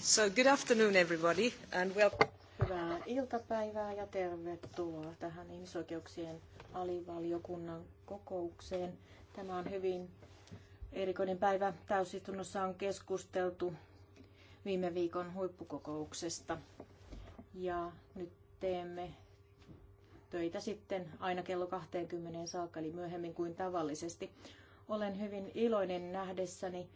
So good afternoon everybody and welcome. Hyvää iltapäivää ja tervetuloa tähän ihmisoikeuksien alivaliokunnan kokoukseen. Tämä on hyvin erikoinen päivä. Täysistunnossa on keskusteltu viime viikon huippukokouksesta ja nyt teemme töitä sitten aina kello 20 saakka, eli myöhemmin kuin tavallisesti. Olen hyvin iloinen nähdessäni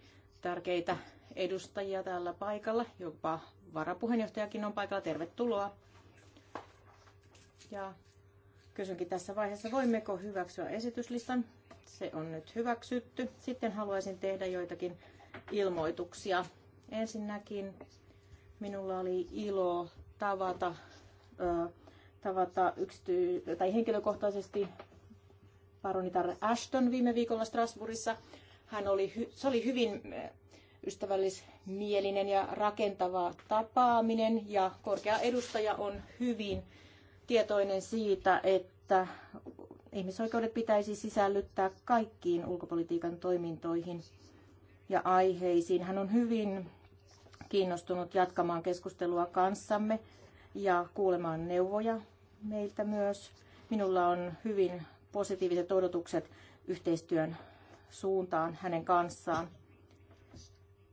tärkeitä edustajia täällä paikalla, jopa varapuheenjohtajakin on paikalla. Tervetuloa. Ja kysynkin tässä vaiheessa, voimmeko hyväksyä esityslistan? Se on nyt hyväksytty. Sitten haluaisin tehdä joitakin ilmoituksia. Ensinnäkin minulla oli ilo tavata, ö, tavata yksity- tai henkilökohtaisesti paronitar Ashton viime viikolla Strasbourgissa. Hän oli, se oli hyvin eh, ystävällismielinen ja rakentava tapaaminen ja korkea edustaja on hyvin tietoinen siitä, että ihmisoikeudet pitäisi sisällyttää kaikkiin ulkopolitiikan toimintoihin ja aiheisiin. Hän on hyvin kiinnostunut jatkamaan keskustelua kanssamme ja kuulemaan neuvoja meiltä myös. Minulla on hyvin positiiviset odotukset yhteistyön suuntaan hänen kanssaan.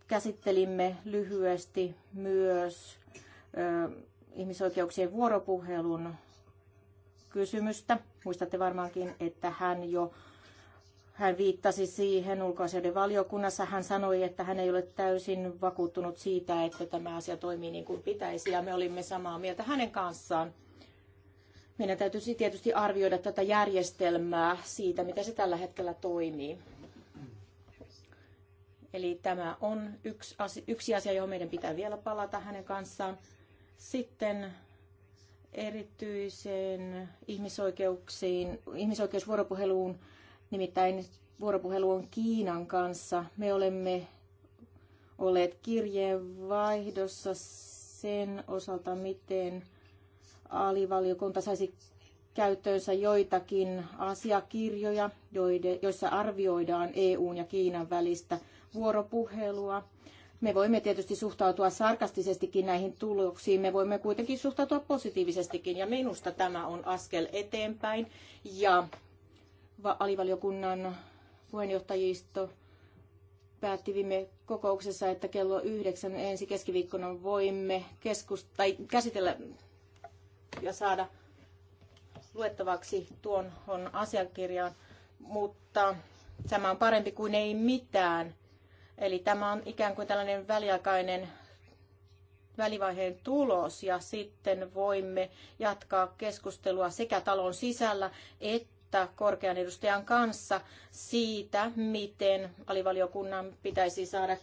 Käsittelimme lyhyesti myös ö, ihmisoikeuksien vuoropuhelun kysymystä. Muistatte varmaankin, että hän jo hän viittasi siihen ulkoasioiden valiokunnassa. Hän sanoi, että hän ei ole täysin vakuuttunut siitä, että tämä asia toimii niin kuin pitäisi, ja me olimme samaa mieltä hänen kanssaan. Meidän täytyisi tietysti arvioida tätä järjestelmää siitä, miten se tällä hetkellä toimii. Eli tämä on yksi asia, yksi asia, johon meidän pitää vielä palata hänen kanssaan. Sitten erityiseen ihmisoikeuksiin, ihmisoikeusvuoropuheluun, nimittäin vuoropuhelu on Kiinan kanssa. Me olemme olleet kirjeenvaihdossa sen osalta, miten alivaliokunta saisi käyttöönsä joitakin asiakirjoja, joissa arvioidaan EUn ja Kiinan välistä vuoropuhelua. Me voimme tietysti suhtautua sarkastisestikin näihin tuloksiin, me voimme kuitenkin suhtautua positiivisestikin ja minusta tämä on askel eteenpäin ja alivaliokunnan puheenjohtajisto päätti viime kokouksessa, että kello yhdeksän ensi keskiviikkona voimme keskust- tai käsitellä ja saada luettavaksi tuon asiakirjan, mutta tämä on parempi kuin ei mitään. Eli tämä on ikään kuin tällainen väliaikainen välivaiheen tulos ja sitten voimme jatkaa keskustelua sekä talon sisällä että korkean edustajan kanssa siitä, miten alivaliokunnan pitäisi saada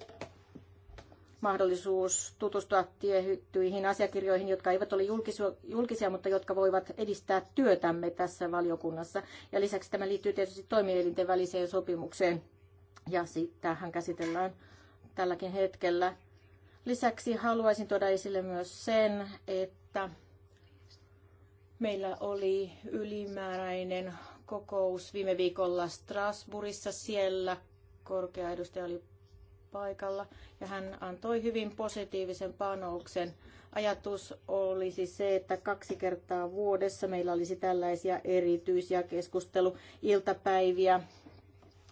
mahdollisuus tutustua tiettyihin asiakirjoihin, jotka eivät ole julkisia, mutta jotka voivat edistää työtämme tässä valiokunnassa. Ja lisäksi tämä liittyy tietysti toimielinten väliseen sopimukseen ja sitähän käsitellään tälläkin hetkellä. Lisäksi haluaisin tuoda esille myös sen, että meillä oli ylimääräinen kokous viime viikolla Strasbourgissa. Siellä korkea edustaja oli paikalla ja hän antoi hyvin positiivisen panouksen. Ajatus olisi siis se, että kaksi kertaa vuodessa meillä olisi tällaisia erityisiä keskusteluiltapäiviä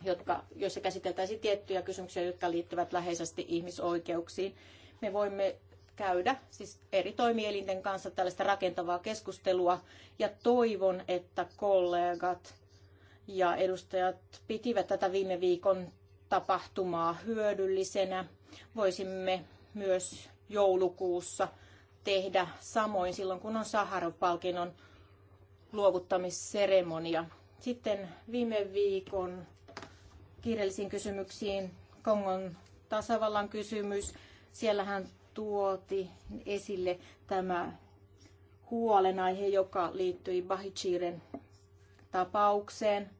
jotka, joissa käsiteltäisiin tiettyjä kysymyksiä, jotka liittyvät läheisesti ihmisoikeuksiin. Me voimme käydä siis eri toimielinten kanssa tällaista rakentavaa keskustelua ja toivon, että kollegat ja edustajat pitivät tätä viime viikon tapahtumaa hyödyllisenä. Voisimme myös joulukuussa tehdä samoin silloin, kun on Saharov-palkinnon luovuttamisseremonia. Sitten viime viikon kiireellisiin kysymyksiin. Kongon tasavallan kysymys. Siellähän tuoti esille tämä huolenaihe, joka liittyi Bahichiren tapaukseen.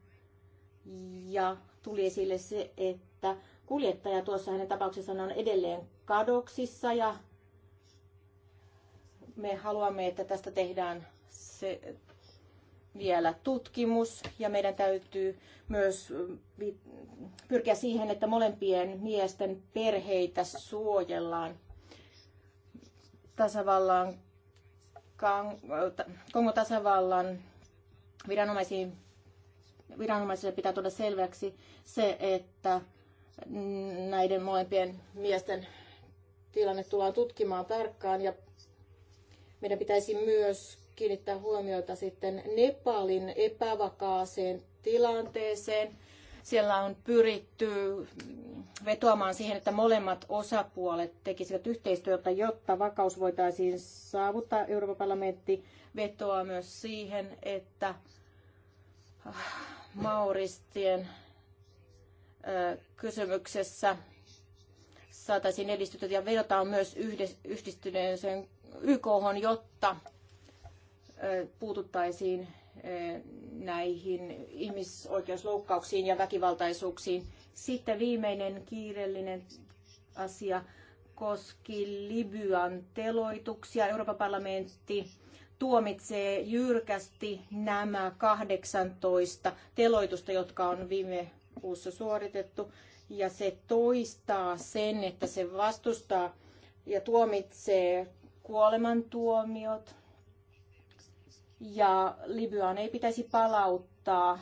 Ja tuli esille se, että kuljettaja tuossa hänen tapauksessaan on edelleen kadoksissa ja me haluamme, että tästä tehdään se vielä tutkimus ja meidän täytyy myös mm, pyrkiä siihen, että molempien miesten perheitä suojellaan. Tasavallan, Kongo tasavallan viranomaisiin, viranomaisille pitää tuoda selväksi se, että näiden molempien miesten tilanne tullaan tutkimaan tarkkaan ja meidän pitäisi myös kiinnittää huomiota sitten Nepalin epävakaaseen tilanteeseen. Siellä on pyritty vetoamaan siihen, että molemmat osapuolet tekisivät yhteistyötä, jotta vakaus voitaisiin saavuttaa. Euroopan parlamentti vetoaa myös siihen, että äh, mauristien äh, kysymyksessä saataisiin edistytä ja vedotaan myös yhdistyneeseen YK, jotta puututtaisiin näihin ihmisoikeusloukkauksiin ja väkivaltaisuuksiin. Sitten viimeinen kiireellinen asia koski Libyan teloituksia. Euroopan parlamentti tuomitsee jyrkästi nämä 18 teloitusta, jotka on viime kuussa suoritettu. Ja se toistaa sen, että se vastustaa ja tuomitsee kuolemantuomiot, ja Libyaan ei pitäisi palauttaa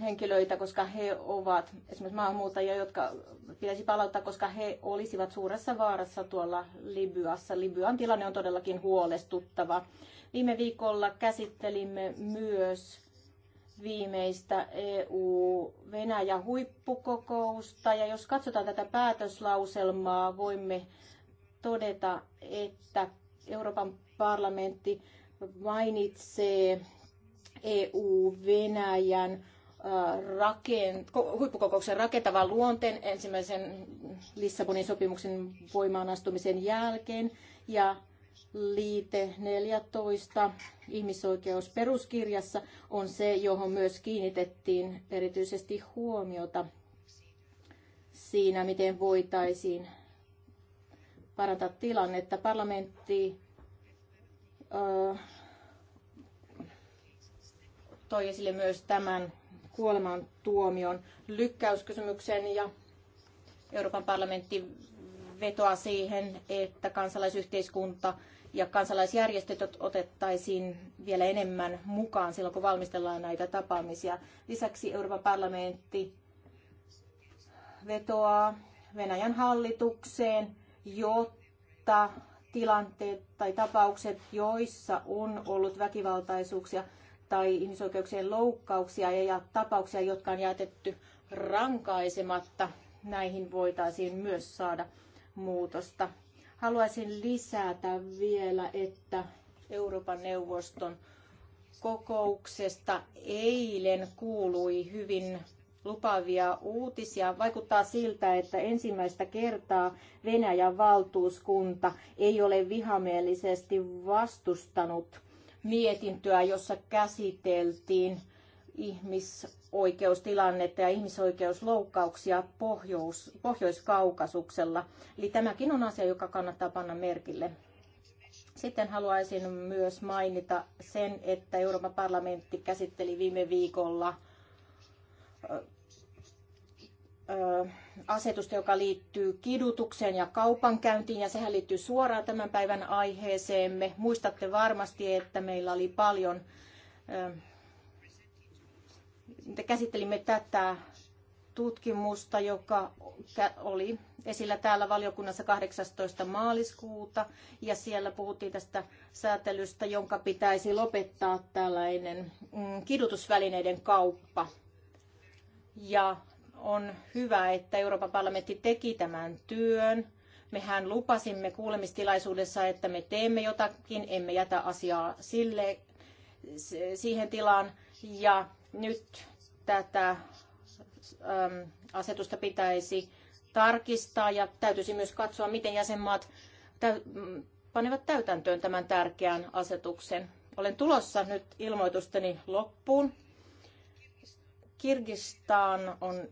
henkilöitä, koska he ovat esimerkiksi maahanmuuttajia, jotka pitäisi palauttaa, koska he olisivat suuressa vaarassa tuolla Libyassa. Libyan tilanne on todellakin huolestuttava. Viime viikolla käsittelimme myös viimeistä EU-Venäjä huippukokousta. Ja jos katsotaan tätä päätöslauselmaa, voimme todeta, että Euroopan parlamentti mainitsee EU-Venäjän äh, huippukokouksen rakentavan luonteen ensimmäisen Lissabonin sopimuksen voimaan astumisen jälkeen ja liite 14 ihmisoikeusperuskirjassa on se, johon myös kiinnitettiin erityisesti huomiota siinä, miten voitaisiin parantaa tilannetta. Parlamentti toi esille myös tämän kuoleman tuomion lykkäyskysymyksen ja Euroopan parlamentti vetoaa siihen, että kansalaisyhteiskunta ja kansalaisjärjestöt otettaisiin vielä enemmän mukaan silloin, kun valmistellaan näitä tapaamisia. Lisäksi Euroopan parlamentti vetoaa Venäjän hallitukseen, jotta tilanteet tai tapaukset, joissa on ollut väkivaltaisuuksia tai ihmisoikeuksien loukkauksia ja tapauksia, jotka on jätetty rankaisematta. Näihin voitaisiin myös saada muutosta. Haluaisin lisätä vielä, että Euroopan neuvoston kokouksesta eilen kuului hyvin lupaavia uutisia. Vaikuttaa siltä, että ensimmäistä kertaa Venäjän valtuuskunta ei ole vihamielisesti vastustanut mietintöä, jossa käsiteltiin ihmisoikeustilannetta ja ihmisoikeusloukkauksia Pohjois- Pohjois-Kaukasuksella. Eli tämäkin on asia, joka kannattaa panna merkille. Sitten haluaisin myös mainita sen, että Euroopan parlamentti käsitteli viime viikolla asetusta, joka liittyy kidutukseen ja kaupankäyntiin, ja sehän liittyy suoraan tämän päivän aiheeseemme. Muistatte varmasti, että meillä oli paljon, käsittelimme tätä tutkimusta, joka oli esillä täällä valiokunnassa 18. maaliskuuta, ja siellä puhuttiin tästä säätelystä, jonka pitäisi lopettaa tällainen mm, kidutusvälineiden kauppa. Ja on hyvä, että Euroopan parlamentti teki tämän työn. Mehän lupasimme kuulemistilaisuudessa, että me teemme jotakin, emme jätä asiaa sille, siihen tilaan. Ja nyt tätä asetusta pitäisi tarkistaa ja täytyisi myös katsoa, miten jäsenmaat panevat täytäntöön tämän tärkeän asetuksen. Olen tulossa nyt ilmoitusteni loppuun. Kirgistan on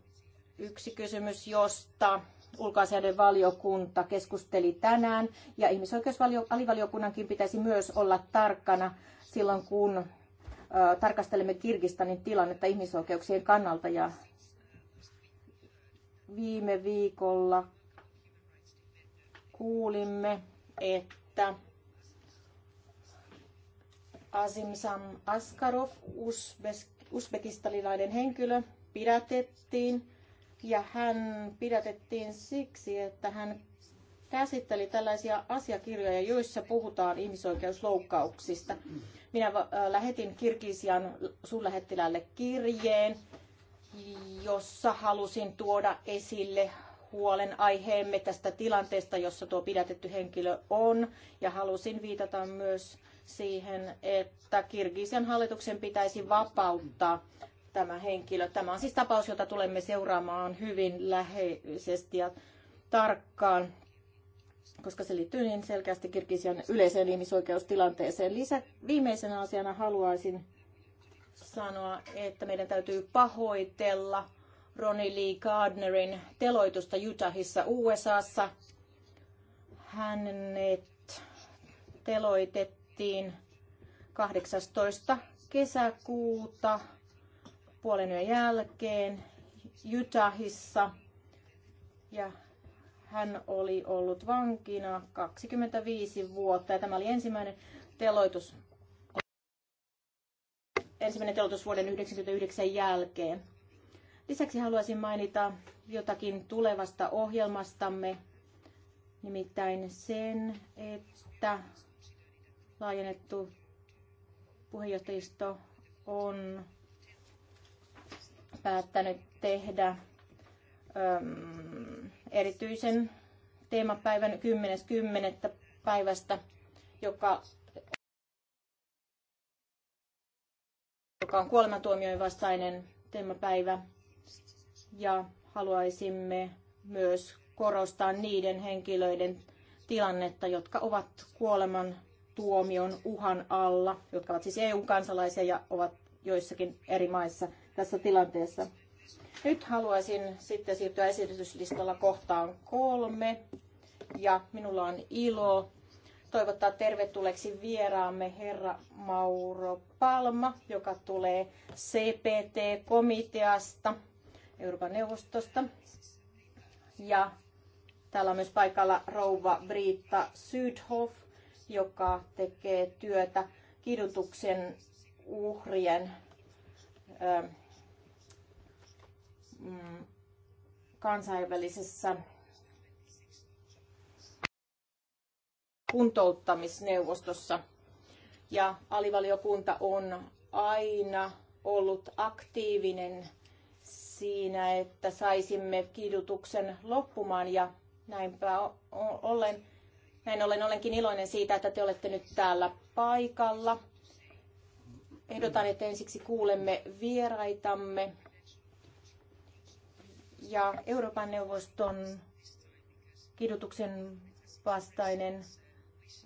yksi kysymys, josta ulkoasioiden valiokunta keskusteli tänään, ja ihmisoikeusalivaliokunnankin pitäisi myös olla tarkkana silloin, kun tarkastelemme Kirgistanin tilannetta ihmisoikeuksien kannalta. Ja viime viikolla kuulimme, että Sam Askarov, Usbekistalilainen henkilö, pidätettiin ja hän pidätettiin siksi, että hän käsitteli tällaisia asiakirjoja, joissa puhutaan ihmisoikeusloukkauksista. Minä äh, lähetin Kirgisian suurlähettilälle kirjeen, jossa halusin tuoda esille huolen aiheemme tästä tilanteesta, jossa tuo pidätetty henkilö on. Ja halusin viitata myös siihen, että Kirgisian hallituksen pitäisi vapauttaa tämä henkilö. Tämä on siis tapaus, jota tulemme seuraamaan hyvin läheisesti ja tarkkaan, koska se liittyy niin selkeästi Kirgisian yleiseen ihmisoikeustilanteeseen. Lisä, viimeisenä asiana haluaisin sanoa, että meidän täytyy pahoitella Ronnie Lee Gardnerin teloitusta Utahissa USAssa. Hänet teloitettiin 18. kesäkuuta puolen yön jälkeen Utahissa ja hän oli ollut vankina 25 vuotta ja tämä oli ensimmäinen teloitus ensimmäinen teloitus vuoden 1999 jälkeen. Lisäksi haluaisin mainita jotakin tulevasta ohjelmastamme, nimittäin sen, että laajennettu puheenjohtajisto on päättänyt tehdä erityisen teemapäivän 10.10. päivästä, joka, joka on kuolemantuomioin vastainen teemapäivä. Ja haluaisimme myös korostaa niiden henkilöiden tilannetta, jotka ovat kuoleman tuomion uhan alla, jotka ovat siis EU-kansalaisia ja ovat joissakin eri maissa – tässä tilanteessa. Nyt haluaisin sitten siirtyä esityslistalla kohtaan kolme. Ja minulla on ilo toivottaa tervetulleeksi vieraamme herra Mauro Palma, joka tulee CPT-komiteasta, Euroopan neuvostosta. Ja täällä on myös paikalla rouva Britta Sydhoff, joka tekee työtä kidutuksen uhrien Mm, kansainvälisessä kuntouttamisneuvostossa. Ja alivaliokunta on aina ollut aktiivinen siinä, että saisimme kidutuksen loppumaan ja näinpä ollen, näin ollen olenkin iloinen siitä, että te olette nyt täällä paikalla. Ehdotan, että ensiksi kuulemme vieraitamme ja Euroopan neuvoston kidutuksen vastainen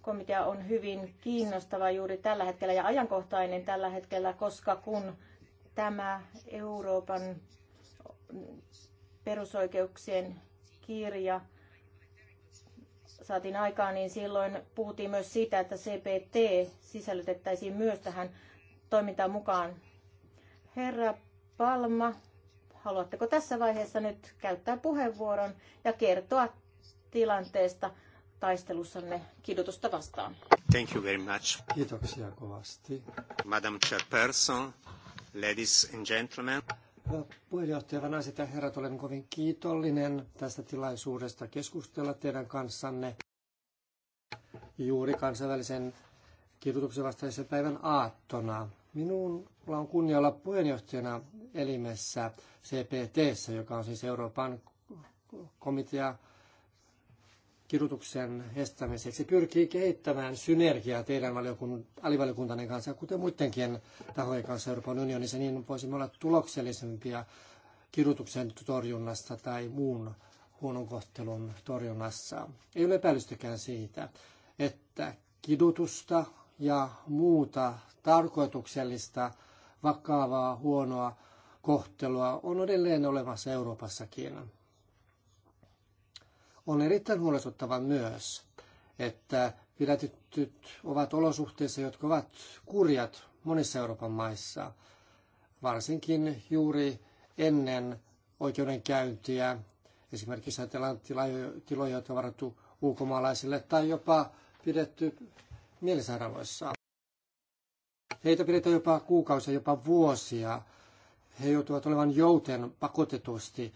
komitea on hyvin kiinnostava juuri tällä hetkellä ja ajankohtainen tällä hetkellä, koska kun tämä Euroopan perusoikeuksien kirja saatiin aikaan, niin silloin puhuttiin myös siitä, että CPT sisällytettäisiin myös tähän toimintaan mukaan. Herra Palma Haluatteko tässä vaiheessa nyt käyttää puheenvuoron ja kertoa tilanteesta taistelussanne kidutusta vastaan? Thank you very much. Kiitoksia kovasti. Madam Chairperson, ladies and gentlemen. No, puheenjohtaja, naiset ja herrat, olen kovin kiitollinen tästä tilaisuudesta keskustella teidän kanssanne juuri kansainvälisen kidutuksen vastaisen päivän aattona. Minun Minulla on kunnia olla puheenjohtajana elimessä CPT, joka on siis Euroopan komitea kirjoituksen estämiseksi, pyrkii kehittämään synergiaa teidän alivaliokuntanne kanssa, kuten muidenkin tahojen kanssa Euroopan unionissa, niin voisimme olla tuloksellisempia kirjoituksen torjunnassa tai muun huonon kohtelun torjunnassa. Ei ole epäilystäkään siitä, että kidutusta ja muuta tarkoituksellista vakavaa, huonoa kohtelua on edelleen olemassa Euroopassakin. On erittäin huolestuttava myös, että pidätetyt ovat olosuhteissa, jotka ovat kurjat monissa Euroopan maissa, varsinkin juuri ennen oikeudenkäyntiä. Esimerkiksi ajatellaan tiloja, joita on varattu ulkomaalaisille tai jopa pidetty mielisairaaloissa. Heitä pidetään jopa kuukausia, jopa vuosia. He joutuvat olevan jouten pakotetusti.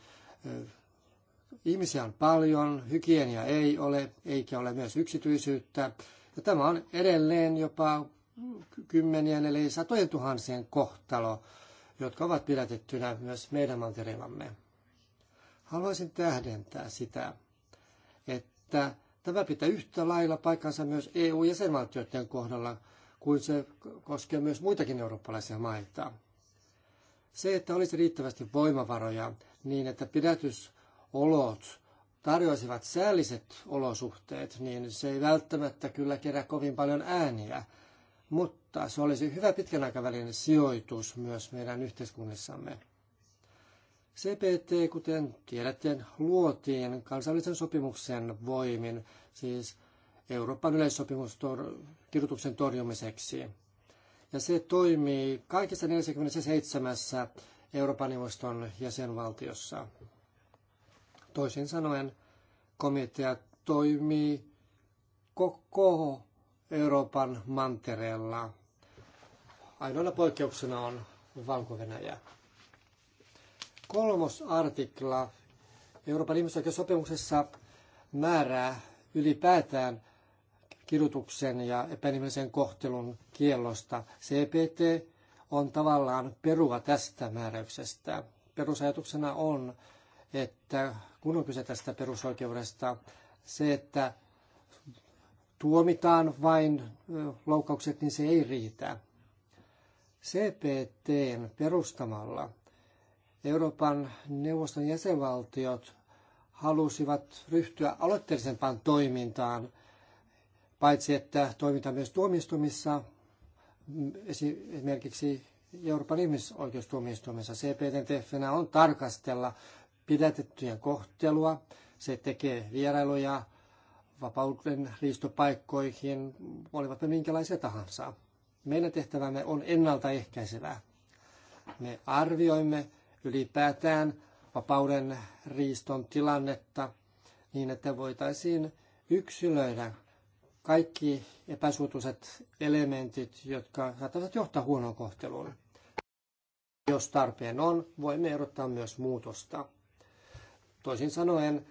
Ihmisiä on paljon, hygienia ei ole, eikä ole myös yksityisyyttä. Ja tämä on edelleen jopa kymmenien eli satojen tuhansien kohtalo, jotka ovat pidätettynä myös meidän mantereillamme. Haluaisin tähdentää sitä, että tämä pitää yhtä lailla paikkansa myös EU-jäsenvaltioiden kohdalla – kuin se koskee myös muitakin eurooppalaisia maita. Se, että olisi riittävästi voimavaroja niin, että pidätysolot tarjoisivat säälliset olosuhteet, niin se ei välttämättä kyllä kerää kovin paljon ääniä, mutta se olisi hyvä pitkän aikavälin sijoitus myös meidän yhteiskunnissamme. CPT, kuten tiedätte, luotiin kansallisen sopimuksen voimin, siis Euroopan yleissopimus kidutuksen torjumiseksi. Ja se toimii kaikissa 47 Euroopan neuvoston jäsenvaltiossa. Toisin sanoen komitea toimii koko Euroopan mantereella. Ainoana poikkeuksena on valko -Venäjä. Kolmos artikla Euroopan ihmisoikeussopimuksessa määrää ylipäätään kidutuksen ja epänimellisen kohtelun kiellosta. CPT on tavallaan perua tästä määräyksestä. Perusajatuksena on, että kun on kyse tästä perusoikeudesta, se, että tuomitaan vain loukkaukset, niin se ei riitä. CPTn perustamalla Euroopan neuvoston jäsenvaltiot halusivat ryhtyä aloitteellisempaan toimintaan paitsi että toiminta myös tuomioistuimissa, esimerkiksi Euroopan ihmisoikeustuomioistuimessa CPTTF on tarkastella pidätettyjen kohtelua. Se tekee vierailuja vapauden riistopaikkoihin, olivat ne minkälaisia tahansa. Meidän tehtävämme on ennaltaehkäisevää. Me arvioimme ylipäätään vapauden riiston tilannetta niin, että voitaisiin yksilöidä kaikki epäsuotuisat elementit, jotka saattavat johtaa huonoon kohteluun. Jos tarpeen on, voimme erottaa myös muutosta. Toisin sanoen,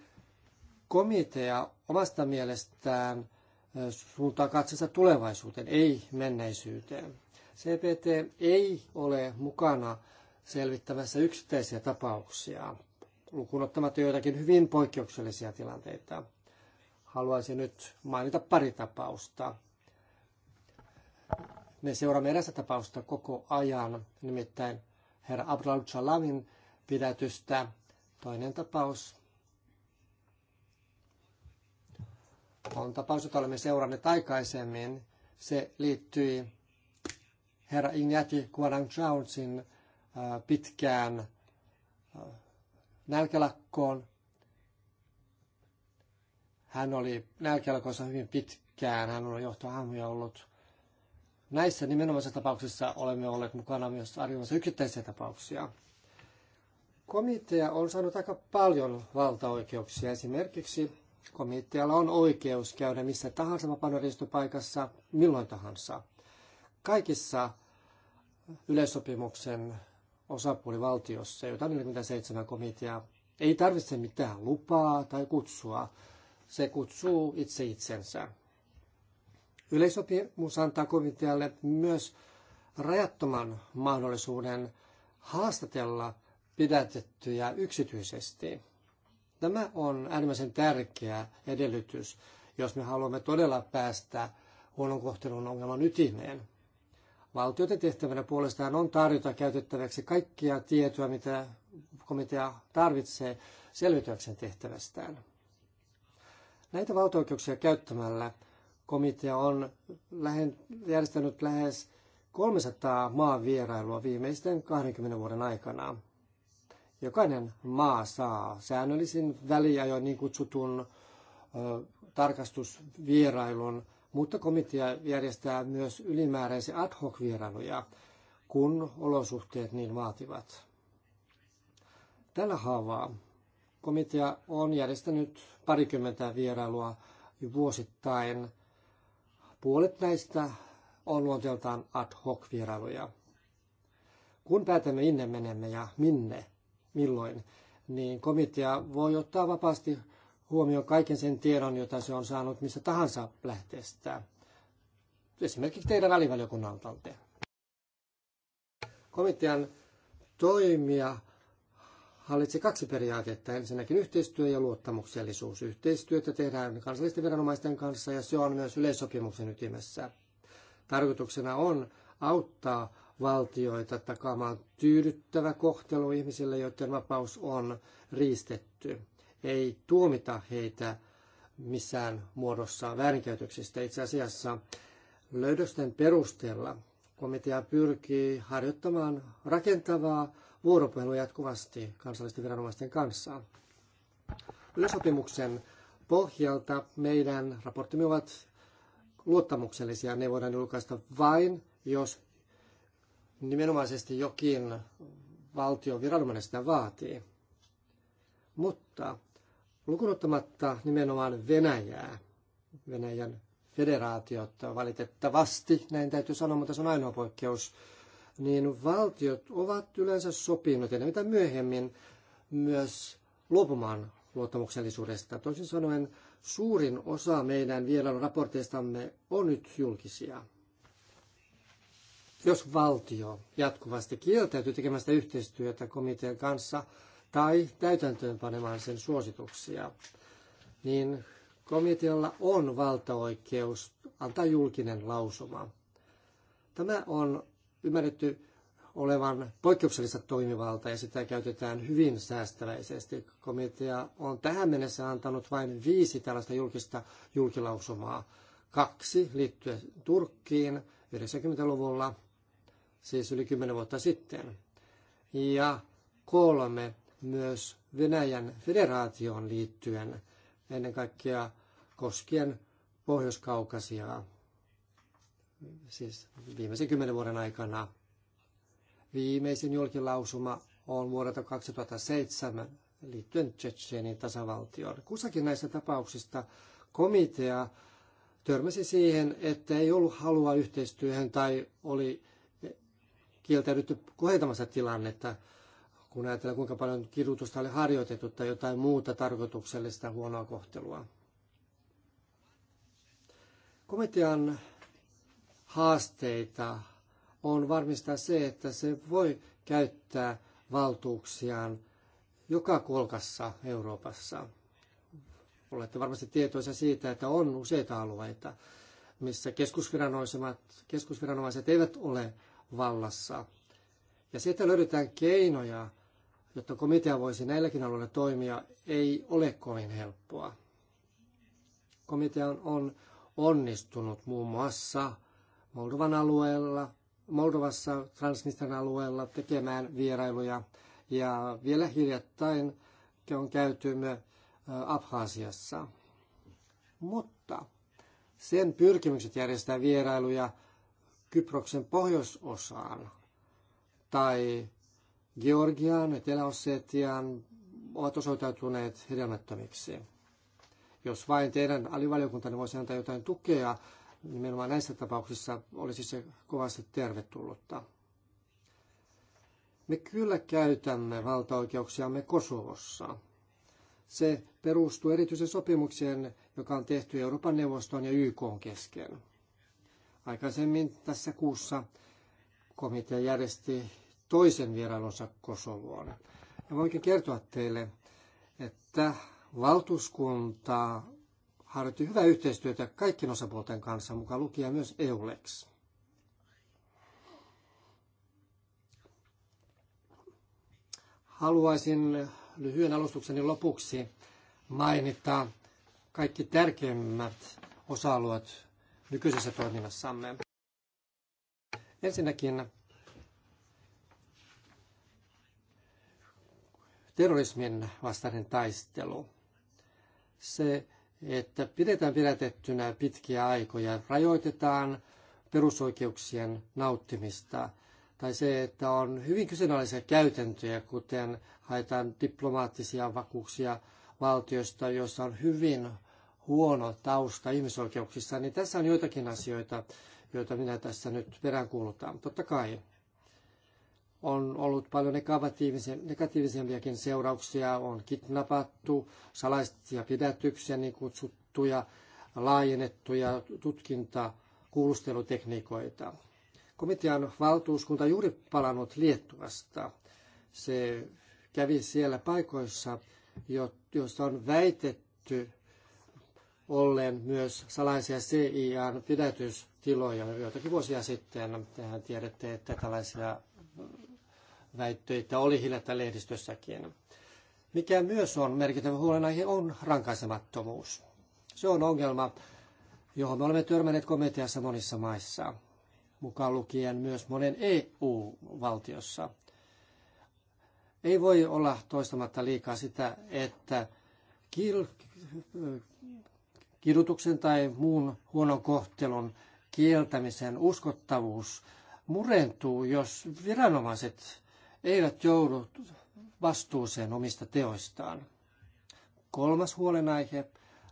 komitea omasta mielestään suuntaa katsensa tulevaisuuteen, ei menneisyyteen. CPT ei ole mukana selvittämässä yksittäisiä tapauksia, lukuun ottamatta joitakin hyvin poikkeuksellisia tilanteita haluaisin nyt mainita pari tapausta. Me seuraamme erästä tapausta koko ajan, nimittäin herra Abdul Salamin pidätystä. Toinen tapaus on tapaus, jota olemme seuranneet aikaisemmin. Se liittyi herra Ignati Guadang Jonesin äh, pitkään äh, nälkälakkoon hän oli nälkälkoissa hyvin pitkään, hän on johtohahmoja ollut. Näissä nimenomaisissa tapauksissa olemme olleet mukana myös arvioimassa yksittäisiä tapauksia. Komitea on saanut aika paljon valtaoikeuksia. Esimerkiksi komitealla on oikeus käydä missä tahansa vapaanjärjestöpaikassa milloin tahansa. Kaikissa yleissopimuksen osapuolivaltiossa, jota 47 komitea, ei tarvitse mitään lupaa tai kutsua se kutsuu itse itsensä. Yleisopimus antaa komitealle myös rajattoman mahdollisuuden haastatella pidätettyjä yksityisesti. Tämä on äärimmäisen tärkeä edellytys, jos me haluamme todella päästä huonon kohtelun ongelman ytimeen. Valtioiden tehtävänä puolestaan on tarjota käytettäväksi kaikkia tietoa, mitä komitea tarvitsee selvityksen tehtävästään. Näitä valtaoikeuksia käyttämällä komitea on lähen, järjestänyt lähes 300 maan vierailua viimeisten 20 vuoden aikana. Jokainen maa saa säännöllisin väliajoin niin kutsutun ö, tarkastusvierailun, mutta komitea järjestää myös ylimääräisiä ad hoc vierailuja, kun olosuhteet niin vaativat. Tällä haavaa Komitea on järjestänyt parikymmentä vierailua vuosittain. Puolet näistä on luonteeltaan ad hoc vierailuja. Kun päätämme innen menemme ja minne, milloin, niin komitea voi ottaa vapaasti huomioon kaiken sen tiedon, jota se on saanut missä tahansa lähteestä. Esimerkiksi teidän välivaliokunnaltanne. Komitean toimia hallitsi kaksi periaatetta. Ensinnäkin yhteistyö ja luottamuksellisuus. Yhteistyötä tehdään kansallisten viranomaisten kanssa ja se on myös yleissopimuksen ytimessä. Tarkoituksena on auttaa valtioita takaamaan tyydyttävä kohtelu ihmisille, joiden vapaus on riistetty. Ei tuomita heitä missään muodossa väärinkäytöksistä. Itse asiassa löydösten perusteella komitea pyrkii harjoittamaan rakentavaa vuoropuhelua jatkuvasti kansallisten viranomaisten kanssa. Yleisopimuksen pohjalta meidän raporttimme ovat luottamuksellisia. Ne voidaan julkaista vain, jos nimenomaisesti jokin valtion viranomainen sitä vaatii. Mutta lukunottamatta nimenomaan Venäjää, Venäjän federaatiot valitettavasti, näin täytyy sanoa, mutta se on ainoa poikkeus, niin valtiot ovat yleensä sopineet ja mitä myöhemmin myös luopumaan luottamuksellisuudesta. Toisin sanoen suurin osa meidän vielä raporteistamme on nyt julkisia. Jos valtio jatkuvasti kieltäytyy tekemästä yhteistyötä komitean kanssa tai täytäntöönpanemaan sen suosituksia, niin komitealla on valtaoikeus antaa julkinen lausuma. Tämä on ymmärretty olevan poikkeuksellista toimivalta ja sitä käytetään hyvin säästäväisesti. Komitea on tähän mennessä antanut vain viisi tällaista julkista julkilausumaa. Kaksi liittyen Turkkiin 90-luvulla, siis yli 10 vuotta sitten. Ja kolme myös Venäjän federaatioon liittyen, ennen kaikkea koskien Pohjois-Kaukasiaa siis viimeisen kymmenen vuoden aikana. Viimeisin julkilausuma on vuodelta 2007 liittyen Tsetseenin tasavaltioon. Kussakin näistä tapauksista komitea törmäsi siihen, että ei ollut halua yhteistyöhön tai oli kieltäydytty kohentamassa tilannetta, kun ajatellaan kuinka paljon kidutusta oli harjoitettu tai jotain muuta tarkoituksellista huonoa kohtelua. Komitean haasteita on varmistaa se, että se voi käyttää valtuuksiaan joka kolkassa Euroopassa. Olette varmasti tietoisia siitä, että on useita alueita, missä keskusviranomaiset, keskusviranomaiset eivät ole vallassa. Ja sieltä löydetään keinoja, jotta komitea voisi näilläkin alueilla toimia, ei ole kovin helppoa. Komitea on onnistunut muun muassa Moldovan alueella, Moldovassa Transnistrian alueella tekemään vierailuja. Ja vielä hiljattain on käytymme Abhaasiassa. Mutta sen pyrkimykset järjestää vierailuja Kyproksen pohjoisosaan tai Georgiaan, Etelä-Ossetiaan ovat osoittautuneet hedelmättömiksi. Jos vain teidän alivaliokuntanne voisi antaa jotain tukea nimenomaan näissä tapauksissa olisi se kovasti tervetullutta. Me kyllä käytämme valtaoikeuksiamme Kosovossa. Se perustuu erityisen sopimukseen, joka on tehty Euroopan neuvoston ja YK kesken. Aikaisemmin tässä kuussa komitea järjesti toisen vierailunsa Kosovoon. Ja voinkin kertoa teille, että valtuuskunta harjoitti hyvää yhteistyötä kaikkien osapuolten kanssa, mukaan lukien myös EULEX. Haluaisin lyhyen alustukseni lopuksi mainita kaikki tärkeimmät osa-alueet nykyisessä toiminnassamme. Ensinnäkin terrorismin vastainen taistelu. Se että pidetään pidätettynä pitkiä aikoja, rajoitetaan perusoikeuksien nauttimista tai se, että on hyvin kyseenalaisia käytäntöjä, kuten haetaan diplomaattisia vakuuksia valtiosta, jossa on hyvin huono tausta ihmisoikeuksissa, niin tässä on joitakin asioita, joita minä tässä nyt peräänkuulutan. Totta kai on ollut paljon negatiivisempiakin seurauksia. On kidnappattu, salaisia pidätyksiä, niin kutsuttuja laajennettuja tutkinta kuulustelutekniikoita. Komitean valtuuskunta juuri palannut Liettuasta. Se kävi siellä paikoissa, joista on väitetty ollen myös salaisia cia pidätystiloja joitakin vuosia sitten. Tehän tiedätte, että tällaisia väitteitä oli hiljattain lehdistössäkin. Mikä myös on merkittävä huolenaihe on rankaisemattomuus. Se on ongelma, johon me olemme törmänneet komiteassa monissa maissa, mukaan lukien myös monen EU-valtiossa. Ei voi olla toistamatta liikaa sitä, että kidutuksen tai muun huonon kohtelun kieltämisen uskottavuus murentuu, jos viranomaiset eivät joudu vastuuseen omista teoistaan. Kolmas huolenaihe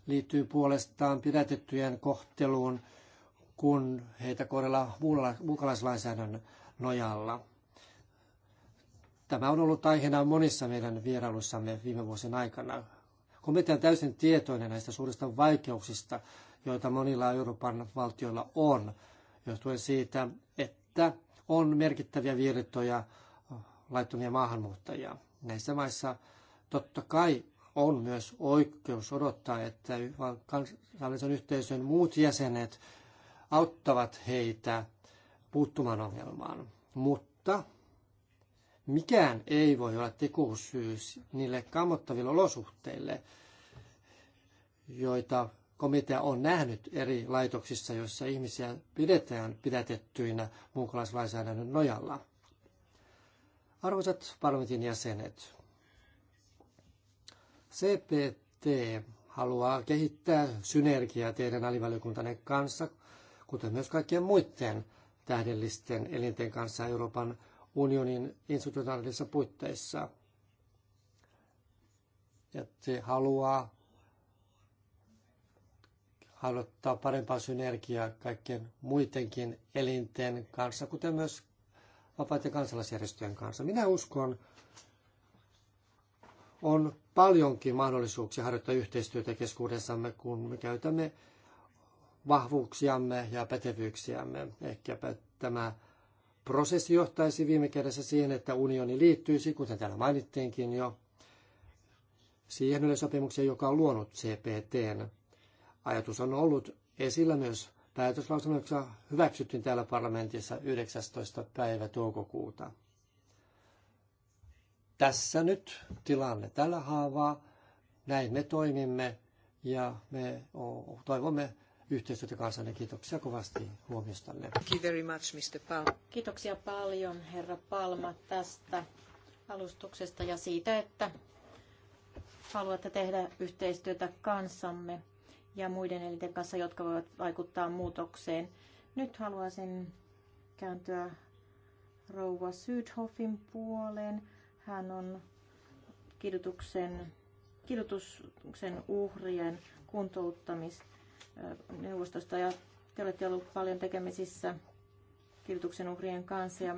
liittyy puolestaan pidätettyjen kohteluun, kun heitä kohdellaan muukalaislainsäädännön nojalla. Tämä on ollut aiheena monissa meidän vierailuissamme viime vuosien aikana. Komitea on täysin tietoinen näistä suurista vaikeuksista, joita monilla Euroopan valtioilla on, johtuen siitä, että on merkittäviä virtoja laittomia maahanmuuttajia. Näissä maissa totta kai on myös oikeus odottaa, että kansallisen yhteisön muut jäsenet auttavat heitä puuttumaan ongelmaan. Mutta mikään ei voi olla tekosyys niille kammottaville olosuhteille, joita komitea on nähnyt eri laitoksissa, joissa ihmisiä pidetään pidätettyinä muukalaislainsäädännön nojalla. Arvoisat parlamentin jäsenet, CPT haluaa kehittää synergiaa teidän alivaliokuntanne kanssa, kuten myös kaikkien muiden tähdellisten elinten kanssa Euroopan unionin institutionaalisissa puitteissa. Ja se haluaa haluttaa parempaa synergiaa kaikkien muidenkin elinten kanssa, kuten myös vapaiden kansalaisjärjestöjen kanssa. Minä uskon, on paljonkin mahdollisuuksia harjoittaa yhteistyötä keskuudessamme, kun me käytämme vahvuuksiamme ja pätevyyksiämme. Ehkäpä tämä prosessi johtaisi viime kädessä siihen, että unioni liittyisi, kuten täällä mainittiinkin jo, siihen yleisopimukseen, joka on luonut CPTn. Ajatus on ollut esillä myös päätöslauselma, hyväksyttiin täällä parlamentissa 19. päivä toukokuuta. Tässä nyt tilanne tällä haavaa. Näin me toimimme ja me toivomme yhteistyötä kanssanne. Kiitoksia kovasti huomiostanne. Kiitoksia paljon, herra Palma, tästä alustuksesta ja siitä, että haluatte tehdä yhteistyötä kanssamme ja muiden elinten kanssa, jotka voivat vaikuttaa muutokseen. Nyt haluaisin kääntyä rouva Sydhoffin puoleen. Hän on kidutuksen, kidutuksen uhrien kuntouttamisneuvostosta ja te olette ollut paljon tekemisissä kidutuksen uhrien kanssa ja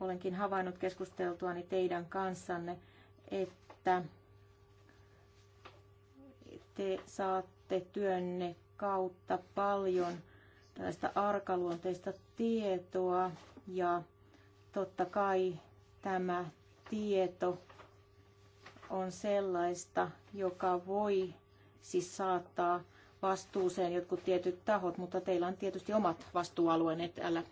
olenkin havainnut keskusteltuani teidän kanssanne, että te saat saatte työnne kautta paljon tällaista arkaluonteista tietoa ja totta kai tämä tieto on sellaista, joka voi siis saattaa vastuuseen jotkut tietyt tahot, mutta teillä on tietysti omat vastuualueenne älä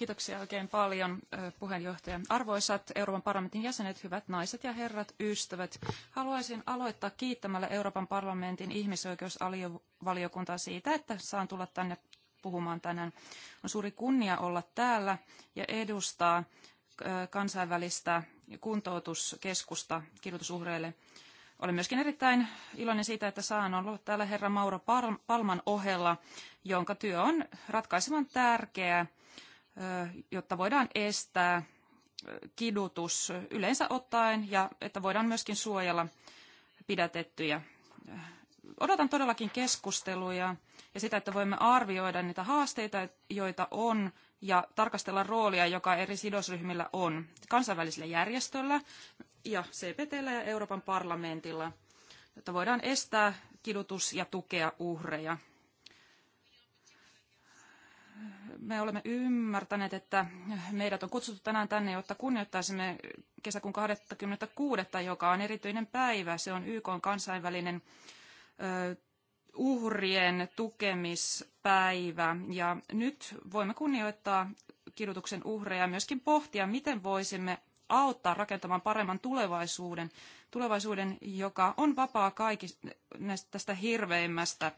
Kiitoksia oikein paljon puheenjohtaja. Arvoisat Euroopan parlamentin jäsenet, hyvät naiset ja herrat, ystävät. Haluaisin aloittaa kiittämällä Euroopan parlamentin ihmisoikeusvaliokuntaa siitä, että saan tulla tänne puhumaan tänään. On suuri kunnia olla täällä ja edustaa kansainvälistä kuntoutuskeskusta kidutusuhreille. Olen myöskin erittäin iloinen siitä, että saan olla täällä herra Mauro Palman ohella, jonka työ on ratkaisevan tärkeää jotta voidaan estää kidutus yleensä ottaen ja että voidaan myöskin suojella pidätettyjä. Odotan todellakin keskusteluja ja sitä, että voimme arvioida niitä haasteita, joita on ja tarkastella roolia, joka eri sidosryhmillä on kansainvälisellä järjestöllä ja CPTllä ja Euroopan parlamentilla, jotta voidaan estää kidutus ja tukea uhreja me olemme ymmärtäneet, että meidät on kutsuttu tänään tänne, jotta kunnioittaisimme kesäkuun 26. joka on erityinen päivä. Se on YK on kansainvälinen uhrien tukemispäivä. Ja nyt voimme kunnioittaa kidutuksen uhreja ja myöskin pohtia, miten voisimme auttaa rakentamaan paremman tulevaisuuden, tulevaisuuden joka on vapaa kaikista tästä hirveimmästä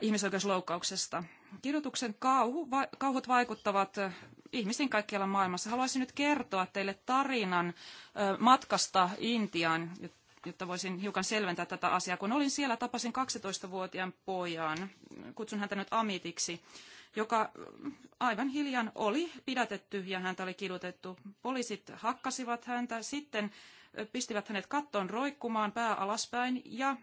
ihmisoikeusloukkauksesta kirjoituksen kauhu, va, kauhut vaikuttavat ihmisiin kaikkialla maailmassa. Haluaisin nyt kertoa teille tarinan matkasta Intiaan, jotta voisin hiukan selventää tätä asiaa. Kun olin siellä, tapasin 12-vuotiaan pojan, kutsun häntä nyt Amitiksi, joka aivan hiljan oli pidätetty ja häntä oli kidutettu. Poliisit hakkasivat häntä, sitten pistivät hänet kattoon roikkumaan pää alaspäin ja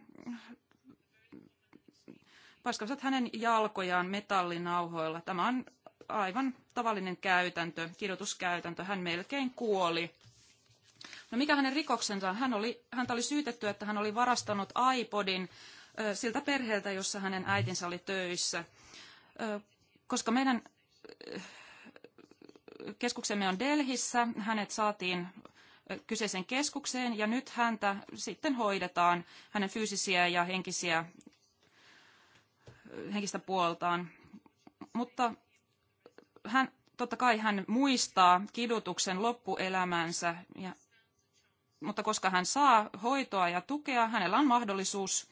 paskasivat hänen jalkojaan metallinauhoilla. Tämä on aivan tavallinen käytäntö, kirjoituskäytäntö. Hän melkein kuoli. No mikä hänen rikoksensa? Hän oli, häntä oli syytetty, että hän oli varastanut iPodin ö, siltä perheeltä, jossa hänen äitinsä oli töissä. Ö, koska meidän ö, keskuksemme on Delhissä, hänet saatiin kyseiseen keskukseen ja nyt häntä sitten hoidetaan hänen fyysisiä ja henkisiä henkistä puoltaan. Mutta hän, totta kai hän muistaa kidutuksen loppuelämänsä, ja, mutta koska hän saa hoitoa ja tukea, hänellä on mahdollisuus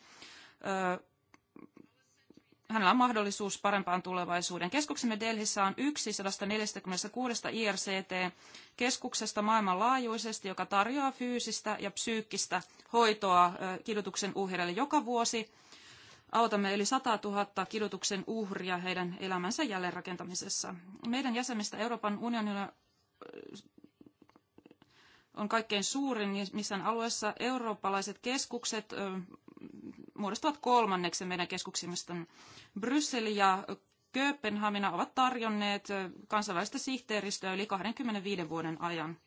ö, hänellä on mahdollisuus parempaan tulevaisuuden. Keskuksemme Delhissä on yksi 146 IRCT-keskuksesta maailmanlaajuisesti, joka tarjoaa fyysistä ja psyykkistä hoitoa kidutuksen uhreille joka vuosi. Autamme eli 100 000 kidutuksen uhria heidän elämänsä jälleenrakentamisessa. Meidän jäsenistä Euroopan unionilla äh, on kaikkein suurin, niin missään alueessa eurooppalaiset keskukset äh, muodostavat kolmanneksen meidän keskuksimmista. Bryssel ja Kööpenhamina ovat tarjonneet äh, kansainvälistä sihteeristöä yli 25 vuoden ajan.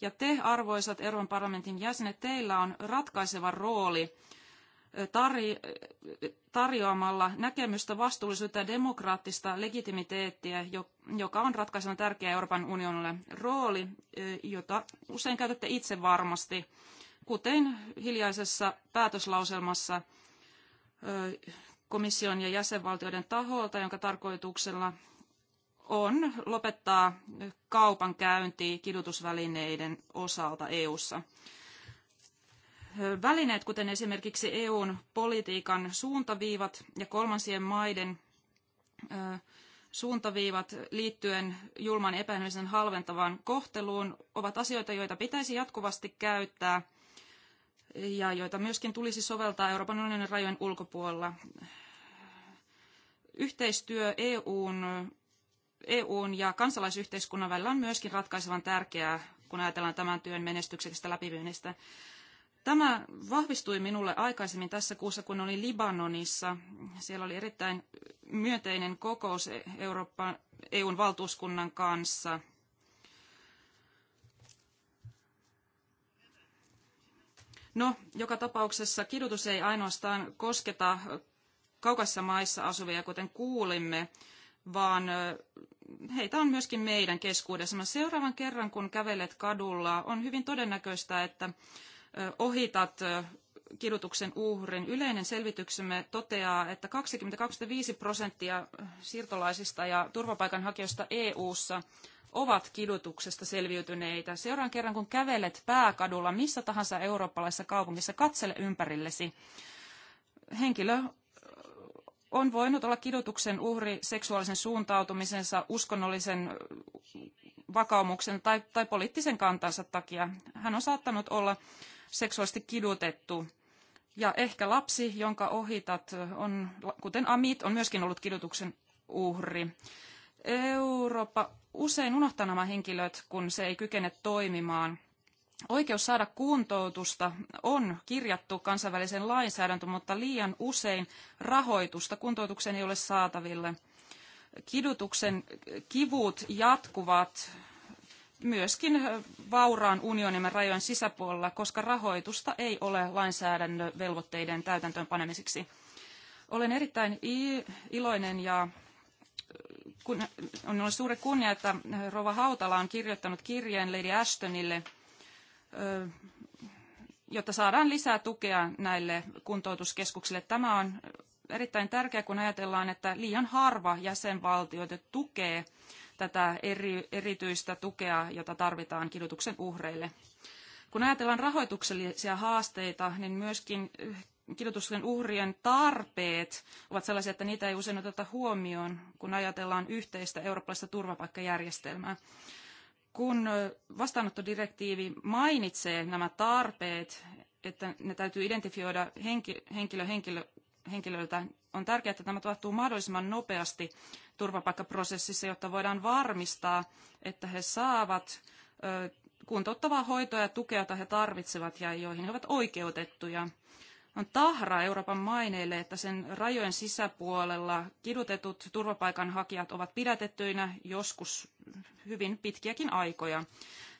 Ja te, arvoisat Euroopan parlamentin jäsenet, teillä on ratkaiseva rooli tarjoamalla näkemystä vastuullisuutta ja demokraattista legitimiteettiä, joka on ratkaisevan tärkeä Euroopan unionille rooli, jota usein käytätte itse varmasti, kuten hiljaisessa päätöslauselmassa komission ja jäsenvaltioiden taholta, jonka tarkoituksella on lopettaa kaupankäynti kidutusvälineiden osalta EU:ssa. ssa välineet, kuten esimerkiksi EUn politiikan suuntaviivat ja kolmansien maiden suuntaviivat liittyen julman epäilyllisen halventavaan kohteluun, ovat asioita, joita pitäisi jatkuvasti käyttää ja joita myöskin tulisi soveltaa Euroopan unionin rajojen ulkopuolella. Yhteistyö EUn, EUn ja kansalaisyhteiskunnan välillä on myöskin ratkaisevan tärkeää, kun ajatellaan tämän työn menestyksestä läpiviennistä. Tämä vahvistui minulle aikaisemmin tässä kuussa, kun olin Libanonissa. Siellä oli erittäin myönteinen kokous e- Euroopan, EUn valtuuskunnan kanssa. No, joka tapauksessa kidutus ei ainoastaan kosketa kaukassa maissa asuvia, kuten kuulimme, vaan heitä on myöskin meidän keskuudessamme. Seuraavan kerran, kun kävelet kadulla, on hyvin todennäköistä, että ohitat kidutuksen uhrin. Yleinen selvityksemme toteaa, että 20-25 prosenttia siirtolaisista ja turvapaikanhakijoista EU-ssa ovat kidutuksesta selviytyneitä. Seuraan kerran, kun kävelet pääkadulla missä tahansa eurooppalaisessa kaupungissa, katsele ympärillesi. Henkilö on voinut olla kidutuksen uhri seksuaalisen suuntautumisensa, uskonnollisen vakaumuksen tai, tai poliittisen kantansa takia. Hän on saattanut olla seksuaalisesti kidutettu. Ja ehkä lapsi, jonka ohitat, on, kuten Amit, on myöskin ollut kidutuksen uhri. Eurooppa usein unohtaa nämä henkilöt, kun se ei kykene toimimaan. Oikeus saada kuntoutusta on kirjattu kansainväliseen lainsäädäntöön, mutta liian usein rahoitusta kuntoutukseen ei ole saataville. Kidutuksen kivut jatkuvat myöskin vauraan unionimme rajojen sisäpuolella, koska rahoitusta ei ole lainsäädännön velvoitteiden täytäntöön Olen erittäin iloinen ja on ollut suuri kunnia, että Rova Hautala on kirjoittanut kirjeen Lady Ashtonille, jotta saadaan lisää tukea näille kuntoutuskeskuksille. Tämä on erittäin tärkeää, kun ajatellaan, että liian harva jäsenvaltioita tukee tätä eri, erityistä tukea, jota tarvitaan kidutuksen uhreille. Kun ajatellaan rahoituksellisia haasteita, niin myöskin eh, kidutuksen uhrien tarpeet ovat sellaisia, että niitä ei usein oteta huomioon, kun ajatellaan yhteistä eurooppalaista turvapaikkajärjestelmää. Kun eh, vastaanottodirektiivi mainitsee nämä tarpeet, että ne täytyy identifioida henkilö, henkilö, henkilöltä, on tärkeää, että tämä tapahtuu mahdollisimman nopeasti turvapaikkaprosessissa, jotta voidaan varmistaa, että he saavat kuntouttavaa hoitoa ja tukea, jota he tarvitsevat ja joihin he ovat oikeutettuja. On tahra Euroopan maineille, että sen rajojen sisäpuolella kidutetut turvapaikanhakijat ovat pidätettyinä joskus hyvin pitkiäkin aikoja.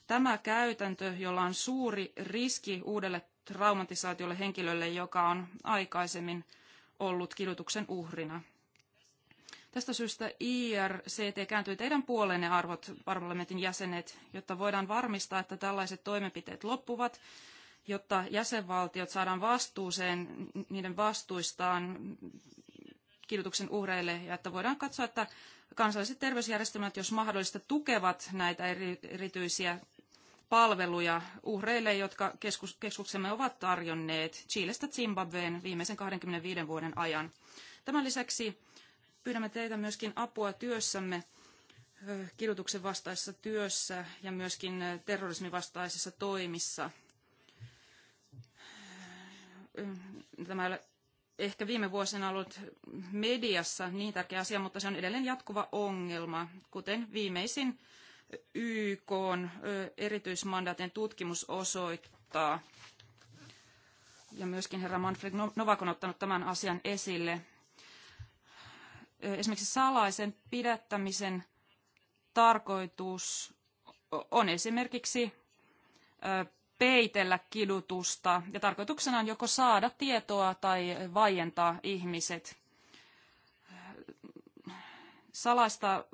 Tämä käytäntö, jolla on suuri riski uudelle traumatisaatiolle henkilölle, joka on aikaisemmin ollut kidutuksen uhrina. Tästä syystä IRCT kääntyy teidän puoleenne arvot parlamentin jäsenet, jotta voidaan varmistaa, että tällaiset toimenpiteet loppuvat, jotta jäsenvaltiot saadaan vastuuseen niiden vastuistaan kidutuksen uhreille ja että voidaan katsoa, että kansalliset terveysjärjestelmät, jos mahdollista, tukevat näitä erityisiä palveluja uhreille, jotka keskus, keskuksemme ovat tarjonneet Chilestä Zimbabween viimeisen 25 vuoden ajan. Tämän lisäksi pyydämme teitä myöskin apua työssämme, kidutuksen vastaisessa työssä ja myöskin terrorismin vastaisissa toimissa. Tämä ehkä viime vuosina ollut mediassa niin tärkeä asia, mutta se on edelleen jatkuva ongelma, kuten viimeisin YK erityismandaatin tutkimus osoittaa. Ja myöskin herra Manfred no- Novak on ottanut tämän asian esille. Esimerkiksi salaisen pidättämisen tarkoitus on esimerkiksi peitellä kidutusta ja tarkoituksena on joko saada tietoa tai vaientaa ihmiset. Salaista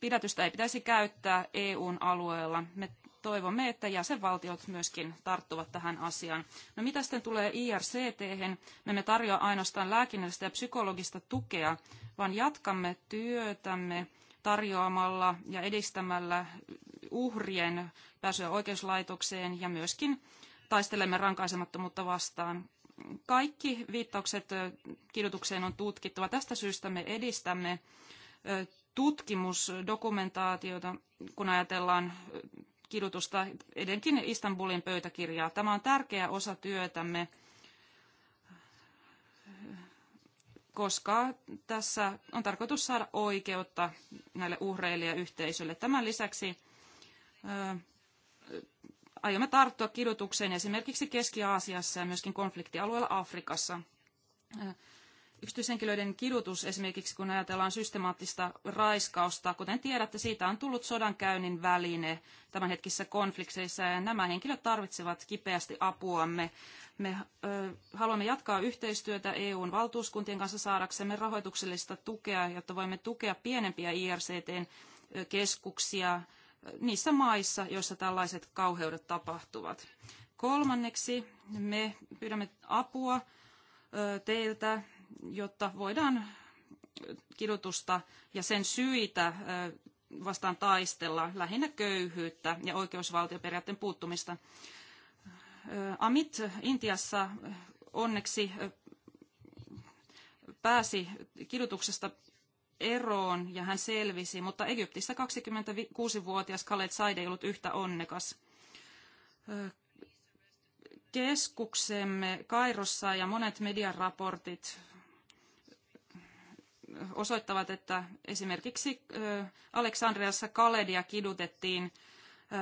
pidätystä ei pitäisi käyttää EUn alueella. Me toivomme, että jäsenvaltiot myöskin tarttuvat tähän asiaan. No mitä sitten tulee IRCT, hen me emme tarjoa ainoastaan lääkinnällistä ja psykologista tukea, vaan jatkamme työtämme tarjoamalla ja edistämällä uhrien pääsyä oikeuslaitokseen ja myöskin taistelemme rankaisemattomuutta vastaan. Kaikki viittaukset kidutukseen on tutkittava. Tästä syystä me edistämme tutkimusdokumentaatiota, kun ajatellaan kidutusta, edenkin Istanbulin pöytäkirjaa. Tämä on tärkeä osa työtämme, koska tässä on tarkoitus saada oikeutta näille uhreille ja yhteisölle. Tämän lisäksi aiomme tarttua kidutukseen esimerkiksi Keski-Aasiassa ja myöskin konfliktialueella Afrikassa yksityishenkilöiden kidutus esimerkiksi, kun ajatellaan systemaattista raiskausta, kuten tiedätte, siitä on tullut sodankäynnin väline tämänhetkisissä konflikteissa ja nämä henkilöt tarvitsevat kipeästi apuamme. Me ö, haluamme jatkaa yhteistyötä EUn valtuuskuntien kanssa saadaksemme rahoituksellista tukea, jotta voimme tukea pienempiä IRCT-keskuksia niissä maissa, joissa tällaiset kauheudet tapahtuvat. Kolmanneksi me pyydämme apua teiltä jotta voidaan kidutusta ja sen syitä vastaan taistella, lähinnä köyhyyttä ja oikeusvaltioperiaatteen puuttumista. Amit Intiassa onneksi pääsi kidutuksesta eroon ja hän selvisi, mutta Egyptissä 26-vuotias Khaled Said ei ollut yhtä onnekas. Keskuksemme Kairossa ja monet median raportit osoittavat, että esimerkiksi Aleksandriassa Kaledia kidutettiin,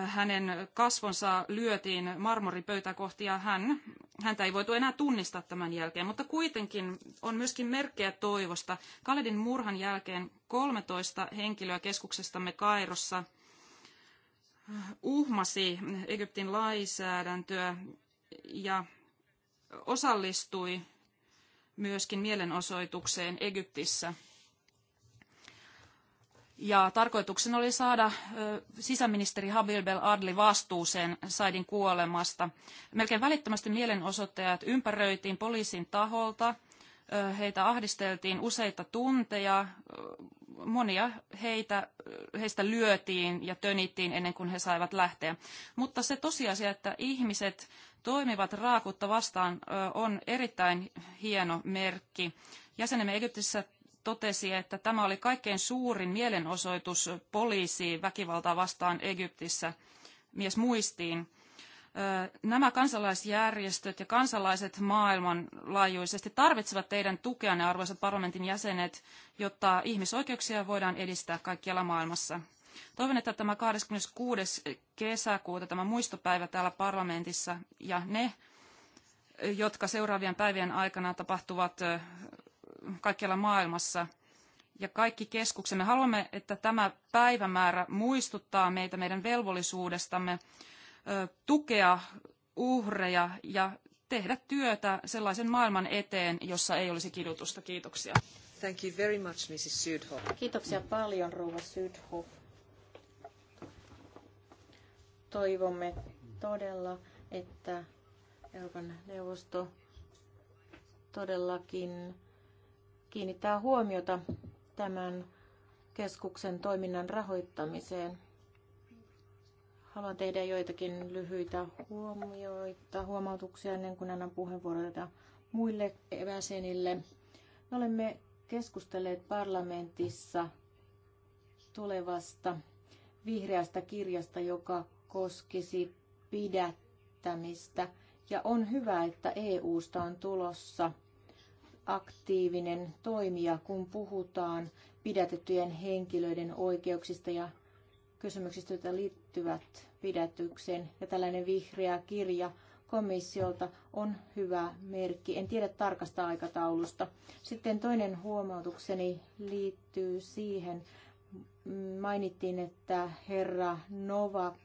hänen kasvonsa lyötiin marmoripöytä kohti ja hän, häntä ei voitu enää tunnistaa tämän jälkeen. Mutta kuitenkin on myöskin merkkejä toivosta. Kaledin murhan jälkeen 13 henkilöä keskuksestamme Kairossa uhmasi Egyptin lainsäädäntöä ja osallistui myöskin mielenosoitukseen Egyptissä. Ja tarkoituksen oli saada sisäministeri Habil Bel Adli vastuuseen Saidin kuolemasta. Melkein välittömästi mielenosoittajat ympäröitiin poliisin taholta. Heitä ahdisteltiin useita tunteja. Monia heitä, heistä lyötiin ja tönittiin ennen kuin he saivat lähteä. Mutta se tosiasia, että ihmiset toimivat raakutta vastaan on erittäin hieno merkki. Jäsenemme Egyptissä totesi, että tämä oli kaikkein suurin mielenosoitus poliisiin väkivaltaa vastaan Egyptissä mies muistiin. Nämä kansalaisjärjestöt ja kansalaiset maailmanlaajuisesti tarvitsevat teidän tukeanne, arvoisat parlamentin jäsenet, jotta ihmisoikeuksia voidaan edistää kaikkialla maailmassa. Toivon, että tämä 26. kesäkuuta, tämä muistopäivä täällä parlamentissa ja ne, jotka seuraavien päivien aikana tapahtuvat kaikkialla maailmassa ja kaikki keskuksemme. Haluamme, että tämä päivämäärä muistuttaa meitä meidän velvollisuudestamme tukea uhreja ja tehdä työtä sellaisen maailman eteen, jossa ei olisi kidutusta. Kiitoksia. Thank you very much, Mrs. Kiitoksia paljon, rouva Sydhoff toivomme todella, että Euroopan neuvosto todellakin kiinnittää huomiota tämän keskuksen toiminnan rahoittamiseen. Haluan tehdä joitakin lyhyitä huomioita, huomautuksia ennen kuin annan puheenvuoroita muille jäsenille. Me olemme keskustelleet parlamentissa tulevasta vihreästä kirjasta, joka koskisi pidättämistä. Ja on hyvä, että EUsta on tulossa aktiivinen toimija, kun puhutaan pidätettyjen henkilöiden oikeuksista ja kysymyksistä, joita liittyvät pidätykseen. Ja tällainen vihreä kirja komissiolta on hyvä merkki. En tiedä tarkasta aikataulusta. Sitten toinen huomautukseni liittyy siihen, mainittiin, että herra Novak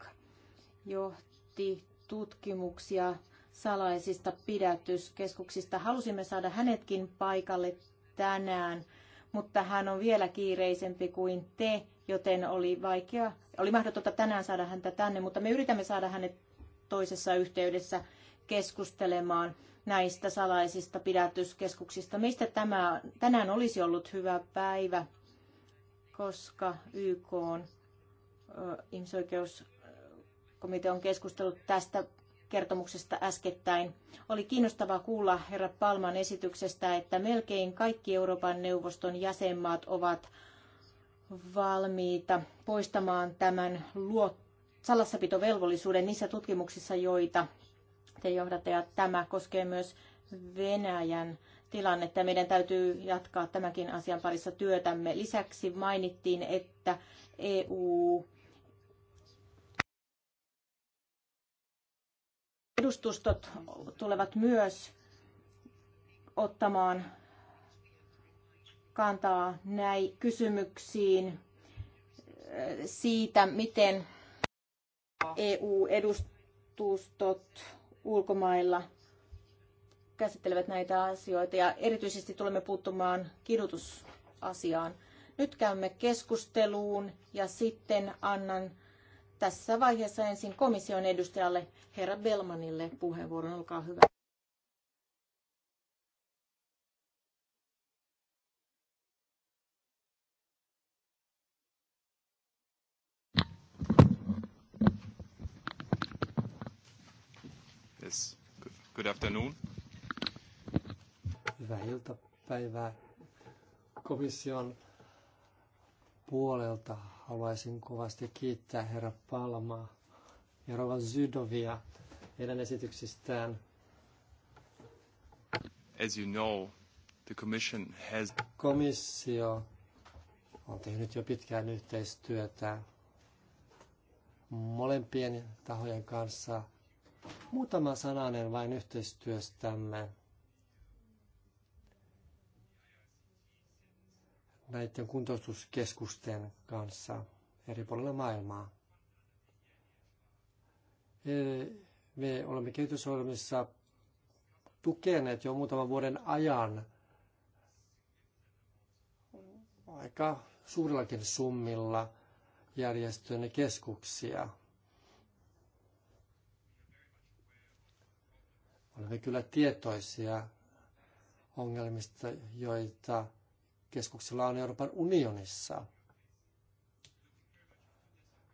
johti tutkimuksia salaisista pidätyskeskuksista. Halusimme saada hänetkin paikalle tänään, mutta hän on vielä kiireisempi kuin te, joten oli vaikea, oli mahdotonta tänään saada häntä tänne, mutta me yritämme saada hänet toisessa yhteydessä keskustelemaan näistä salaisista pidätyskeskuksista. Meistä tämä, tänään olisi ollut hyvä päivä, koska YK on ihmisoikeus komitea on keskustellut tästä kertomuksesta äskettäin. Oli kiinnostavaa kuulla herra Palman esityksestä, että melkein kaikki Euroopan neuvoston jäsenmaat ovat valmiita poistamaan tämän luot- salassapitovelvollisuuden niissä tutkimuksissa, joita te johdatte. Ja tämä koskee myös Venäjän tilannetta meidän täytyy jatkaa tämänkin asian parissa työtämme. Lisäksi mainittiin, että EU Edustustot tulevat myös ottamaan kantaa näihin kysymyksiin eh, siitä, miten EU-edustustot ulkomailla käsittelevät näitä asioita ja erityisesti tulemme puuttumaan kidutusasiaan. Nyt käymme keskusteluun ja sitten annan tässä vaiheessa ensin komission edustajalle herra Belmanille puheenvuoron. Olkaa hyvä. Yes. Good afternoon. Hyvää iltapäivää komission puolelta haluaisin kovasti kiittää herra Palmaa ja rova Zydovia heidän esityksistään. As you know, the commission has... Komissio on tehnyt jo pitkään yhteistyötä molempien tahojen kanssa. Muutama sananen vain yhteistyöstämme. näiden kuntoutuskeskusten kanssa eri puolilla maailmaa. E, me olemme kehitysohjelmissa tukeneet jo muutaman vuoden ajan aika suurillakin summilla järjestöjen keskuksia. Olemme kyllä tietoisia ongelmista, joita keskuksella on Euroopan unionissa.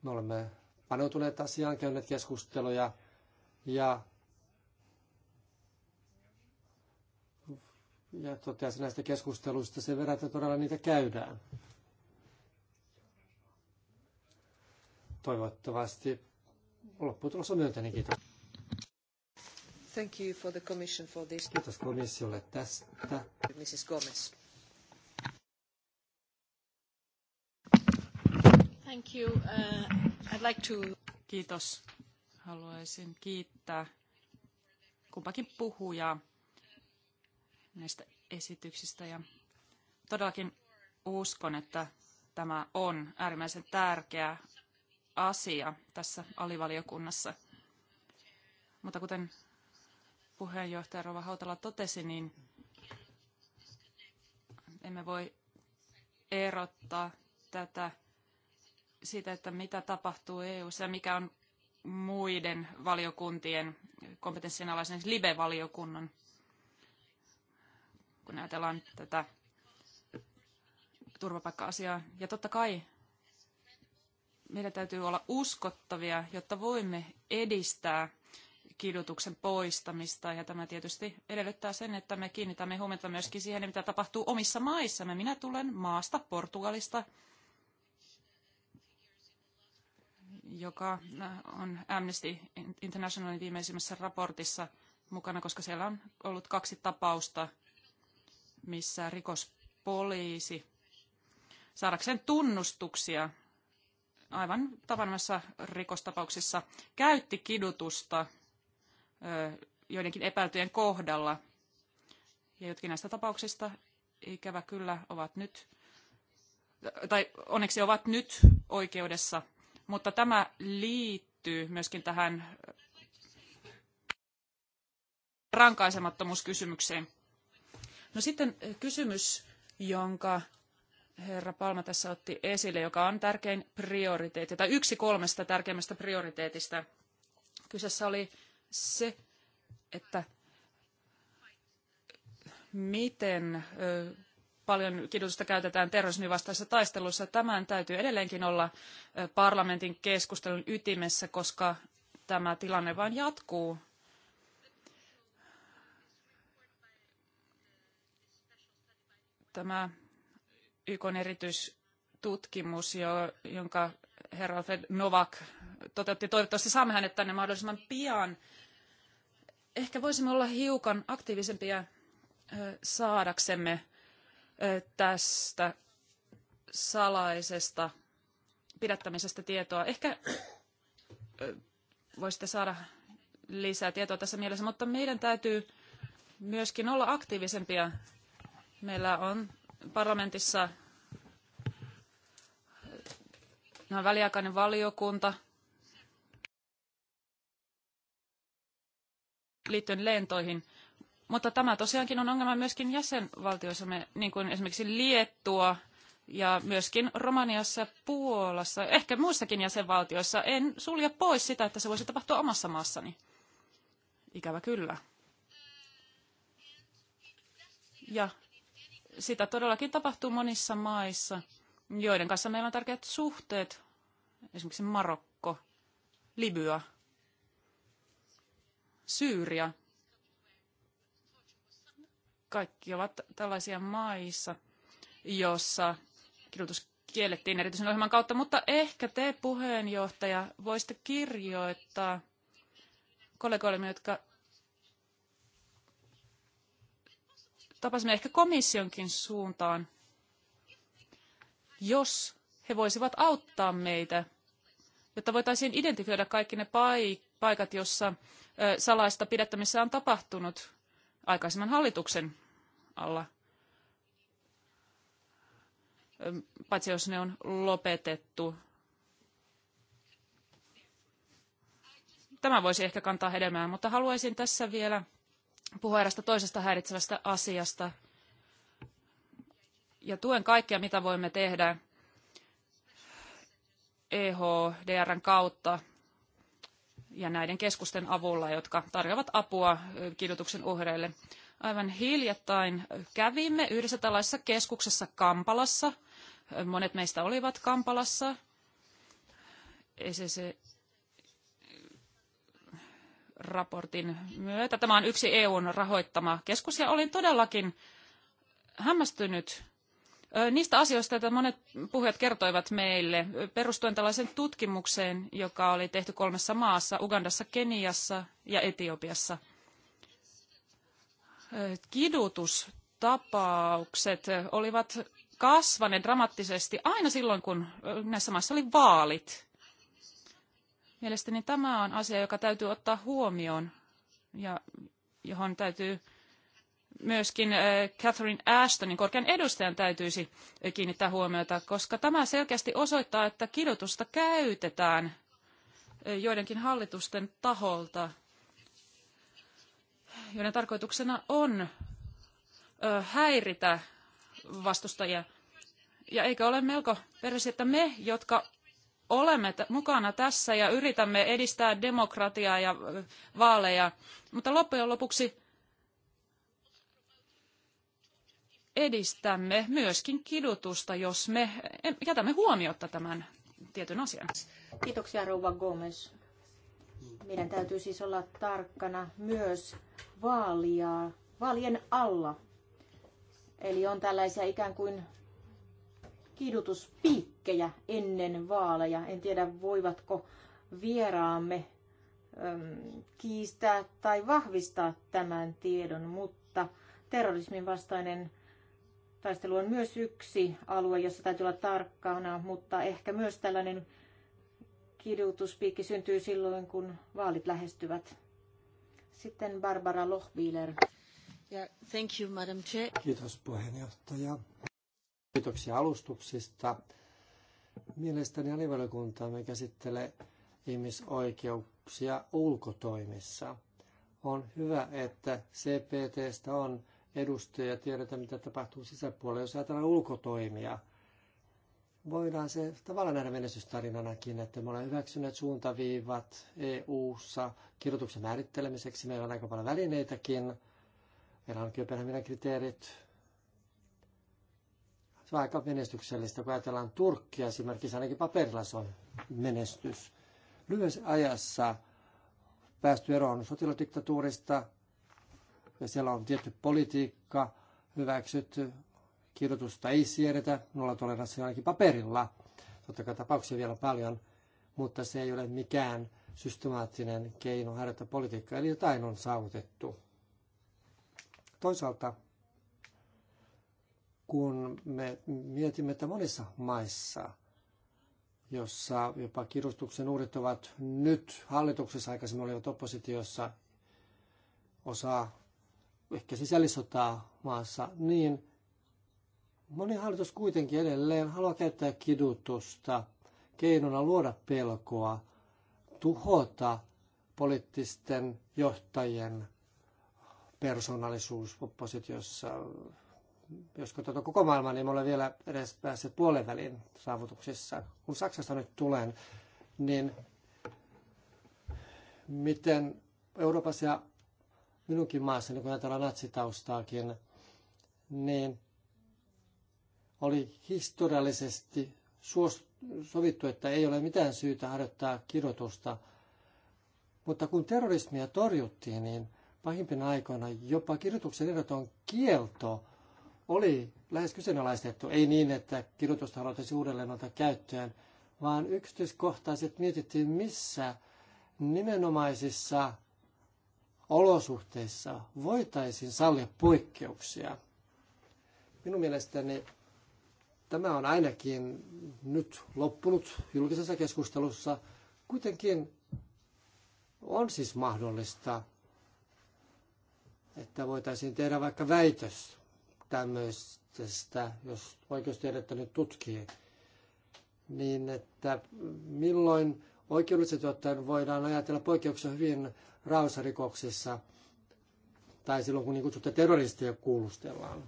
Me olemme paneutuneet asiaan, käyneet keskusteluja ja, ja toteasin näistä keskusteluista sen verran, että todella niitä käydään. Toivottavasti lopputulos on myönteinen. Kiitos. Thank you for the commission for this. Kiitos komissiolle tästä. Mrs. Gomez. Thank you. Uh, I'd like to... Kiitos. Haluaisin kiittää kumpakin puhujaa näistä esityksistä ja todellakin uskon, että tämä on äärimmäisen tärkeä asia tässä alivaliokunnassa. Mutta kuten puheenjohtaja Rova Hautala totesi, niin emme voi erottaa tätä siitä, että mitä tapahtuu EU:ssa ja mikä on muiden valiokuntien kompetenssin alaisen LIBE-valiokunnan, kun ajatellaan tätä turvapaikka-asiaa. Ja totta kai meidän täytyy olla uskottavia, jotta voimme edistää kidutuksen poistamista. Ja tämä tietysti edellyttää sen, että me kiinnitämme huomiota myöskin siihen, mitä tapahtuu omissa maissamme. Minä tulen maasta, Portugalista, joka äh, on Amnesty Internationalin viimeisimmässä raportissa mukana, koska siellä on ollut kaksi tapausta, missä rikospoliisi saadakseen tunnustuksia aivan tavanomaisissa rikostapauksissa käytti kidutusta joidenkin epäiltyjen kohdalla. Ja jotkin näistä tapauksista ikävä kyllä ovat nyt, tai onneksi ovat nyt oikeudessa – mutta tämä liittyy myöskin tähän rankaisemattomuuskysymykseen. No sitten eh, kysymys, jonka herra Palma tässä otti esille, joka on tärkein prioriteetti, tai yksi kolmesta tärkeimmästä prioriteetista. Kyseessä oli se, että miten paljon kidutusta käytetään terrorismin vastaisessa taistelussa. Tämän täytyy edelleenkin olla parlamentin keskustelun ytimessä, koska tämä tilanne vain jatkuu. Tämä YK erityistutkimus, jonka herra Fed Novak toteutti. Toivottavasti saamme hänet tänne mahdollisimman pian. Ehkä voisimme olla hiukan aktiivisempia saadaksemme tästä salaisesta pidättämisestä tietoa. Ehkä voisitte saada lisää tietoa tässä mielessä, mutta meidän täytyy myöskin olla aktiivisempia. Meillä on parlamentissa no, väliaikainen valiokunta liittyen lentoihin – mutta tämä tosiaankin on ongelma myöskin jäsenvaltioissamme, niin kuin esimerkiksi Liettua ja myöskin Romaniassa, Puolassa, ehkä muissakin jäsenvaltioissa. En sulje pois sitä, että se voisi tapahtua omassa maassani. Ikävä kyllä. Ja sitä todellakin tapahtuu monissa maissa, joiden kanssa meillä on tärkeät suhteet. Esimerkiksi Marokko, Libya, Syyria – kaikki ovat tällaisia maissa, jossa kidutus kiellettiin erityisen ohjelman kautta, mutta ehkä te puheenjohtaja voisitte kirjoittaa kollegoille jotka tapasimme ehkä komissionkin suuntaan, jos he voisivat auttaa meitä, jotta voitaisiin identifioida kaikki ne paikat, joissa salaista pidättämistä on tapahtunut aikaisemman hallituksen alla, paitsi jos ne on lopetettu. Tämä voisi ehkä kantaa hedelmää, mutta haluaisin tässä vielä puhua erästä toisesta häiritsevästä asiasta. Ja tuen kaikkea, mitä voimme tehdä EHDRn kautta ja näiden keskusten avulla, jotka tarjoavat apua kidutuksen uhreille. Aivan hiljattain kävimme yhdessä tällaisessa keskuksessa Kampalassa. Monet meistä olivat Kampalassa. ECC raportin myötä. Tämä on yksi EUn rahoittama keskus ja olin todellakin hämmästynyt niistä asioista, joita monet puhujat kertoivat meille, perustuen tällaiseen tutkimukseen, joka oli tehty kolmessa maassa, Ugandassa, Keniassa ja Etiopiassa. Kidutustapaukset olivat kasvaneet dramaattisesti aina silloin, kun näissä maissa oli vaalit. Mielestäni tämä on asia, joka täytyy ottaa huomioon ja johon täytyy myöskin äh, Catherine Ashtonin korkean edustajan täytyisi äh, kiinnittää huomiota, koska tämä selkeästi osoittaa, että kidutusta käytetään äh, joidenkin hallitusten taholta, joiden tarkoituksena on häiritä vastustajia. Ja eikö ole melko perus, että me, jotka olemme mukana tässä ja yritämme edistää demokratiaa ja vaaleja, mutta loppujen lopuksi edistämme myöskin kidutusta, jos me jätämme huomiota tämän tietyn asian. Kiitoksia Rouva Gomez. Meidän täytyy siis olla tarkkana myös vaalia, vaalien alla. Eli on tällaisia ikään kuin kidutuspiikkejä ennen vaaleja. En tiedä, voivatko vieraamme äm, kiistää tai vahvistaa tämän tiedon, mutta terrorismin vastainen Taistelu on myös yksi alue, jossa täytyy olla tarkkana, mutta ehkä myös tällainen kidutuspiikki syntyy silloin, kun vaalit lähestyvät. Sitten Barbara Lohbiler. Yeah, thank you, Madam Chair. Kiitos puheenjohtaja. Kiitoksia alustuksista. Mielestäni alivaliokuntamme käsittelee ihmisoikeuksia ulkotoimissa. On hyvä, että CPTstä on edustaja tiedetä, mitä tapahtuu sisäpuolella, jos ajatellaan ulkotoimia. Voidaan se tavallaan nähdä menestystarinanakin, että me ollaan hyväksyneet suuntaviivat EU-ssa kirjoituksen määrittelemiseksi. Meillä on aika paljon välineitäkin. Meillä on Kööpenhaminan kriteerit. Se on aika menestyksellistä, kun ajatellaan Turkkia esimerkiksi, ainakin paperilla se on menestys. Lyhyessä ajassa päästy eroon sotiladiktatuurista, ja siellä on tietty politiikka hyväksytty, kirjoitusta ei siedetä, nolla toleranssi ainakin paperilla. Totta kai tapauksia vielä paljon, mutta se ei ole mikään systemaattinen keino harjoittaa politiikkaa, eli jotain on saavutettu. Toisaalta, kun me mietimme, että monissa maissa, jossa jopa kirustuksen uudet ovat nyt hallituksessa, aikaisemmin olivat oppositiossa, osa ehkä sisällissotaa maassa, niin moni hallitus kuitenkin edelleen haluaa käyttää kidutusta keinona luoda pelkoa, tuhota poliittisten johtajien persoonallisuus oppositiossa. Jos katsotaan koko maailmaa, niin me ollaan vielä edes päässeet puolen välin saavutuksissa. Kun Saksasta nyt tulen, niin miten Euroopassa ja minunkin maassani, kun ajatellaan natsitaustaakin, niin oli historiallisesti sovittu, että ei ole mitään syytä harjoittaa kirjoitusta. Mutta kun terrorismia torjuttiin, niin pahimpina aikoina jopa kirjoituksen ehdoton kielto oli lähes kyseenalaistettu. Ei niin, että kirjoitusta haluttaisiin uudelleen ottaa käyttöön, vaan yksityiskohtaiset mietittiin missä nimenomaisissa olosuhteissa voitaisiin sallia poikkeuksia. Minun mielestäni tämä on ainakin nyt loppunut julkisessa keskustelussa. Kuitenkin on siis mahdollista, että voitaisiin tehdä vaikka väitös tämmöisestä, jos oikeustiedettä nyt tutkii, niin että milloin Oikeudellisesti ottaen voidaan ajatella poikkeuksia hyvin rausarikoksissa tai silloin, kun niin kutsutte terroristeja kuulustellaan.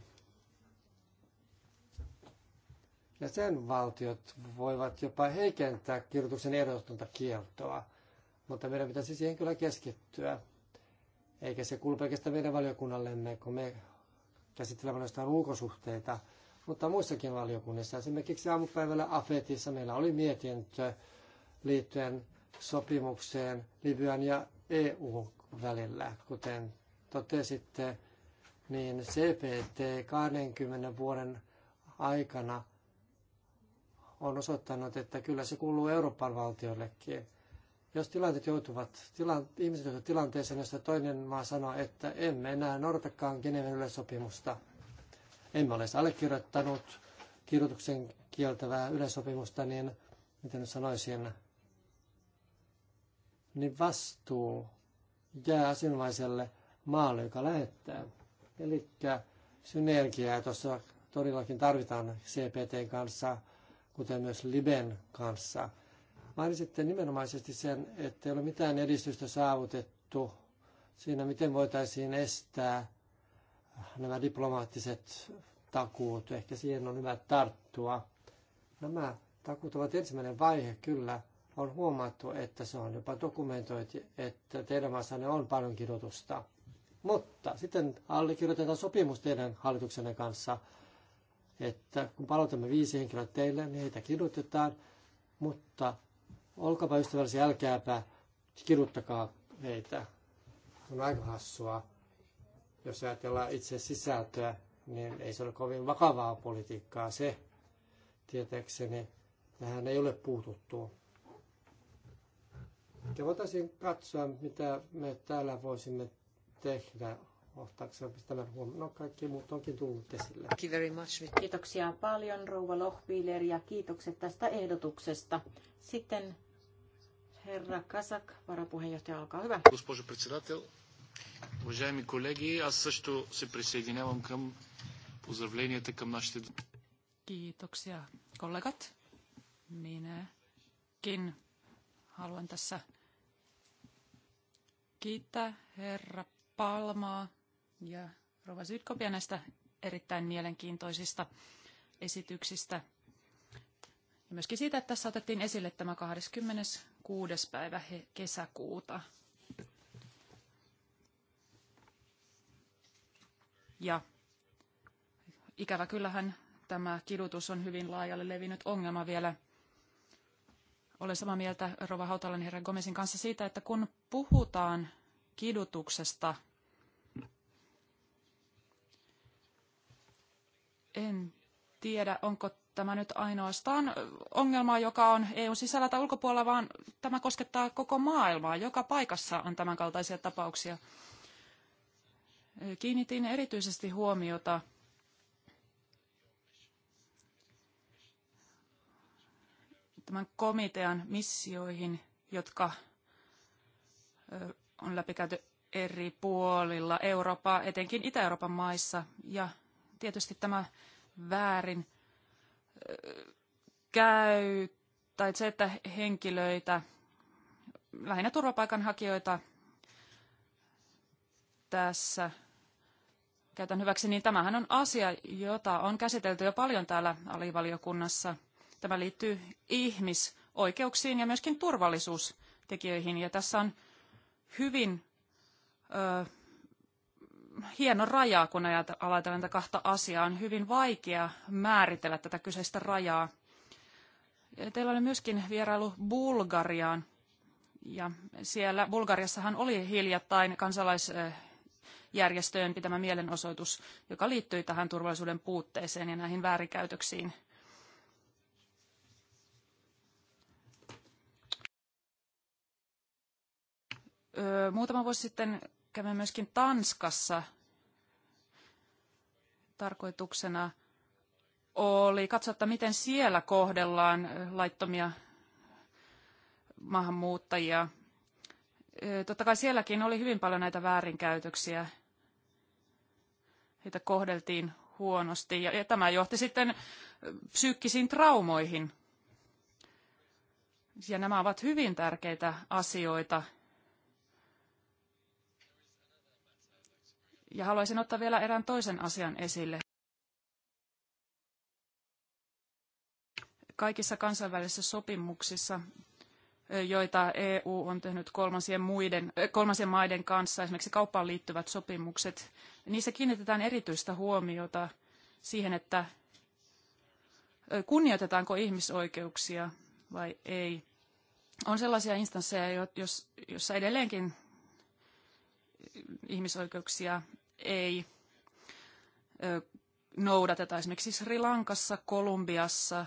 valtiot voivat jopa heikentää kirjoituksen ehdotonta kieltoa, mutta meidän pitäisi siihen kyllä keskittyä. Eikä se kuulu pelkästään meidän valiokunnallemme, kun me käsittelemme noista ulkosuhteita, mutta muissakin valiokunnissa. Esimerkiksi aamupäivällä AFETissa meillä oli mietintö liittyen sopimukseen Libyan ja EU välillä, kuten totesitte, niin CPT 20 vuoden aikana on osoittanut, että kyllä se kuuluu Euroopan valtioillekin. Jos tilanteet joutuvat, tila, ihmiset joutuvat tilanteeseen, josta toinen maa sanoo, että emme enää noudatakaan Geneven yleissopimusta, emme ole allekirjoittanut kirjoituksen kieltävää yleissopimusta, niin miten sanoisin, niin vastuu jää asianomaiselle maalle, joka lähettää. Eli synergiaa tuossa todellakin tarvitaan CPTn kanssa, kuten myös Liben kanssa. Mainitsitte nimenomaisesti sen, että ei ole mitään edistystä saavutettu siinä, miten voitaisiin estää nämä diplomaattiset takuut. Ehkä siihen on hyvä tarttua. Nämä takuut ovat ensimmäinen vaihe kyllä, on huomattu, että se on jopa dokumentoitu, että teidän maassanne on paljon kidutusta. Mutta sitten allekirjoitetaan sopimus teidän hallituksenne kanssa, että kun palautamme viisi henkilöä teille, niin heitä kidutetaan, mutta olkaapa ystävällisiä, älkääpä kiduttakaa heitä. on aika hassua. Jos ajatellaan itse sisältöä, niin ei se ole kovin vakavaa politiikkaa se, tietääkseni. Tähän ei ole puututtu. Ja voitaisiin katsoa, mitä me täällä voisimme tehdä ottaakseen No kaikki muut onkin tullut esille. Kiitoksia paljon rouva Lohpiiler ja kiitokset tästä ehdotuksesta. Sitten herra Kasak, varapuheenjohtaja, olkaa hyvä. Госпожо председател, уважаеми колеги, аз също се присъединявам към поздравленията към нашите... Kiitoksia kollegat. Minäkin haluan tässä kiittää herra Palmaa ja Rova Sytkopia näistä erittäin mielenkiintoisista esityksistä. Ja myöskin siitä, että tässä otettiin esille tämä 26. päivä kesäkuuta. Ja ikävä kyllähän tämä kidutus on hyvin laajalle levinnyt ongelma vielä – olen samaa mieltä Rova Hautalan herra Gomesin kanssa siitä, että kun puhutaan kidutuksesta, en tiedä, onko tämä nyt ainoastaan ongelma, joka on EUn sisällä tai ulkopuolella, vaan tämä koskettaa koko maailmaa. Joka paikassa on tämänkaltaisia tapauksia. Kiinnitin erityisesti huomiota tämän komitean missioihin, jotka on läpikäyty eri puolilla Eurooppaa, etenkin Itä-Euroopan maissa. Ja tietysti tämä väärin käy, tai se, että henkilöitä, lähinnä turvapaikanhakijoita tässä käytän hyväksi, niin tämähän on asia, jota on käsitelty jo paljon täällä alivaliokunnassa – Tämä liittyy ihmisoikeuksiin ja myöskin turvallisuustekijöihin. Ja tässä on hyvin ö, hieno raja, kun ajatellaan näitä kahta asiaa. On hyvin vaikea määritellä tätä kyseistä rajaa. Ja teillä oli myöskin vierailu Bulgariaan. Ja siellä Bulgariassahan oli hiljattain kansalaisjärjestöjen pitämä mielenosoitus, joka liittyi tähän turvallisuuden puutteeseen ja näihin väärinkäytöksiin – Muutama vuosi sitten kävin myöskin Tanskassa. Tarkoituksena oli katsoa, että miten siellä kohdellaan laittomia maahanmuuttajia. Totta kai sielläkin oli hyvin paljon näitä väärinkäytöksiä. Heitä kohdeltiin huonosti ja, ja tämä johti sitten psyykkisiin traumoihin. Ja nämä ovat hyvin tärkeitä asioita – Ja haluaisin ottaa vielä erään toisen asian esille. Kaikissa kansainvälisissä sopimuksissa, joita EU on tehnyt kolmansien, muiden, kolmansien maiden kanssa, esimerkiksi kauppaan liittyvät sopimukset, niissä kiinnitetään erityistä huomiota siihen, että kunnioitetaanko ihmisoikeuksia vai ei. On sellaisia instansseja, joissa edelleenkin ihmisoikeuksia ei noudateta. Esimerkiksi Sri Lankassa, Kolumbiassa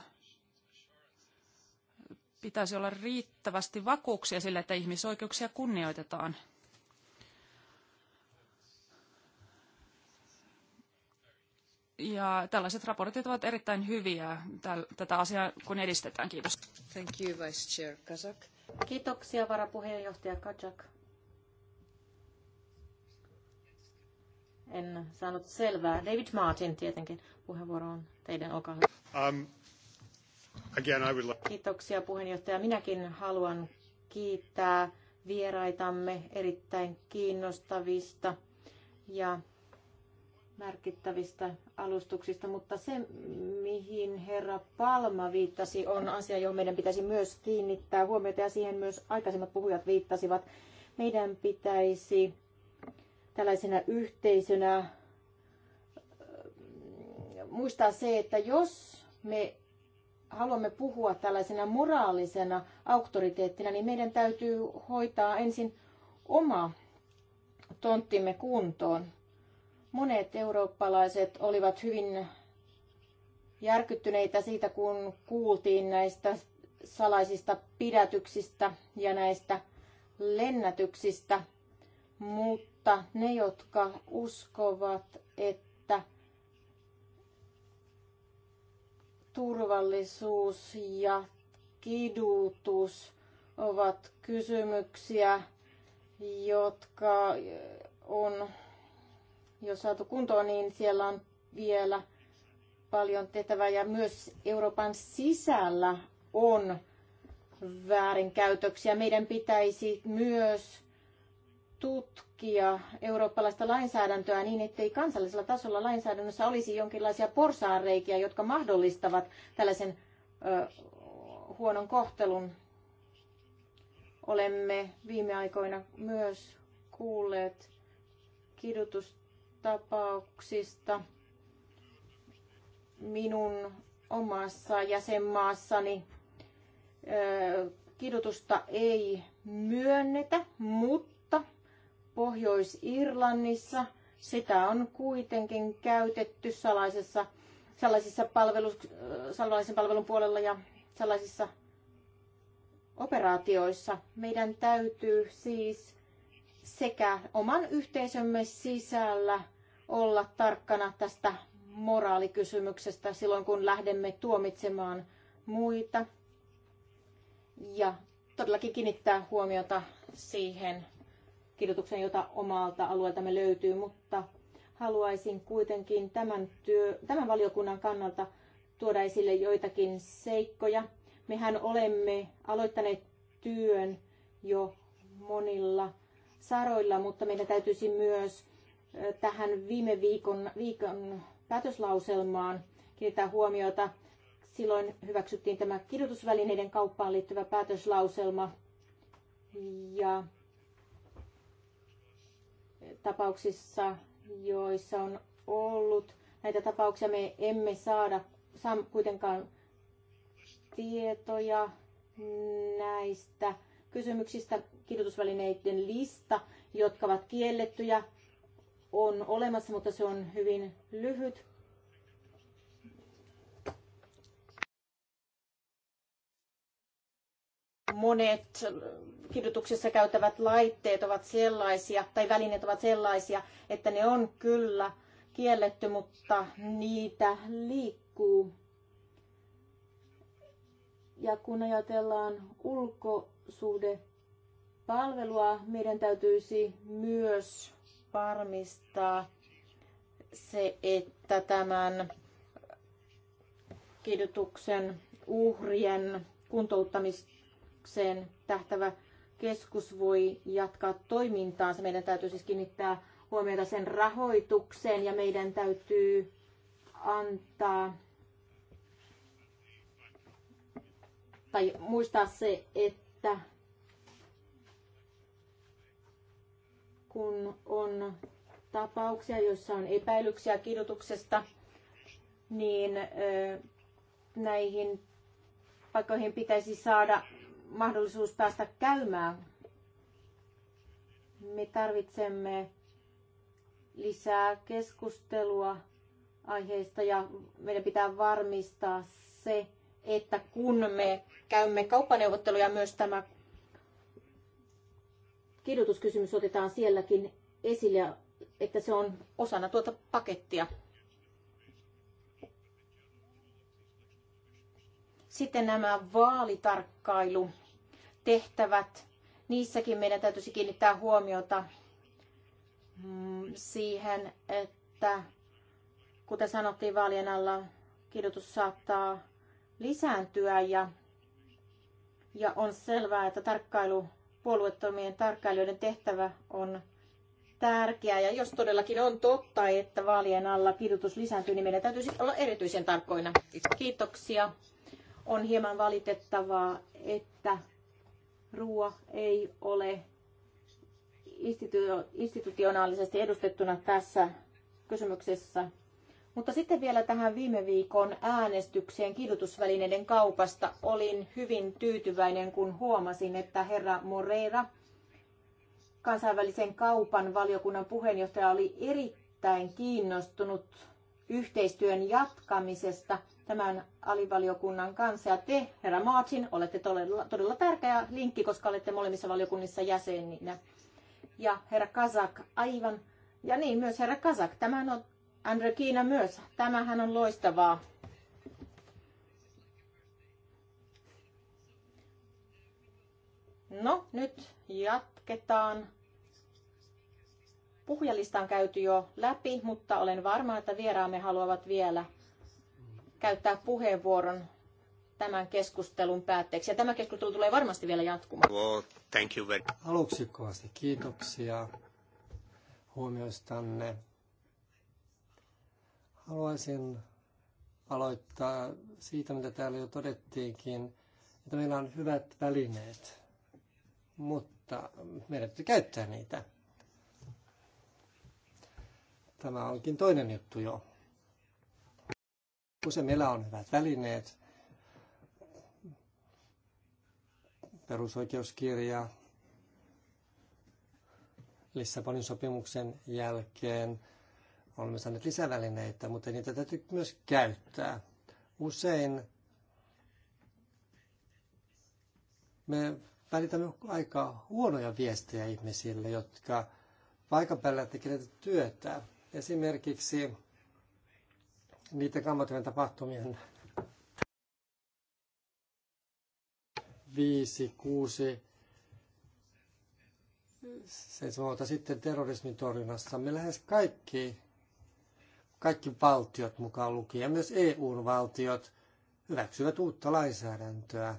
pitäisi olla riittävästi vakuuksia sille, että ihmisoikeuksia kunnioitetaan. Ja tällaiset raportit ovat erittäin hyviä tätä asiaa, kun edistetään. Kiitos. Thank you, Vice Chair Kazak. Kiitoksia, varapuheenjohtaja Kazak. En saanut selvää. David Martin tietenkin puheenvuoro on teidän, olkaa hyvä. Um, again, I would like... Kiitoksia puheenjohtaja. Minäkin haluan kiittää vieraitamme erittäin kiinnostavista ja merkittävistä alustuksista, mutta se, mihin herra Palma viittasi, on asia, johon meidän pitäisi myös kiinnittää huomiota ja siihen myös aikaisemmat puhujat viittasivat. Meidän pitäisi tällaisena yhteisönä äh, muistaa se, että jos me haluamme puhua tällaisena moraalisena auktoriteettina, niin meidän täytyy hoitaa ensin oma tonttimme kuntoon. Monet eurooppalaiset olivat hyvin järkyttyneitä siitä, kun kuultiin näistä salaisista pidätyksistä ja näistä lennätyksistä, mutta mutta ne, jotka uskovat, että turvallisuus ja kidutus ovat kysymyksiä, jotka on jo saatu kuntoon, niin siellä on vielä paljon tehtävää ja myös Euroopan sisällä on väärinkäytöksiä. Meidän pitäisi myös tutkia eurooppalaista lainsäädäntöä niin, ettei kansallisella tasolla lainsäädännössä olisi jonkinlaisia porsaanreikiä, jotka mahdollistavat tällaisen ö, huonon kohtelun. Olemme viime aikoina myös kuulleet kidutustapauksista minun omassa jäsenmaassani. Ö, kidutusta ei myönnetä, mutta Pohjois-Irlannissa. Sitä on kuitenkin käytetty salaisessa, salaisessa palvelu, äh, salaisen palvelun puolella ja salaisissa operaatioissa. Meidän täytyy siis sekä oman yhteisömme sisällä olla tarkkana tästä moraalikysymyksestä silloin, kun lähdemme tuomitsemaan muita. Ja todellakin kiinnittää huomiota siihen, kirjoituksen, jota omalta alueeltamme löytyy, mutta haluaisin kuitenkin tämän, työ, tämän valiokunnan kannalta tuoda esille joitakin seikkoja. Mehän olemme aloittaneet työn jo monilla saroilla, mutta meidän täytyisi myös tähän viime viikon, viikon päätöslauselmaan kiinnittää huomiota. Silloin hyväksyttiin tämä kirjoitusvälineiden kauppaan liittyvä päätöslauselma. Ja tapauksissa, joissa on ollut näitä tapauksia, me emme saada saa kuitenkaan tietoja näistä kysymyksistä. Kidutusvälineiden lista, jotka ovat kiellettyjä, on olemassa, mutta se on hyvin lyhyt. Monet kidutuksessa käytävät laitteet ovat sellaisia, tai välineet ovat sellaisia, että ne on kyllä kielletty, mutta niitä liikkuu. Ja kun ajatellaan ulkosuhde palvelua, meidän täytyisi myös varmistaa se, että tämän kidutuksen uhrien kuntouttamiseen tähtävä keskus voi jatkaa toimintaansa. Meidän täytyy siis kiinnittää huomiota sen rahoitukseen ja meidän täytyy antaa tai muistaa se, että kun on tapauksia, joissa on epäilyksiä kidutuksesta, niin näihin paikkoihin pitäisi saada mahdollisuus päästä käymään. Me tarvitsemme lisää keskustelua aiheesta ja meidän pitää varmistaa se, että kun me käymme kauppaneuvotteluja, myös tämä kidutuskysymys otetaan sielläkin esille, että se on osana tuota pakettia. Sitten nämä vaalitarkkailu tehtävät, niissäkin meidän täytyisi kiinnittää huomiota mm, siihen, että kuten sanottiin vaalien alla, kidutus saattaa lisääntyä ja, ja on selvää, että tarkkailu, puolueettomien tarkkailijoiden tehtävä on tärkeä. Ja jos todellakin on totta, että vaalien alla kidutus lisääntyy, niin meidän täytyisi olla erityisen tarkkoina. Kiitoksia. On hieman valitettavaa, että Ruoa ei ole institutionaalisesti edustettuna tässä kysymyksessä. Mutta sitten vielä tähän viime viikon äänestykseen kidutusvälineiden kaupasta olin hyvin tyytyväinen, kun huomasin, että herra Moreira, kansainvälisen kaupan valiokunnan puheenjohtaja, oli erittäin kiinnostunut yhteistyön jatkamisesta – tämän alivaliokunnan kanssa. Ja te, herra Martin, olette todella, todella tärkeä linkki, koska olette molemmissa valiokunnissa jäseninä. Ja herra Kazak, aivan. Ja niin, myös herra Kazak. Tämähän on Andre Kiina myös. Tämähän on loistavaa. No, nyt jatketaan. Puhujalista on käyty jo läpi, mutta olen varma, että vieraamme haluavat vielä käyttää puheenvuoron tämän keskustelun päätteeksi. Ja tämä keskustelu tulee varmasti vielä jatkumaan. Well, thank you very... Aluksi kovasti kiitoksia huomioistanne. Haluaisin aloittaa siitä, mitä täällä jo todettiinkin, että meillä on hyvät välineet, mutta meidän täytyy käyttää niitä. Tämä onkin toinen juttu jo. Usein meillä on hyvät välineet, perusoikeuskirja, Lissabonin sopimuksen jälkeen olemme saaneet lisävälineitä, mutta niitä täytyy myös käyttää. Usein me välitämme aika huonoja viestejä ihmisille, jotka paikan päällä tekevät työtä. Esimerkiksi niiden kammottavien tapahtumien viisi, kuusi, seitsemän vuotta sitten terrorismin torjunnassa. Me lähes kaikki, kaikki valtiot mukaan lukien, myös EU-valtiot, hyväksyvät uutta lainsäädäntöä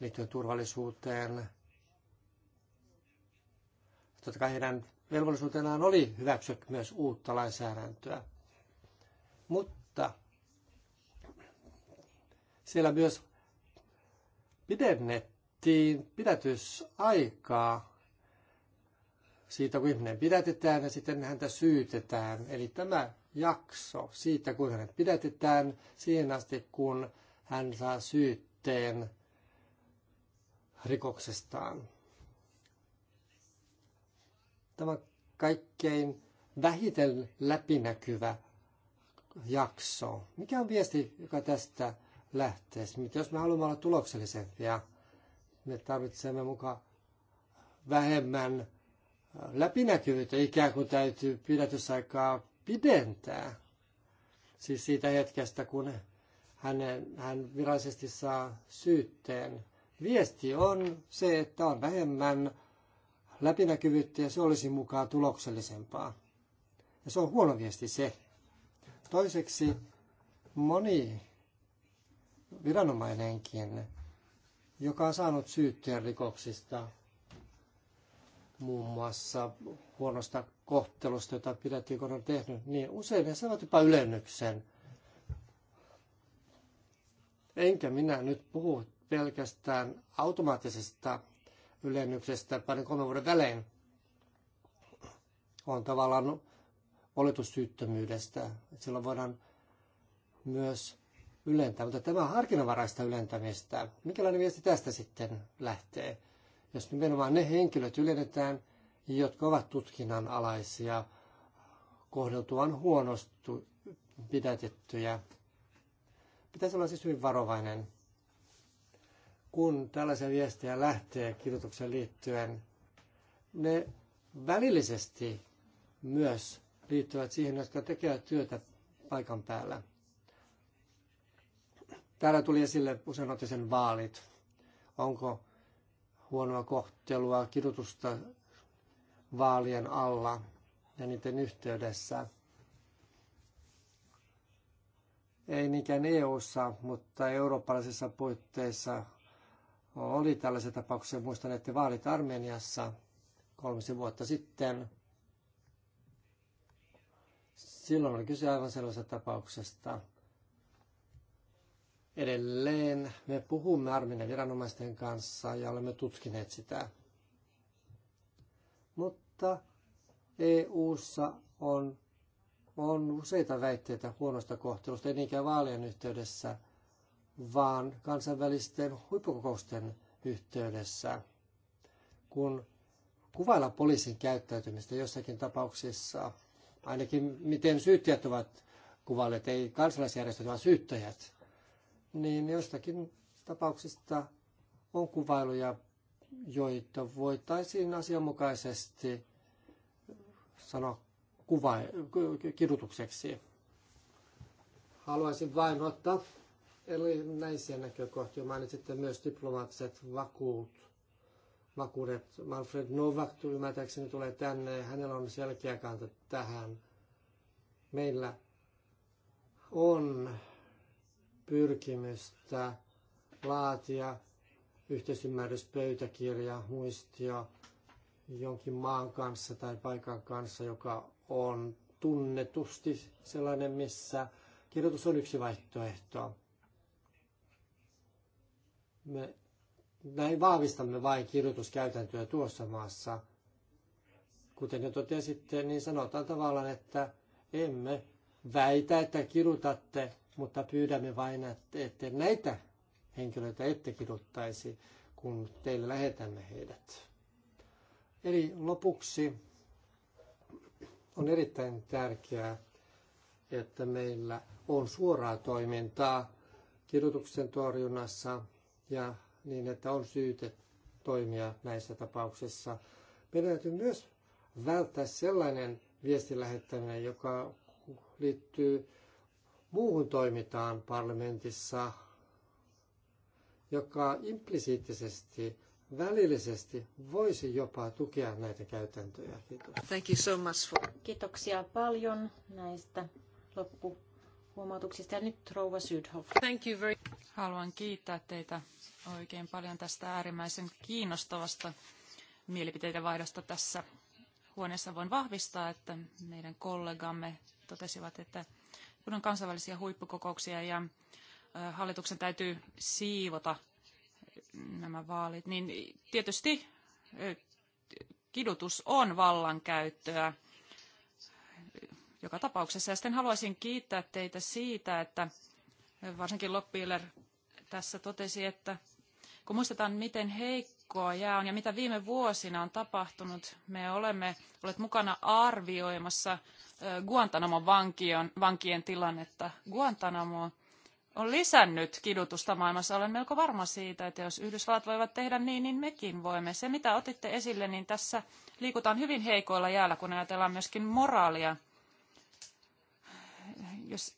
liittyen turvallisuuteen. Totta kai heidän velvollisuutenaan oli hyväksyä myös uutta lainsäädäntöä. Mutta siellä myös pidennettiin pidätysaikaa siitä, kun ihminen pidätetään ja sitten häntä syytetään. Eli tämä jakso siitä, kun hänet pidätetään siihen asti, kun hän saa syytteen rikoksestaan. Tämä kaikkein vähiten läpinäkyvä jakso. Mikä on viesti, joka tästä lähtee? Jos me haluamme olla tuloksellisempia, me tarvitsemme mukaan vähemmän äh, läpinäkyvyyttä, ikään kuin täytyy pidätysaikaa pidentää. Siis siitä hetkestä, kun hänen, hän virallisesti saa syytteen. Viesti on se, että on vähemmän läpinäkyvyyttä ja se olisi mukaan tuloksellisempaa. Ja se on huono viesti se, Toiseksi moni viranomainenkin, joka on saanut syytteen rikoksista, muun muassa huonosta kohtelusta, jota kun on tehnyt, niin usein he saavat jopa ylennyksen. Enkä minä nyt puhu pelkästään automaattisesta ylennyksestä parin kolmen vuoden välein. On tavallaan oletussyyttömyydestä. Silloin voidaan myös ylentää, mutta tämä on harkinnanvaraista ylentämistä. minkälainen viesti tästä sitten lähtee? Jos nimenomaan ne henkilöt ylennetään, jotka ovat tutkinnan alaisia, kohdeltuvan huonosti pidätettyjä. Pitäisi olla siis hyvin varovainen. Kun tällaisia viestejä lähtee kirjoitukseen liittyen, ne välillisesti myös liittyvät siihen, jotka tekevät työtä paikan päällä. Täällä tuli esille usein otteisen vaalit. Onko huonoa kohtelua, kidutusta vaalien alla ja niiden yhteydessä? Ei niinkään EU-ssa, mutta eurooppalaisissa puitteissa oli tällaisia tapauksia. Muistan, että vaalit Armeniassa kolmisen vuotta sitten – Silloin oli kyse aivan sellaisesta tapauksesta. Edelleen me puhumme Armenian viranomaisten kanssa ja olemme tutkineet sitä. Mutta EU:ssa on, on useita väitteitä huonosta kohtelusta, ei niinkään vaalien yhteydessä, vaan kansainvälisten huippukokousten yhteydessä, kun kuvailla poliisin käyttäytymistä jossakin tapauksissa – ainakin miten syyttäjät ovat kuvalleet, ei kansalaisjärjestöt, vaan syyttäjät, niin jostakin tapauksista on kuvailuja, joita voitaisiin asianmukaisesti sanoa kuva- kidutukseksi. Haluaisin vain ottaa eli näisiä näkökohtia. Mainitsitte myös diplomaattiset vakuut vakuudet. Manfred Novak ymmärtääkseni tulee tänne ja hänellä on selkeä kanta tähän. Meillä on pyrkimystä laatia yhteisymmärryspöytäkirja, muistio jonkin maan kanssa tai paikan kanssa, joka on tunnetusti sellainen, missä kirjoitus on yksi vaihtoehto. Me näin vahvistamme vain kirjoituskäytäntöä tuossa maassa. Kuten jo totesitte, niin sanotaan tavallaan, että emme väitä, että kirjoitatte, mutta pyydämme vain, että näitä henkilöitä ette kirjoittaisi, kun teille lähetämme heidät. Eli lopuksi on erittäin tärkeää, että meillä on suoraa toimintaa kirjoituksen torjunnassa ja niin, että on syytä toimia näissä tapauksissa. Meidän täytyy myös välttää sellainen viestin lähettäminen, joka liittyy muuhun toimintaan parlamentissa, joka implisiittisesti, välillisesti voisi jopa tukea näitä käytäntöjä. Kiitos. Thank you so much for... Kiitoksia paljon näistä loppuhuomautuksista. Ja nyt Rouva Sydhoff. Thank you very... Haluan kiittää teitä oikein paljon tästä äärimmäisen kiinnostavasta mielipiteiden vaihdosta tässä huoneessa. Voin vahvistaa, että meidän kollegamme totesivat, että kun on kansainvälisiä huippukokouksia ja hallituksen täytyy siivota nämä vaalit, niin tietysti kidutus on vallankäyttöä joka tapauksessa. Ja sitten haluaisin kiittää teitä siitä, että varsinkin Loppiller tässä totesi, että kun muistetaan, miten heikkoa jää on ja mitä viime vuosina on tapahtunut, me olemme olleet mukana arvioimassa guantanamo vankion, vankien tilannetta. Guantanamo on lisännyt kidutusta maailmassa. Olen melko varma siitä, että jos Yhdysvallat voivat tehdä niin, niin mekin voimme. Se, mitä otitte esille, niin tässä liikutaan hyvin heikoilla jäällä, kun ajatellaan myöskin moraalia. Jos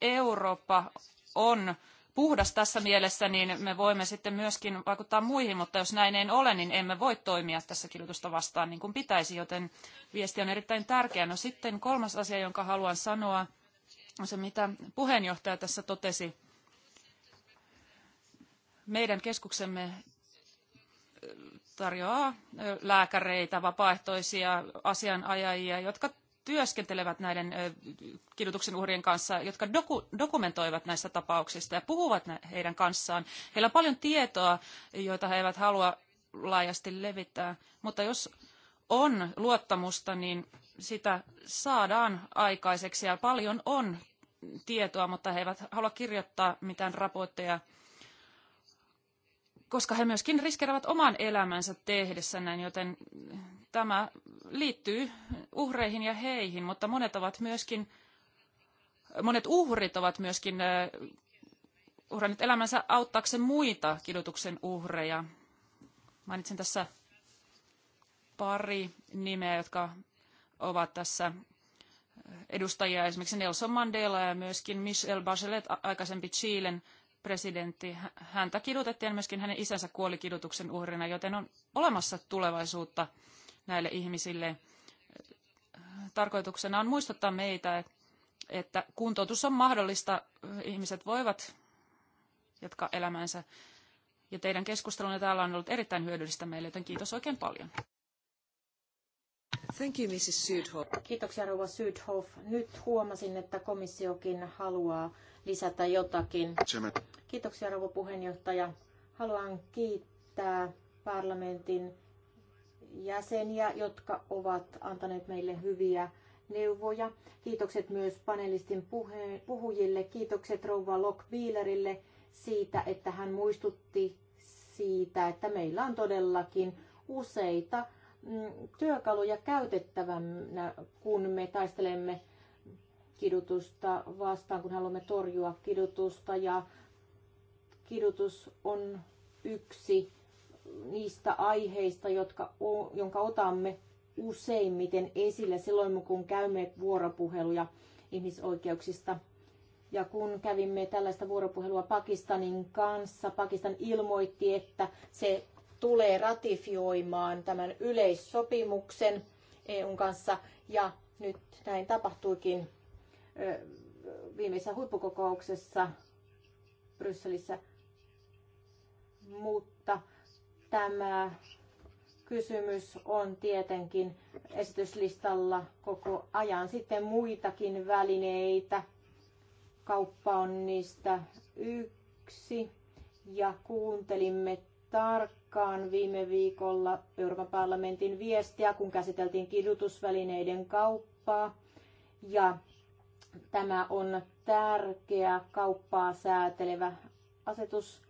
Eurooppa on puhdas tässä mielessä, niin me voimme sitten myöskin vaikuttaa muihin, mutta jos näin ei ole, niin emme voi toimia tässä kidutusta vastaan niin kuin pitäisi, joten viesti on erittäin tärkeä. No sitten kolmas asia, jonka haluan sanoa, on se, mitä puheenjohtaja tässä totesi. Meidän keskuksemme tarjoaa lääkäreitä, vapaaehtoisia asianajajia, jotka työskentelevät näiden kidutuksen uhrien kanssa, jotka doku- dokumentoivat näistä tapauksista ja puhuvat heidän kanssaan. Heillä on paljon tietoa, joita he eivät halua laajasti levittää, mutta jos on luottamusta, niin sitä saadaan aikaiseksi ja paljon on tietoa, mutta he eivät halua kirjoittaa mitään raportteja, koska he myöskin riskeerävät oman elämänsä tehdessä näin, joten tämä liittyy uhreihin ja heihin, mutta monet ovat myöskin, monet uhrit ovat myöskin uhrannut elämänsä auttaakseen muita kidutuksen uhreja. Mainitsin tässä pari nimeä, jotka ovat tässä edustajia, esimerkiksi Nelson Mandela ja myöskin Michelle Bachelet, aikaisempi Chilen presidentti. Häntä kidutettiin ja myöskin hänen isänsä kuoli kidutuksen uhrina, joten on olemassa tulevaisuutta näille ihmisille. Tarkoituksena on muistuttaa meitä, että kuntoutus on mahdollista. Ihmiset voivat jatkaa elämänsä. Ja teidän keskustelunne täällä on ollut erittäin hyödyllistä meille, joten kiitos oikein paljon. Thank you, Mrs. Sydhoff. Kiitoksia, rouva Sydhoff. Nyt huomasin, että komissiokin haluaa lisätä jotakin. Kiitoksia, rouva puheenjohtaja. Haluan kiittää parlamentin jäseniä, jotka ovat antaneet meille hyviä neuvoja. Kiitokset myös panelistin puhe- puhujille. Kiitokset rouva Lockbeelerille siitä, että hän muistutti siitä, että meillä on todellakin useita mm, työkaluja käytettävänä, kun me taistelemme kidutusta vastaan, kun haluamme torjua kidutusta. Ja kidutus on yksi niistä aiheista, jotka, jonka otamme useimmiten esille silloin, kun käymme vuoropuheluja ihmisoikeuksista. Ja kun kävimme tällaista vuoropuhelua Pakistanin kanssa, Pakistan ilmoitti, että se tulee ratifioimaan tämän yleissopimuksen EUn kanssa. Ja nyt näin tapahtuikin viimeisessä huippukokouksessa Brysselissä. Mutta Tämä kysymys on tietenkin esityslistalla koko ajan. Sitten muitakin välineitä. Kauppa on niistä yksi. Ja kuuntelimme tarkkaan viime viikolla Euroopan parlamentin viestiä, kun käsiteltiin kidutusvälineiden kauppaa. Ja tämä on tärkeä kauppaa säätelevä asetus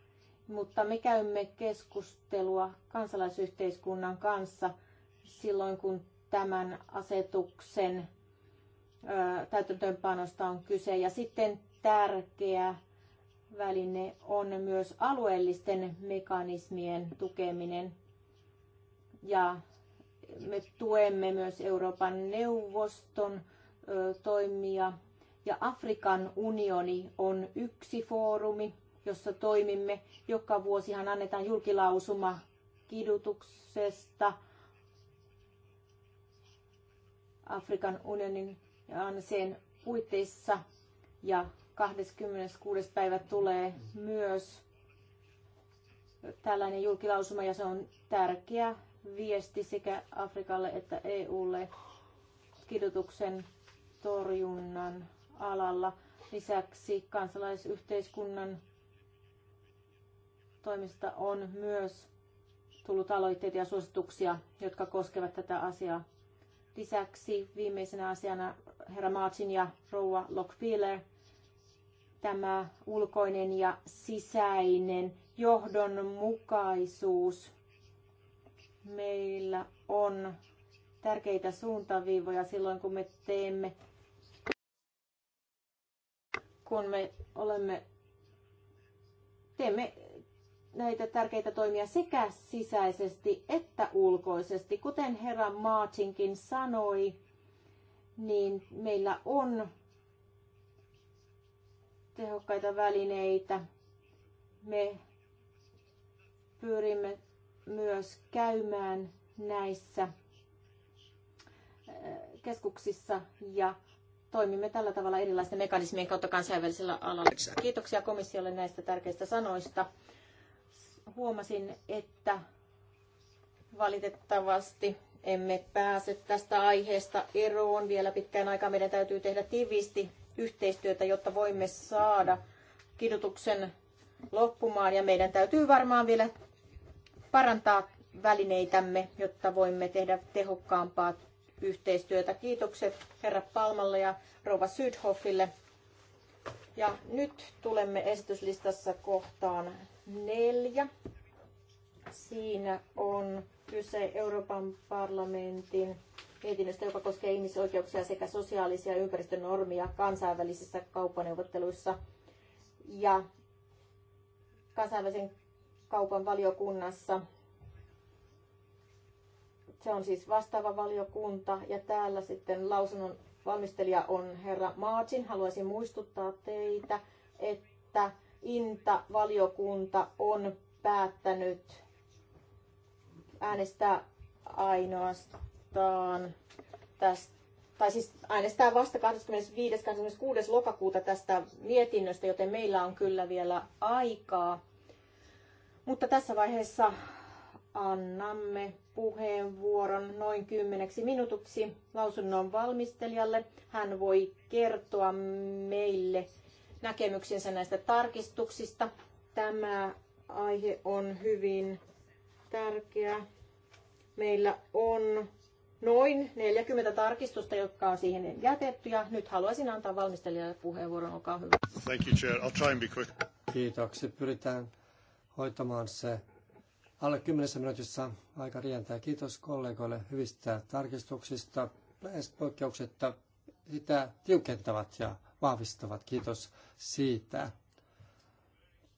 mutta me käymme keskustelua kansalaisyhteiskunnan kanssa silloin, kun tämän asetuksen täytäntöönpanosta on kyse. Ja sitten tärkeä väline on myös alueellisten mekanismien tukeminen. Ja me tuemme myös Euroopan neuvoston toimia. Ja Afrikan unioni on yksi foorumi, jossa toimimme. Joka vuosihan annetaan julkilausuma kidutuksesta Afrikan unionin sen puitteissa. Ja 26. päivä tulee myös tällainen julkilausuma ja se on tärkeä viesti sekä Afrikalle että EUlle kidutuksen torjunnan alalla. Lisäksi kansalaisyhteiskunnan toimista on myös tullut aloitteita ja suosituksia, jotka koskevat tätä asiaa. Lisäksi viimeisenä asiana herra Martin ja rouva Lockfiller, tämä ulkoinen ja sisäinen johdonmukaisuus. Meillä on tärkeitä suuntaviivoja silloin, kun me teemme, kun me olemme, teemme näitä tärkeitä toimia sekä sisäisesti että ulkoisesti. Kuten herra Martinkin sanoi, niin meillä on tehokkaita välineitä. Me pyrimme myös käymään näissä eh, keskuksissa ja toimimme tällä tavalla erilaisten mekanismien kautta kansainvälisellä alalla. Kiitoksia komissiolle näistä tärkeistä sanoista huomasin, että valitettavasti emme pääse tästä aiheesta eroon. Vielä pitkään aikaa meidän täytyy tehdä tiiviisti yhteistyötä, jotta voimme saada kidutuksen loppumaan. Ja meidän täytyy varmaan vielä parantaa välineitämme, jotta voimme tehdä tehokkaampaa yhteistyötä. Kiitokset herra Palmalle ja rouva Sydhoffille. Ja nyt tulemme esityslistassa kohtaan neljä. Siinä on kyse Euroopan parlamentin mietinnöstä, joka koskee ihmisoikeuksia sekä sosiaalisia ympäristönormia kansainvälisissä kauppaneuvotteluissa. Ja kansainvälisen kaupan valiokunnassa. Se on siis vastaava valiokunta ja täällä sitten lausunnon valmistelija on herra Maatsin. Haluaisin muistuttaa teitä, että Inta-valiokunta on päättänyt äänestää ainoastaan tästä, tai siis äänestää vasta 25.26. lokakuuta tästä mietinnöstä, joten meillä on kyllä vielä aikaa. Mutta tässä vaiheessa annamme puheenvuoron noin kymmeneksi minuutiksi lausunnon valmistelijalle. Hän voi kertoa meille näkemyksensä näistä tarkistuksista. Tämä aihe on hyvin tärkeä. Meillä on noin 40 tarkistusta, jotka on siihen jätetty, ja nyt haluaisin antaa valmistelijalle puheenvuoron. Olkaa hyvä. Thank you, Chair. I'll try and be quick. Kiitoksia. Pyritään hoitamaan se alle 10 minuutissa. Aika rientää. Kiitos kollegoille hyvistä tarkistuksista. Lähes poikkeuksetta sitä tiukentavat ja vahvistavat. Kiitos siitä.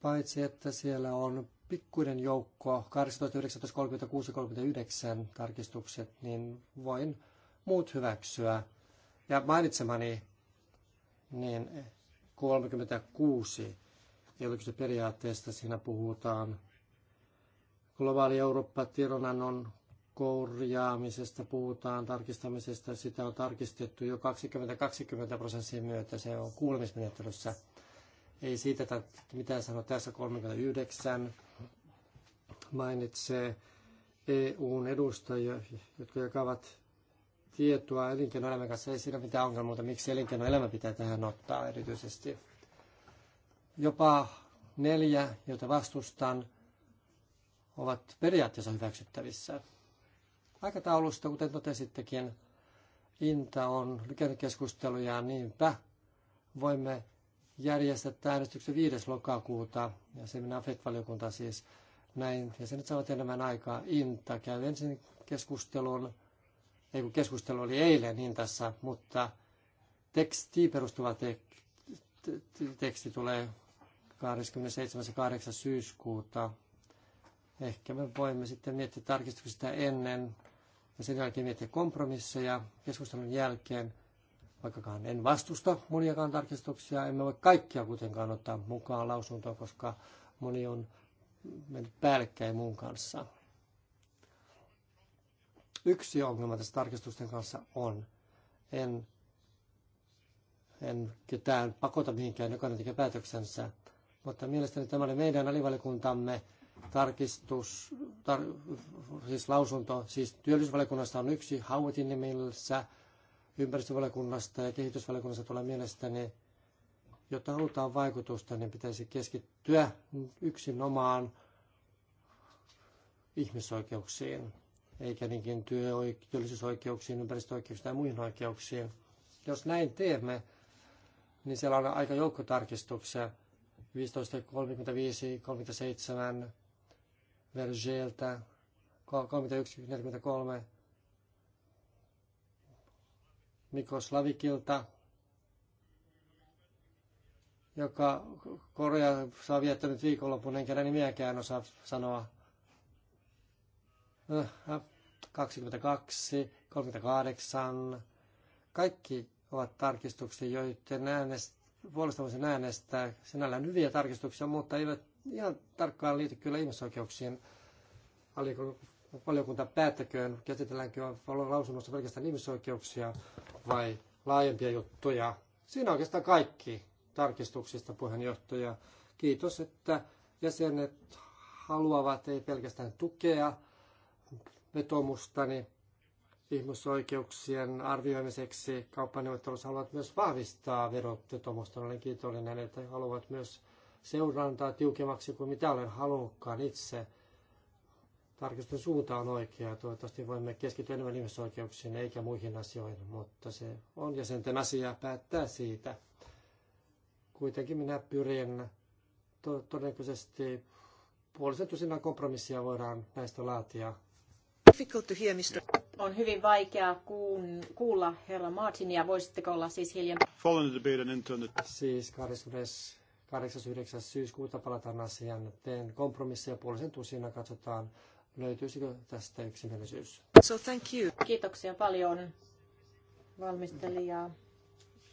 Paitsi, että siellä on pikkuinen joukko 18, 19, tarkistukset, niin voin muut hyväksyä. Ja mainitsemani niin 36 ei kyse periaatteesta, siinä puhutaan globaali Eurooppa tiedonannon korjaamisesta puhutaan, tarkistamisesta, sitä on tarkistettu jo 20-20 prosenttia myötä, se on kuulemismenettelyssä. Ei siitä mitään sanoa, tässä 39 mainitsee EUn edustajia, jotka jakavat tietoa elinkeinoelämän kanssa. Ei siinä mitään ongelmaa, mutta miksi elinkeinoelämä pitää tähän ottaa erityisesti. Jopa neljä, joita vastustan, ovat periaatteessa hyväksyttävissä aikataulusta, kuten totesittekin. Inta on lykännyt keskusteluja, niinpä voimme järjestää äänestyksen 5. lokakuuta, ja se minä FET-valiokunta siis näin, ja se nyt saavat enemmän aikaa. Inta käy ensin keskustelun, ei kun keskustelu oli eilen Intassa, mutta teksti perustuva tek, teksti tulee 8. syyskuuta. Ehkä me voimme sitten miettiä tarkistuksista ennen ja sen jälkeen miettiä kompromisseja keskustelun jälkeen. Vaikkakaan en vastusta moniakaan tarkistuksia, emme voi kaikkia kuitenkaan ottaa mukaan lausuntoon, koska moni on mennyt päällekkäin muun kanssa. Yksi ongelma tässä tarkistusten kanssa on, en, en ketään pakota mihinkään, jokainen tekee päätöksensä, mutta mielestäni tämä oli meidän alivalikuntamme tarkistus, tar, siis lausunto, siis työllisyysvaliokunnasta on yksi, Hauetin nimellä ympäristövaliokunnasta ja kehitysvaliokunnasta tulee mielestäni, jotta halutaan vaikutusta, niin pitäisi keskittyä yksinomaan ihmisoikeuksiin, eikä niinkin työllisyysoikeuksiin, ympäristöoikeuksiin tai muihin oikeuksiin. Jos näin teemme, niin siellä on aika joukko tarkistuksia, 15, 35, 37, Vergeeltä 31.43 Mikoslavikilta, joka Korea saa viettänyt viikonlopun, enkä nimeäkään osaa sanoa. 22, äh, 38, äh, kaikki ovat tarkistuksia, joiden äänest, puolesta äänestää. Sinällään hyviä tarkistuksia, mutta eivät ihan tarkkaan liity kyllä ihmisoikeuksien valiokunta päättäköön, käsitelläänkö lausunnossa pelkästään ihmisoikeuksia vai laajempia juttuja. Siinä oikeastaan kaikki tarkistuksista puheenjohtaja. Kiitos, että jäsenet haluavat ei pelkästään tukea vetomustani ihmisoikeuksien arvioimiseksi. Kauppaneuvottelussa haluavat myös vahvistaa verotetomusta. Olen kiitollinen, että haluavat myös seurantaa tiukemmaksi kuin mitä olen halunnutkaan itse. Tarkistusten suunta on oikea. Toivottavasti voimme keskittyä enemmän ihmisoikeuksiin eikä muihin asioihin, mutta se on jäsenten asia päättää siitä. Kuitenkin minä pyrin to- todennäköisesti puolisen kompromissia voidaan näistä laatia. On hyvin vaikea kuun, kuulla herra Martinia. Voisitteko olla siis hiljaa? the Siis 20. 8.9. syyskuuta palataan asiaan. Teen kompromisseja puolisen tusina. Katsotaan, löytyisikö tästä yksimielisyys. So thank you. Kiitoksia paljon valmistelija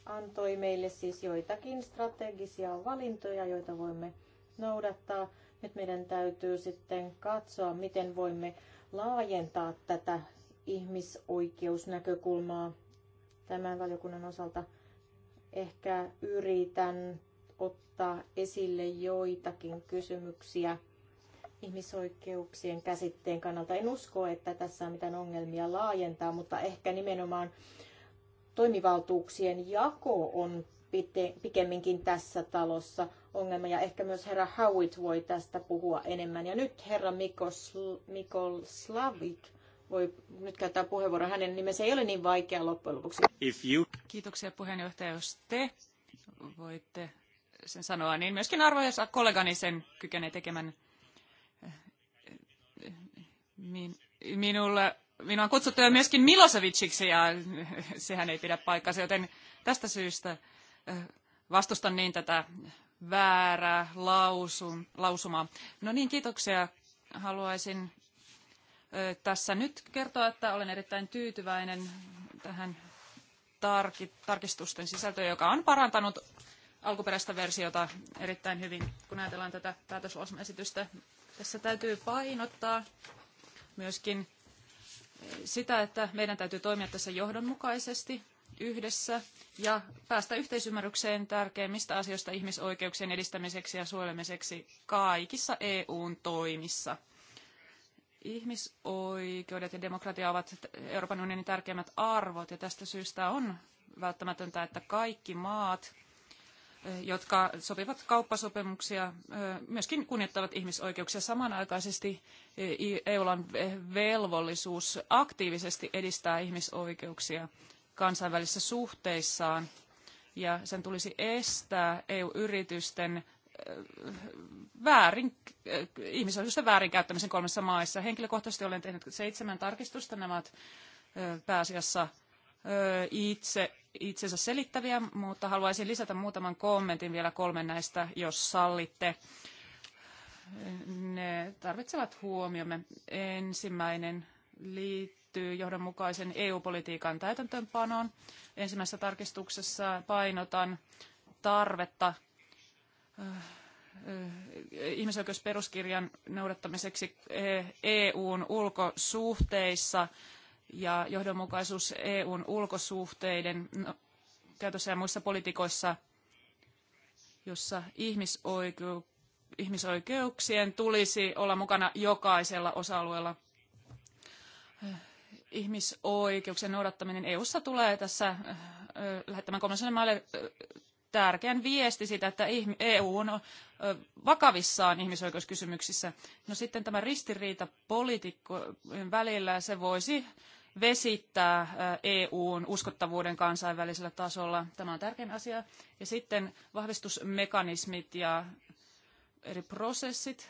antoi meille siis joitakin strategisia valintoja, joita voimme noudattaa. Nyt meidän täytyy sitten katsoa, miten voimme laajentaa tätä ihmisoikeusnäkökulmaa tämän valiokunnan osalta. Ehkä yritän ottaa esille joitakin kysymyksiä ihmisoikeuksien käsitteen kannalta. En usko, että tässä on mitään ongelmia laajentaa, mutta ehkä nimenomaan toimivaltuuksien jako on pikemminkin tässä talossa ongelma. Ja ehkä myös herra Howitt voi tästä puhua enemmän. Ja nyt herra Mikol Slavik voi nyt käyttää puheenvuoron. Hänen nimensä ei ole niin vaikea loppujen lopuksi. If you... Kiitoksia puheenjohtaja, jos te voitte sen sanoa, niin myöskin arvoisa kollegani sen kykenee tekemään. Min, minulle, minua on kutsuttu jo myöskin Miloseviciksi ja sehän ei pidä paikkaansa, joten tästä syystä vastustan niin tätä väärää lausum, lausumaa. No niin, kiitoksia. Haluaisin tässä nyt kertoa, että olen erittäin tyytyväinen tähän tarkistusten sisältöön, joka on parantanut alkuperäistä versiota erittäin hyvin, kun ajatellaan tätä päätöslausumaesitystä. Tässä täytyy painottaa myöskin sitä, että meidän täytyy toimia tässä johdonmukaisesti yhdessä ja päästä yhteisymmärrykseen tärkeimmistä asioista ihmisoikeuksien edistämiseksi ja suojelemiseksi kaikissa EUn toimissa. Ihmisoikeudet ja demokratia ovat Euroopan unionin tärkeimmät arvot ja tästä syystä on välttämätöntä, että kaikki maat – jotka sopivat kauppasopimuksia, myöskin kunnioittavat ihmisoikeuksia. Samanaikaisesti EUlla on velvollisuus aktiivisesti edistää ihmisoikeuksia kansainvälisissä suhteissaan, ja sen tulisi estää EU-yritysten väärin, ihmisoikeuksien väärinkäyttämisen kolmessa maissa. Henkilökohtaisesti olen tehnyt seitsemän tarkistusta. Nämä ovat pääasiassa itse itsensä selittäviä, mutta haluaisin lisätä muutaman kommentin vielä kolme näistä, jos sallitte. Ne tarvitsevat huomiomme. Ensimmäinen liittyy johdonmukaisen EU-politiikan täytäntöönpanoon. Ensimmäisessä tarkistuksessa painotan tarvetta eh, eh, ihmisoikeusperuskirjan noudattamiseksi eh, EUn ulkosuhteissa ja johdonmukaisuus EUn ulkosuhteiden no, käytössä ja muissa politikoissa, jossa ihmisoikeu, ihmisoikeuksien tulisi olla mukana jokaisella osa-alueella. Ihmisoikeuksien noudattaminen EUssa tulee tässä äh, lähettämään komission maalle äh, tärkeän viesti siitä, että EU on äh, vakavissaan ihmisoikeuskysymyksissä. No sitten tämä ristiriita poliitikkojen välillä, se voisi vesittää EUn uskottavuuden kansainvälisellä tasolla. Tämä on tärkein asia. Ja sitten vahvistusmekanismit ja eri prosessit,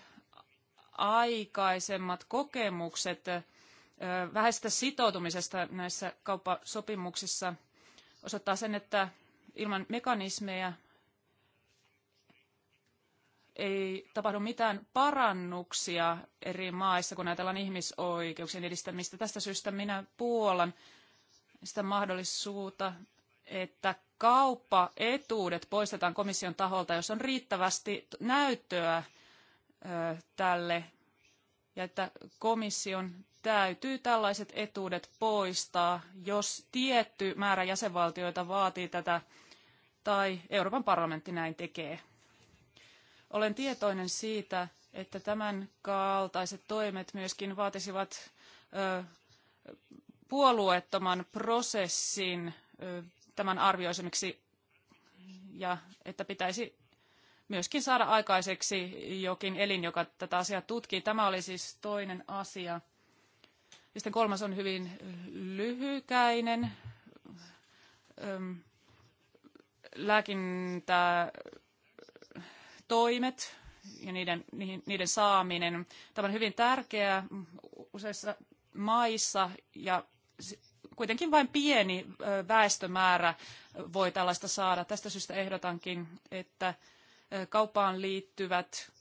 aikaisemmat kokemukset vähäisestä sitoutumisesta näissä kauppasopimuksissa osoittaa sen, että ilman mekanismeja ei tapahdu mitään parannuksia eri maissa, kun ajatellaan ihmisoikeuksien edistämistä. Tästä syystä minä puolan sitä mahdollisuutta, että kauppaetuudet poistetaan komission taholta, jos on riittävästi näyttöä tälle, ja että komission täytyy tällaiset etuudet poistaa, jos tietty määrä jäsenvaltioita vaatii tätä, tai Euroopan parlamentti näin tekee. Olen tietoinen siitä, että tämän kaltaiset toimet myöskin vaatisivat ö, puolueettoman prosessin ö, tämän arvioisemmiksi ja että pitäisi myöskin saada aikaiseksi jokin elin, joka tätä asiaa tutkii. Tämä oli siis toinen asia. Ja sitten kolmas on hyvin lyhykäinen. Öm, lääkintä toimet ja niiden, niiden saaminen. Tämä on hyvin tärkeää useissa maissa ja kuitenkin vain pieni väestömäärä voi tällaista saada. Tästä syystä ehdotankin, että kaupaan liittyvät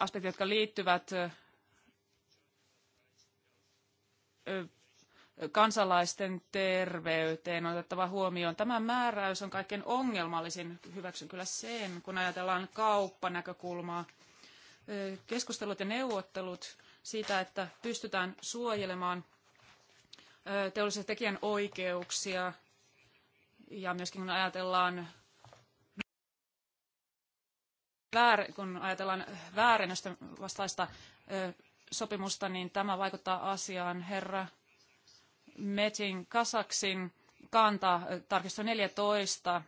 aspektit, jotka liittyvät kansalaisten terveyteen on otettava huomioon. Tämä määräys on kaikkein ongelmallisin, hyväksyn kyllä sen, kun ajatellaan kauppanäkökulmaa. Keskustelut ja neuvottelut siitä, että pystytään suojelemaan teollisen tekijän oikeuksia ja myöskin kun ajatellaan kun ajatellaan väärennösten vastaista sopimusta, niin tämä vaikuttaa asiaan. Herra Metin Kasaksin kanta äh, tarkisto 14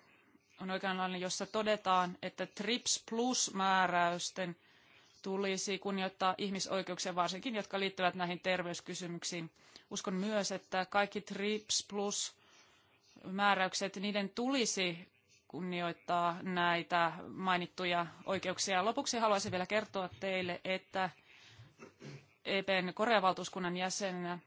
on oikeanlainen, jossa todetaan, että TRIPS Plus-määräysten tulisi kunnioittaa ihmisoikeuksia, varsinkin jotka liittyvät näihin terveyskysymyksiin. Uskon myös, että kaikki TRIPS Plus-määräykset, niiden tulisi kunnioittaa näitä mainittuja oikeuksia. Lopuksi haluaisin vielä kertoa teille, että EPn korea valtuuskunnan jäsenenä –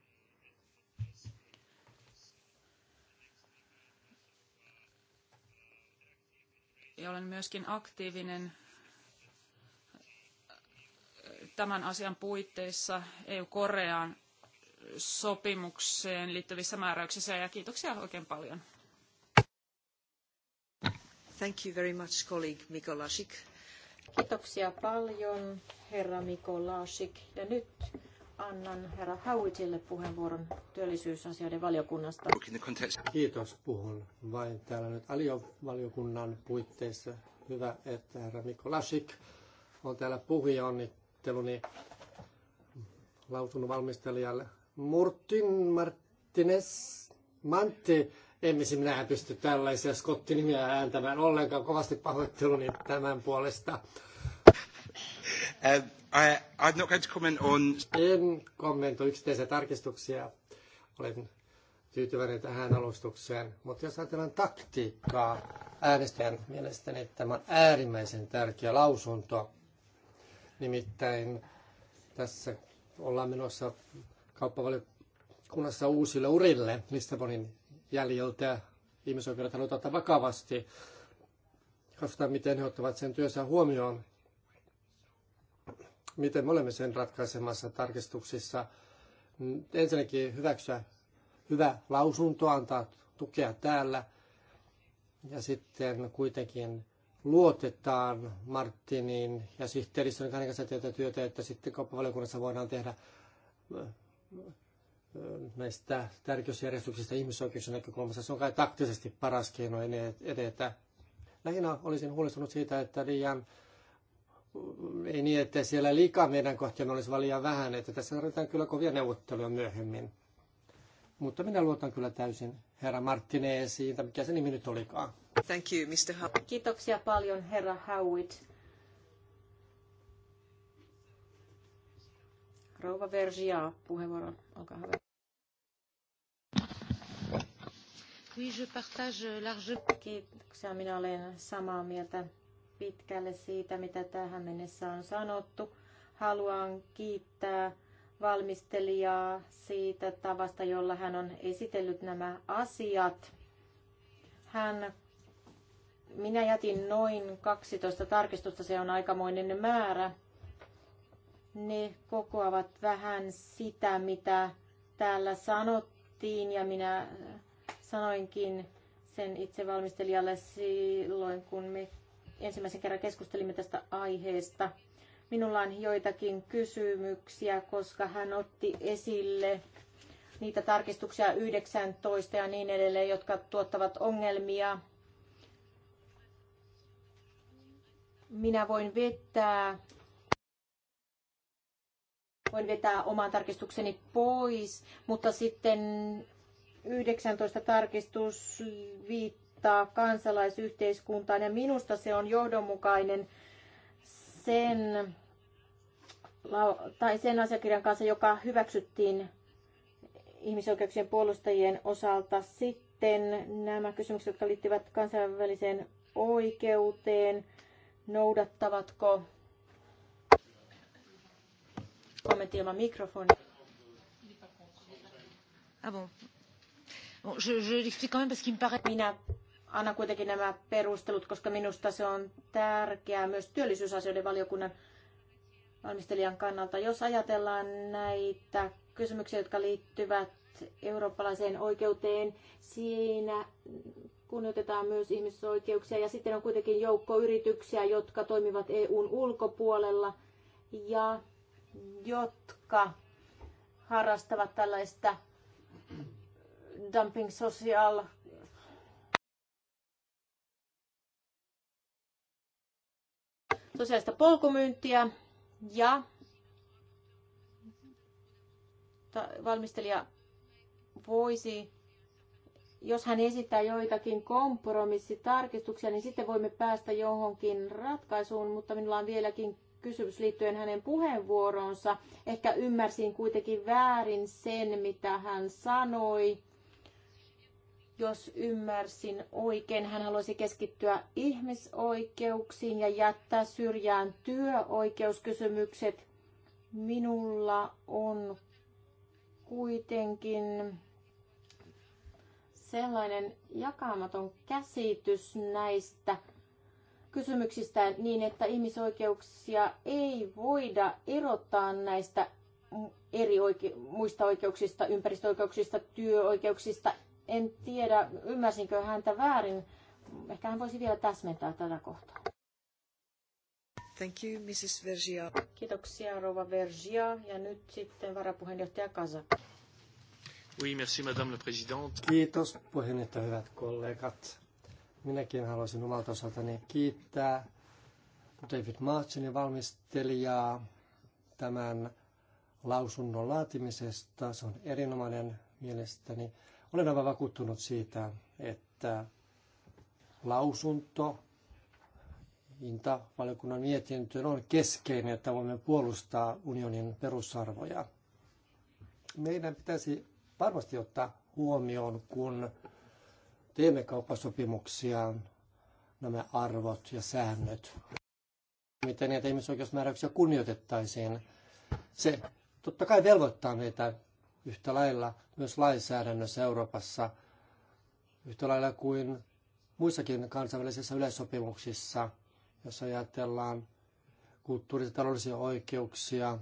ja olen myöskin aktiivinen tämän asian puitteissa EU-Koreaan sopimukseen liittyvissä määräyksissä ja kiitoksia oikein paljon. Thank you very much, colleague Mikolasik. Kiitoksia paljon, herra Mikolasik. Ja nyt annan herra Hauitille puheenvuoron työllisyysasioiden valiokunnasta. Kiitos, puhun vain täällä nyt aliovaliokunnan puitteissa. Hyvä, että herra Mikko Lasik on täällä puhuja onnitteluni lausunnon valmistelijalle. Murtin Martinez Mantti, emmisi minä pysty tällaisia skottinimiä ääntämään ollenkaan. Kovasti pahoitteluni tämän puolesta. Ähm, I'm not going to comment on... En kommentoi yksittäisiä tarkistuksia. Olen tyytyväinen tähän alustukseen. Mutta jos ajatellaan taktiikkaa, äänestäjän mielestäni tämä on äärimmäisen tärkeä lausunto. Nimittäin tässä ollaan menossa kauppavaliokunnassa uusille urille Lissabonin jäljiltä. Ihmisoikeudet halutaan ottaa vakavasti. Katsotaan, miten he ottavat sen työssä huomioon miten me olemme sen ratkaisemassa tarkistuksissa. Ensinnäkin hyväksyä hyvä lausunto, antaa tukea täällä. Ja sitten kuitenkin luotetaan Martinin ja sihteeristön kanssa tätä työtä, että sitten kauppavaliokunnassa voidaan tehdä äh, näistä tärkeysjärjestyksistä näkökulmasta, Se on kai taktisesti paras keino edetä. Lähinnä olisin huolestunut siitä, että liian ei niin, että siellä liikaa meidän kohteen olisi valia vähän, että tässä tarvitaan kyllä kovia neuvotteluja myöhemmin. Mutta minä luotan kyllä täysin herra Marttineesiin, tai mikä se nimi nyt olikaan. Thank you, Mr. Howitt. Kiitoksia paljon, herra Howitt. Rouva Vergia, puheenvuoro, olkaa hyvä. Oui, je partage large... Kiitoksia, minä olen samaa mieltä pitkälle siitä, mitä tähän mennessä on sanottu. Haluan kiittää valmistelijaa siitä tavasta, jolla hän on esitellyt nämä asiat. Hän, minä jätin noin 12 tarkistusta, se on aikamoinen määrä. Ne kokoavat vähän sitä, mitä täällä sanottiin ja minä sanoinkin sen itse valmistelijalle silloin, kun me ensimmäisen kerran keskustelimme tästä aiheesta. Minulla on joitakin kysymyksiä, koska hän otti esille niitä tarkistuksia 19 ja niin edelleen, jotka tuottavat ongelmia. Minä voin vetää voin vetää oman tarkistukseni pois, mutta sitten 19 tarkistus viittaa vaikuttaa kansalaisyhteiskuntaan ja minusta se on johdonmukainen sen, tai sen asiakirjan kanssa, joka hyväksyttiin ihmisoikeuksien puolustajien osalta. Sitten nämä kysymykset, jotka liittyvät kansainväliseen oikeuteen, noudattavatko kommentti ilman mikrofoni. Ah bon. Bon, je, je l'explique quand même parce qu'il me paraît... Minä annan kuitenkin nämä perustelut, koska minusta se on tärkeää myös työllisyysasioiden valiokunnan valmistelijan kannalta. Jos ajatellaan näitä kysymyksiä, jotka liittyvät eurooppalaiseen oikeuteen, siinä kunnioitetaan myös ihmisoikeuksia ja sitten on kuitenkin joukko yrityksiä, jotka toimivat EUn ulkopuolella ja jotka harrastavat tällaista dumping social sitä polkumyyntiä ja valmistelija voisi, jos hän esittää joitakin kompromissitarkistuksia, niin sitten voimme päästä johonkin ratkaisuun, mutta minulla on vieläkin kysymys liittyen hänen puheenvuoroonsa. Ehkä ymmärsin kuitenkin väärin sen, mitä hän sanoi jos ymmärsin oikein, hän haluaisi keskittyä ihmisoikeuksiin ja jättää syrjään työoikeuskysymykset. Minulla on kuitenkin sellainen jakamaton käsitys näistä kysymyksistä niin, että ihmisoikeuksia ei voida erottaa näistä eri oike- muista oikeuksista, ympäristöoikeuksista, työoikeuksista, en tiedä, ymmärsinkö häntä väärin. Ehkä hän voisi vielä täsmentää tätä kohtaa. Thank you, Mrs. Vergia. Kiitoksia, rouva Vergia. Ja nyt sitten varapuheenjohtaja Kaza. Oui, merci, madame la présidente. Kiitos, puheenjohtaja, hyvät kollegat. Minäkin haluaisin omalta osaltani kiittää David Marchinin valmistelijaa tämän lausunnon laatimisesta. Se on erinomainen mielestäni. Olen aivan vakuuttunut siitä, että lausunto, Inta, valiokunnan mietintö on keskeinen, että voimme puolustaa unionin perusarvoja. Meidän pitäisi varmasti ottaa huomioon, kun teemme kauppasopimuksia nämä arvot ja säännöt, miten näitä ihmisoikeusmääräyksiä kunnioitettaisiin. Se totta kai velvoittaa meitä yhtä lailla myös lainsäädännössä Euroopassa, yhtä lailla kuin muissakin kansainvälisissä yleissopimuksissa, jos ajatellaan kulttuurisia taloudellisia oikeuksia,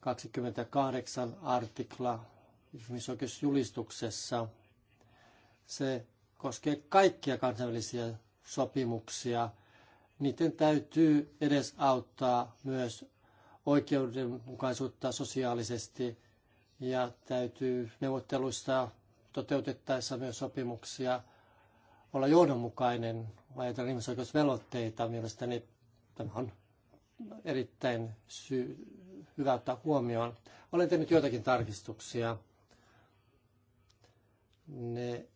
28 artikla ihmisoikeusjulistuksessa. Se koskee kaikkia kansainvälisiä sopimuksia. Niiden täytyy edesauttaa myös oikeudenmukaisuutta sosiaalisesti ja täytyy neuvotteluissa toteutettaessa myös sopimuksia olla johdonmukainen, ajatella ihmisoikeusvelvoitteita. Mielestäni tämä on erittäin sy- hyvä ottaa huomioon. Olen tehnyt joitakin tarkistuksia. Ne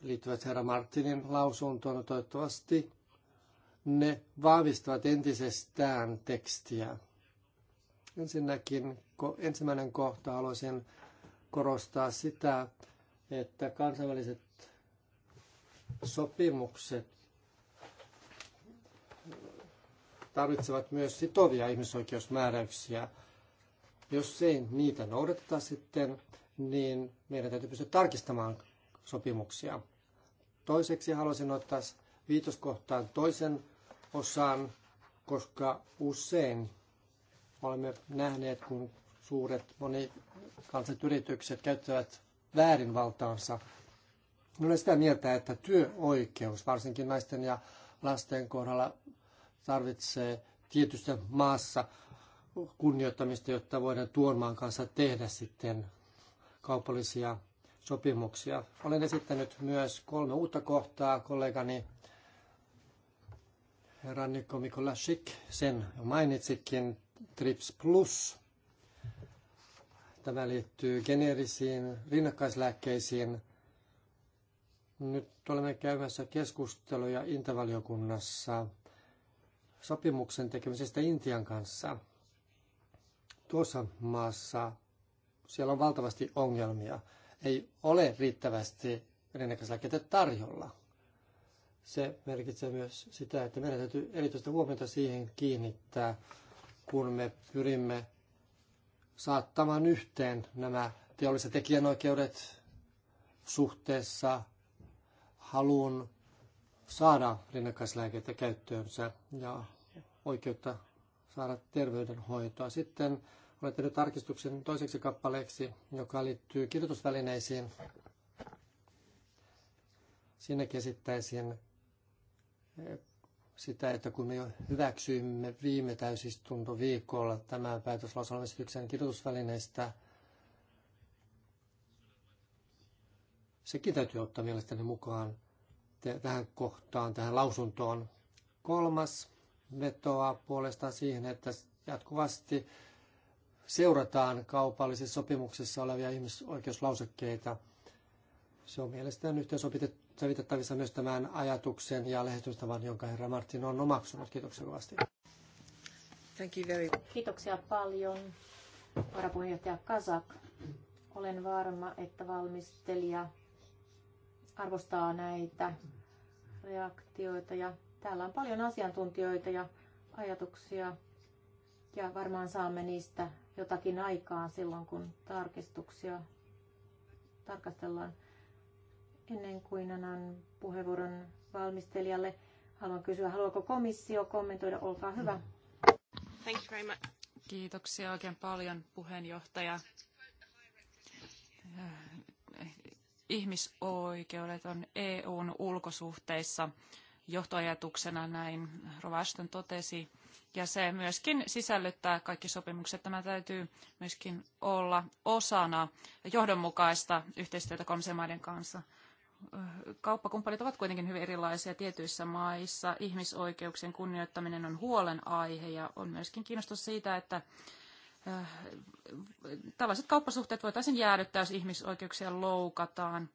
liittyvät herra Martinin lausuntoon. Toivottavasti ne vahvistavat entisestään tekstiä. Ensinnäkin ensimmäinen kohta haluaisin korostaa sitä, että kansainväliset sopimukset tarvitsevat myös sitovia ihmisoikeusmääräyksiä. Jos ei niitä noudateta sitten, niin meidän täytyy pystyä tarkistamaan sopimuksia. Toiseksi haluaisin ottaa viitoskohtaan toisen osan, koska usein olemme nähneet, kun suuret monikansalliset yritykset käyttävät väärin valtaansa. Olen sitä mieltä, että työoikeus, varsinkin naisten ja lasten kohdalla, tarvitsee tietystä maassa kunnioittamista, jotta voidaan tuomaan kanssa tehdä sitten kaupallisia sopimuksia. Olen esittänyt myös kolme uutta kohtaa kollegani Rannikko Schick, sen mainitsikin TRIPS Plus. Tämä liittyy geneerisiin rinnakkaislääkkeisiin. Nyt olemme käymässä keskusteluja intervaliokunnassa sopimuksen tekemisestä Intian kanssa. Tuossa maassa siellä on valtavasti ongelmia. Ei ole riittävästi rinnakkaislääkkeitä tarjolla. Se merkitsee myös sitä, että meidän täytyy erityistä huomiota siihen kiinnittää, kun me pyrimme saattamaan yhteen nämä teolliset tekijänoikeudet suhteessa haluun saada rinnakkaislääkettä käyttöönsä ja oikeutta saada terveydenhoitoa. Sitten olen tehnyt tarkistuksen toiseksi kappaleeksi, joka liittyy kirjoitusvälineisiin. siinä käsittäisin, sitä, että kun me jo hyväksyimme viime täysistuntoviikolla tämän päätöslauselmaesityksen kirjoitusvälineistä, sekin täytyy ottaa mielestäni mukaan tähän kohtaan, tähän lausuntoon. Kolmas vetoa puolestaan siihen, että jatkuvasti seurataan kaupallisissa sopimuksissa olevia ihmisoikeuslausekkeita. Se on mielestäni yhteensopitettu sovitettavissa myös tämän ajatuksen ja lähestymistavan, jonka herra Martin on omaksunut. Kiitoksia kovasti. Thank you very... Kiitoksia paljon, varapuheenjohtaja Kazak. Olen varma, että valmistelija arvostaa näitä reaktioita ja täällä on paljon asiantuntijoita ja ajatuksia ja varmaan saamme niistä jotakin aikaa silloin, kun tarkistuksia tarkastellaan. Ennen kuin annan puheenvuoron valmistelijalle, haluan kysyä, haluaako komissio kommentoida? Olkaa hyvä. Thank you very much. Kiitoksia oikein paljon puheenjohtaja. Ihmisoikeudet on EUn ulkosuhteissa johtoajatuksena, näin Rovaston totesi. Ja se myöskin sisällyttää kaikki sopimukset. Tämä täytyy myöskin olla osana johdonmukaista yhteistyötä kolmansien maiden kanssa kauppakumppanit ovat kuitenkin hyvin erilaisia tietyissä maissa. Ihmisoikeuksien kunnioittaminen on huolenaihe ja on myöskin kiinnostus siitä, että tällaiset kauppasuhteet voitaisiin jäädyttää, jos ihmisoikeuksia loukataan.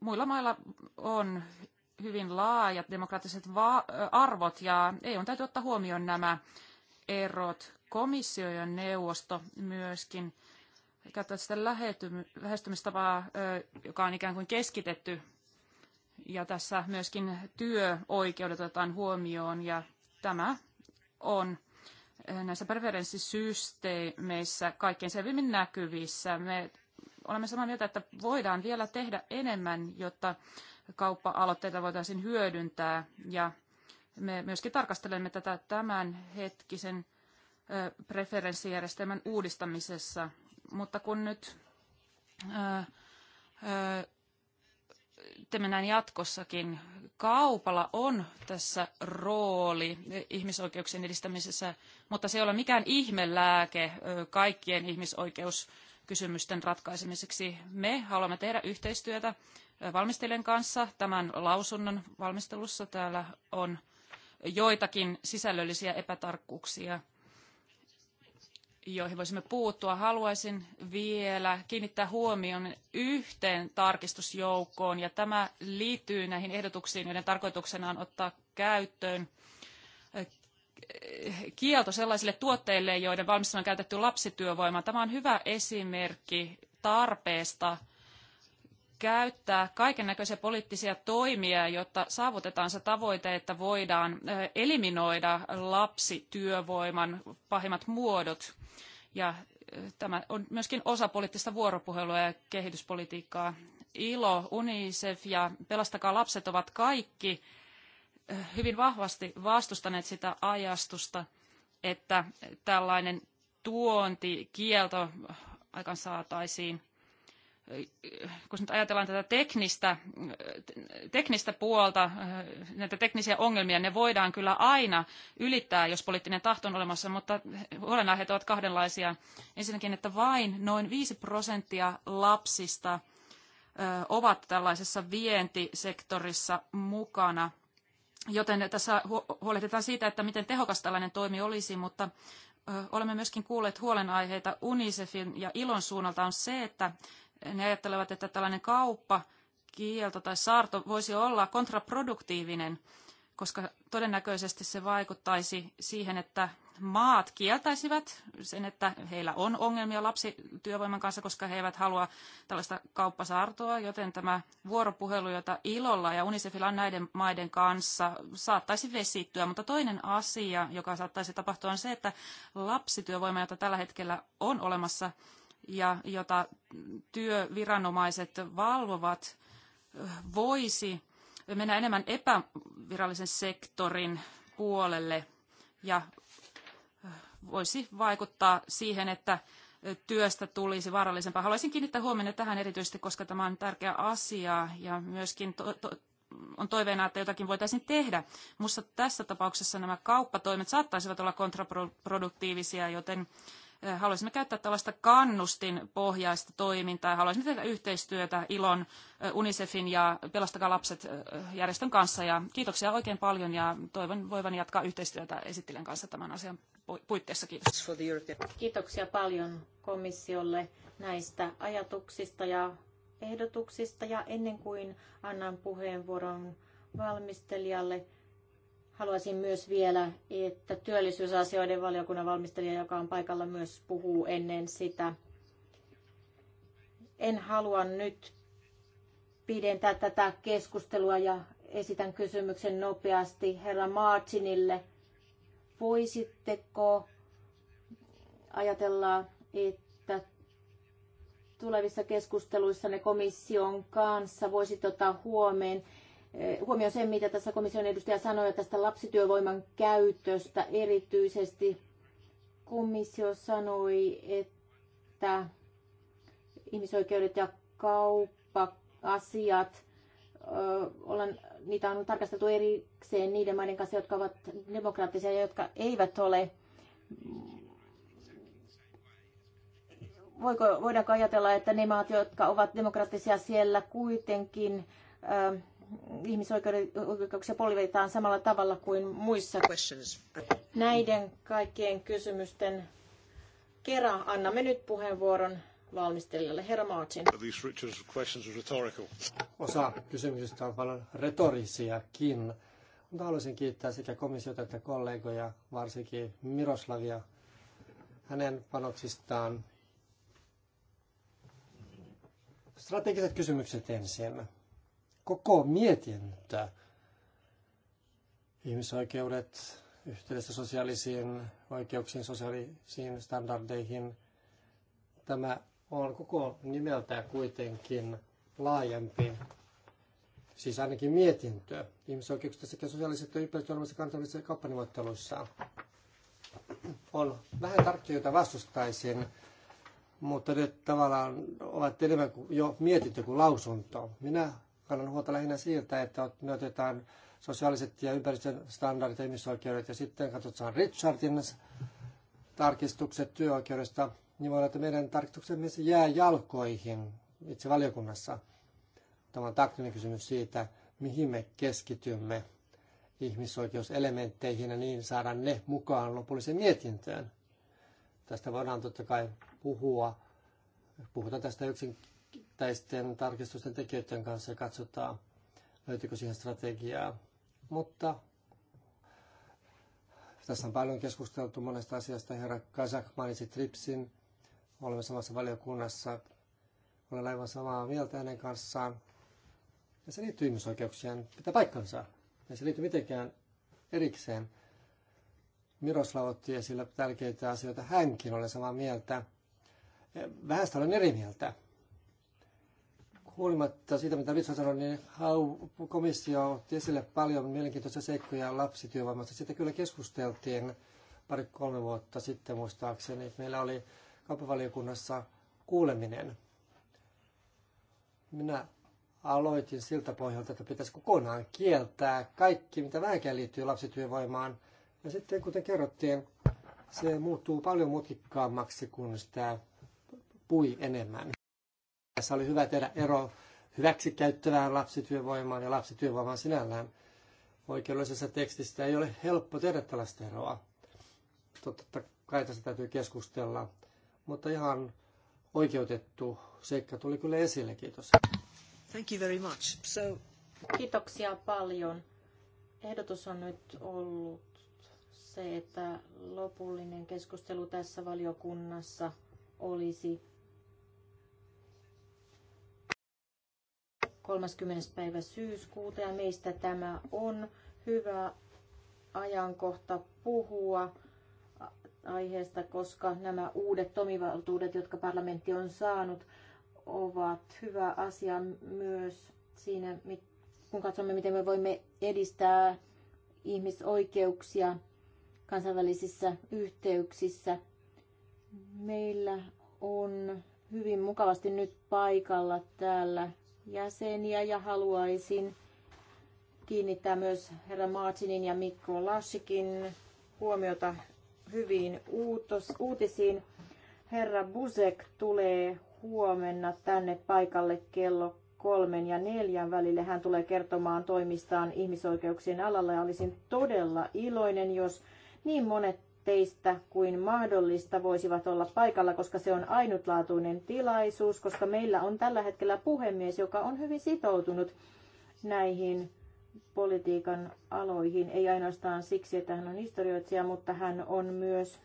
Muilla mailla on hyvin laajat demokraattiset arvot ja ei on täytyy ottaa huomioon nämä erot. Komissio ja neuvosto myöskin tällaista lähestymistapaa, joka on ikään kuin keskitetty. Ja tässä myöskin työoikeudet otetaan huomioon ja tämä on näissä preferenssisysteemeissä kaikkein selvimmin näkyvissä. Me olemme samaa mieltä, että voidaan vielä tehdä enemmän, jotta kauppa-aloitteita voitaisiin hyödyntää ja me myöskin tarkastelemme tätä tämän preferenssijärjestelmän uudistamisessa – mutta kun nyt teemme näin jatkossakin, kaupalla on tässä rooli ihmisoikeuksien edistämisessä, mutta se ei ole mikään ihmelääke kaikkien ihmisoikeuskysymysten ratkaisemiseksi. Me haluamme tehdä yhteistyötä valmistelijan kanssa tämän lausunnon valmistelussa. Täällä on joitakin sisällöllisiä epätarkkuuksia – joihin voisimme puuttua. Haluaisin vielä kiinnittää huomion yhteen tarkistusjoukkoon, ja tämä liittyy näihin ehdotuksiin, joiden tarkoituksena on ottaa käyttöön eh, kielto sellaisille tuotteille, joiden valmistana on käytetty lapsityövoimaa. Tämä on hyvä esimerkki tarpeesta – käyttää kaiken näköisiä poliittisia toimia, jotta saavutetaan se tavoite, että voidaan eliminoida lapsityövoiman pahimmat muodot. Ja tämä on myöskin osa poliittista vuoropuhelua ja kehityspolitiikkaa. ILO, UNICEF ja Pelastakaa lapset ovat kaikki hyvin vahvasti vastustaneet sitä ajastusta, että tällainen tuontikielto aikaan saataisiin – kun nyt ajatellaan tätä teknistä, teknistä puolta, näitä teknisiä ongelmia, ne voidaan kyllä aina ylittää, jos poliittinen tahto on olemassa, mutta huolenaiheet ovat kahdenlaisia. Ensinnäkin, että vain noin 5 prosenttia lapsista ovat tällaisessa vientisektorissa mukana. Joten tässä huolehditaan siitä, että miten tehokas tällainen toimi olisi, mutta olemme myöskin kuulleet huolenaiheita UNICEFin ja ILON suunnalta on se, että ne ajattelevat, että tällainen kauppa, kielto tai saarto voisi olla kontraproduktiivinen, koska todennäköisesti se vaikuttaisi siihen, että maat kieltäisivät sen, että heillä on ongelmia lapsityövoiman kanssa, koska he eivät halua tällaista kauppasaartoa, joten tämä vuoropuhelu, jota ilolla ja Unicefilla on näiden maiden kanssa, saattaisi vesittyä. Mutta toinen asia, joka saattaisi tapahtua, on se, että lapsityövoima, jota tällä hetkellä on olemassa, ja jota työviranomaiset valvovat, voisi mennä enemmän epävirallisen sektorin puolelle ja voisi vaikuttaa siihen, että työstä tulisi vaarallisempaa. Haluaisin kiinnittää huomenna tähän erityisesti, koska tämä on tärkeä asia ja myöskin to, to, on toiveena, että jotakin voitaisiin tehdä. mutta tässä tapauksessa nämä kauppatoimet saattaisivat olla kontraproduktiivisia, joten Haluaisimme käyttää tällaista kannustinpohjaista toimintaa ja haluaisimme tehdä yhteistyötä ILON, UNICEFin ja Pelastakaa lapset järjestön kanssa. Ja kiitoksia oikein paljon ja toivon voivan jatkaa yhteistyötä esittelijän kanssa tämän asian puitteissa. Kiitos. Kiitoksia paljon komissiolle näistä ajatuksista ja ehdotuksista ja ennen kuin annan puheenvuoron valmistelijalle, Haluaisin myös vielä, että työllisyysasioiden valiokunnan valmistelija, joka on paikalla, myös puhuu ennen sitä. En halua nyt pidentää tätä keskustelua ja esitän kysymyksen nopeasti herra Martinille. Voisitteko ajatella, että tulevissa keskusteluissa ne komission kanssa voisit ottaa huomioon Eh, huomioon sen, mitä tässä komission edustaja sanoi tästä lapsityövoiman käytöstä erityisesti. Komissio sanoi, että ihmisoikeudet ja kauppa-asiat, ollaan, niitä on tarkasteltu erikseen niiden maiden kanssa, jotka ovat demokraattisia ja jotka eivät ole. Voiko, voidaanko ajatella, että ne maat, jotka ovat demokraattisia siellä kuitenkin, äh, ihmisoikeuksia polvetaan samalla tavalla kuin muissa. Näiden kaikkien kysymysten kerran annamme nyt puheenvuoron valmistelijalle. Herra Martin. Osa kysymyksistä on paljon retorisiakin, mutta haluaisin kiittää sekä komissiota että kollegoja, varsinkin Miroslavia, hänen panoksistaan. Strategiset kysymykset ensin koko mietintä. Ihmisoikeudet yhteydessä sosiaalisiin oikeuksiin, sosiaalisiin standardeihin. Tämä on koko nimeltään kuitenkin laajempi, siis ainakin mietintö ihmisoikeuksista sekä ja ympäristöolemassa kantavissa kauppaneuvotteluissa. On vähän tarkkoja, joita vastustaisin, mutta ne tavallaan ovat enemmän kuin jo mietintö kuin lausunto. Minä kannan huolta lähinnä siitä, että me otetaan sosiaaliset ja ympäristön standardit ja ihmisoikeudet ja sitten katsotaan Richardin tarkistukset työoikeudesta, niin voi olla, että meidän tarkistuksemme jää jalkoihin itse valiokunnassa. Tämä on taktinen kysymys siitä, mihin me keskitymme ihmisoikeuselementteihin ja niin saadaan ne mukaan lopulliseen mietintöön. Tästä voidaan totta kai puhua. Puhutaan tästä yksin yksittäisten tarkistusten tekijöiden kanssa ja katsotaan, löytyykö siihen strategiaa. Mutta tässä on paljon keskusteltu monesta asiasta. Herra Kazak mainitsi TRIPSin. Olemme samassa valiokunnassa. Olen aivan samaa mieltä hänen kanssaan. Ja se liittyy ihmisoikeuksien pitää paikkansa. Ja se liittyy mitenkään erikseen. Miroslav otti esille tärkeitä asioita. Hänkin oli samaa mieltä. Vähästä olen eri mieltä huolimatta siitä, mitä Vitsa sanoi, niin HAU komissio otti esille paljon mielenkiintoisia seikkoja lapsityövoimasta. Sitä kyllä keskusteltiin pari-kolme vuotta sitten muistaakseni. Meillä oli kauppavaliokunnassa kuuleminen. Minä aloitin siltä pohjalta, että pitäisi kokonaan kieltää kaikki, mitä vähänkään liittyy lapsityövoimaan. Ja sitten, kuten kerrottiin, se muuttuu paljon mutkikkaammaksi, kun sitä pui enemmän. Tässä oli hyvä tehdä ero hyväksikäyttävään lapsityövoimaan ja lapsityövoimaan sinällään. Oikeudellisessa tekstissä ei ole helppo tehdä tällaista eroa. Totta kai tästä täytyy keskustella, mutta ihan oikeutettu seikka tuli kyllä esille. Kiitos. Thank you very much. So... Kiitoksia paljon. Ehdotus on nyt ollut se, että lopullinen keskustelu tässä valiokunnassa olisi 30. päivä syyskuuta ja meistä tämä on hyvä ajankohta puhua aiheesta, koska nämä uudet toimivaltuudet, jotka parlamentti on saanut, ovat hyvä asia myös siinä, kun katsomme, miten me voimme edistää ihmisoikeuksia kansainvälisissä yhteyksissä. Meillä on hyvin mukavasti nyt paikalla täällä jäseniä ja haluaisin kiinnittää myös herra Martinin ja Mikko Lassikin huomiota hyviin uutos, uutisiin. Herra Busek tulee huomenna tänne paikalle kello kolmen ja neljän välille. Hän tulee kertomaan toimistaan ihmisoikeuksien alalla ja olisin todella iloinen, jos niin monet teistä kuin mahdollista voisivat olla paikalla, koska se on ainutlaatuinen tilaisuus, koska meillä on tällä hetkellä puhemies, joka on hyvin sitoutunut näihin politiikan aloihin, ei ainoastaan siksi, että hän on historioitsija, mutta hän on myös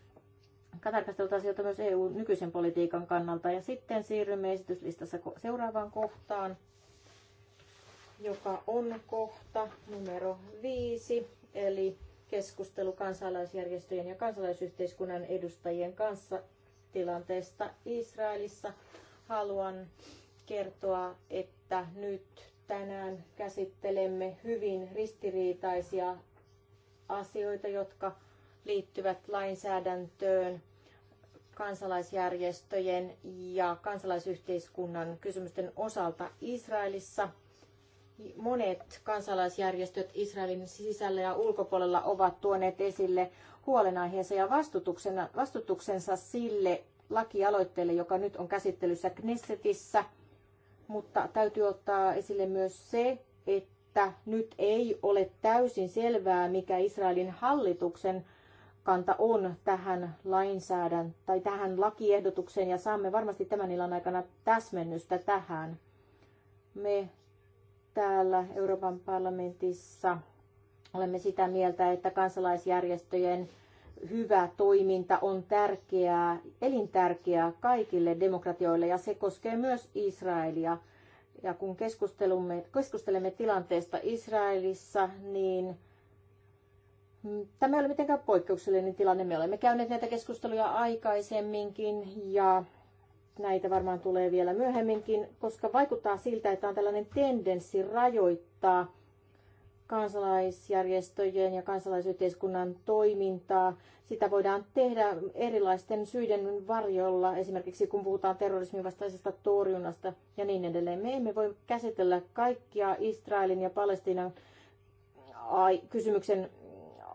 tarkastellut asioita myös EU-nykyisen politiikan kannalta. Ja sitten siirrymme esityslistassa seuraavaan kohtaan, joka on kohta numero viisi, eli keskustelu kansalaisjärjestöjen ja kansalaisyhteiskunnan edustajien kanssa tilanteesta Israelissa. Haluan kertoa, että nyt tänään käsittelemme hyvin ristiriitaisia asioita, jotka liittyvät lainsäädäntöön, kansalaisjärjestöjen ja kansalaisyhteiskunnan kysymysten osalta Israelissa – Monet kansalaisjärjestöt Israelin sisällä ja ulkopuolella ovat tuoneet esille huolenaiheensa ja vastutuksensa sille lakialoitteelle, joka nyt on käsittelyssä Knessetissä. Mutta täytyy ottaa esille myös se, että nyt ei ole täysin selvää, mikä Israelin hallituksen kanta on tähän lainsäädäntöön tai tähän lakiehdotukseen ja saamme varmasti tämän illan aikana täsmennystä tähän. Me täällä Euroopan parlamentissa olemme sitä mieltä, että kansalaisjärjestöjen hyvä toiminta on tärkeää, elintärkeää kaikille demokratioille ja se koskee myös Israelia. Ja kun keskustelemme, keskustelemme tilanteesta Israelissa, niin tämä ei ole mitenkään poikkeuksellinen tilanne. Me olemme käyneet näitä keskusteluja aikaisemminkin ja näitä varmaan tulee vielä myöhemminkin, koska vaikuttaa siltä, että on tällainen tendenssi rajoittaa kansalaisjärjestöjen ja kansalaisyhteiskunnan toimintaa. Sitä voidaan tehdä erilaisten syiden varjolla, esimerkiksi kun puhutaan terrorismin vastaisesta torjunnasta ja niin edelleen. Me emme voi käsitellä kaikkia Israelin ja Palestiinan ai- kysymyksen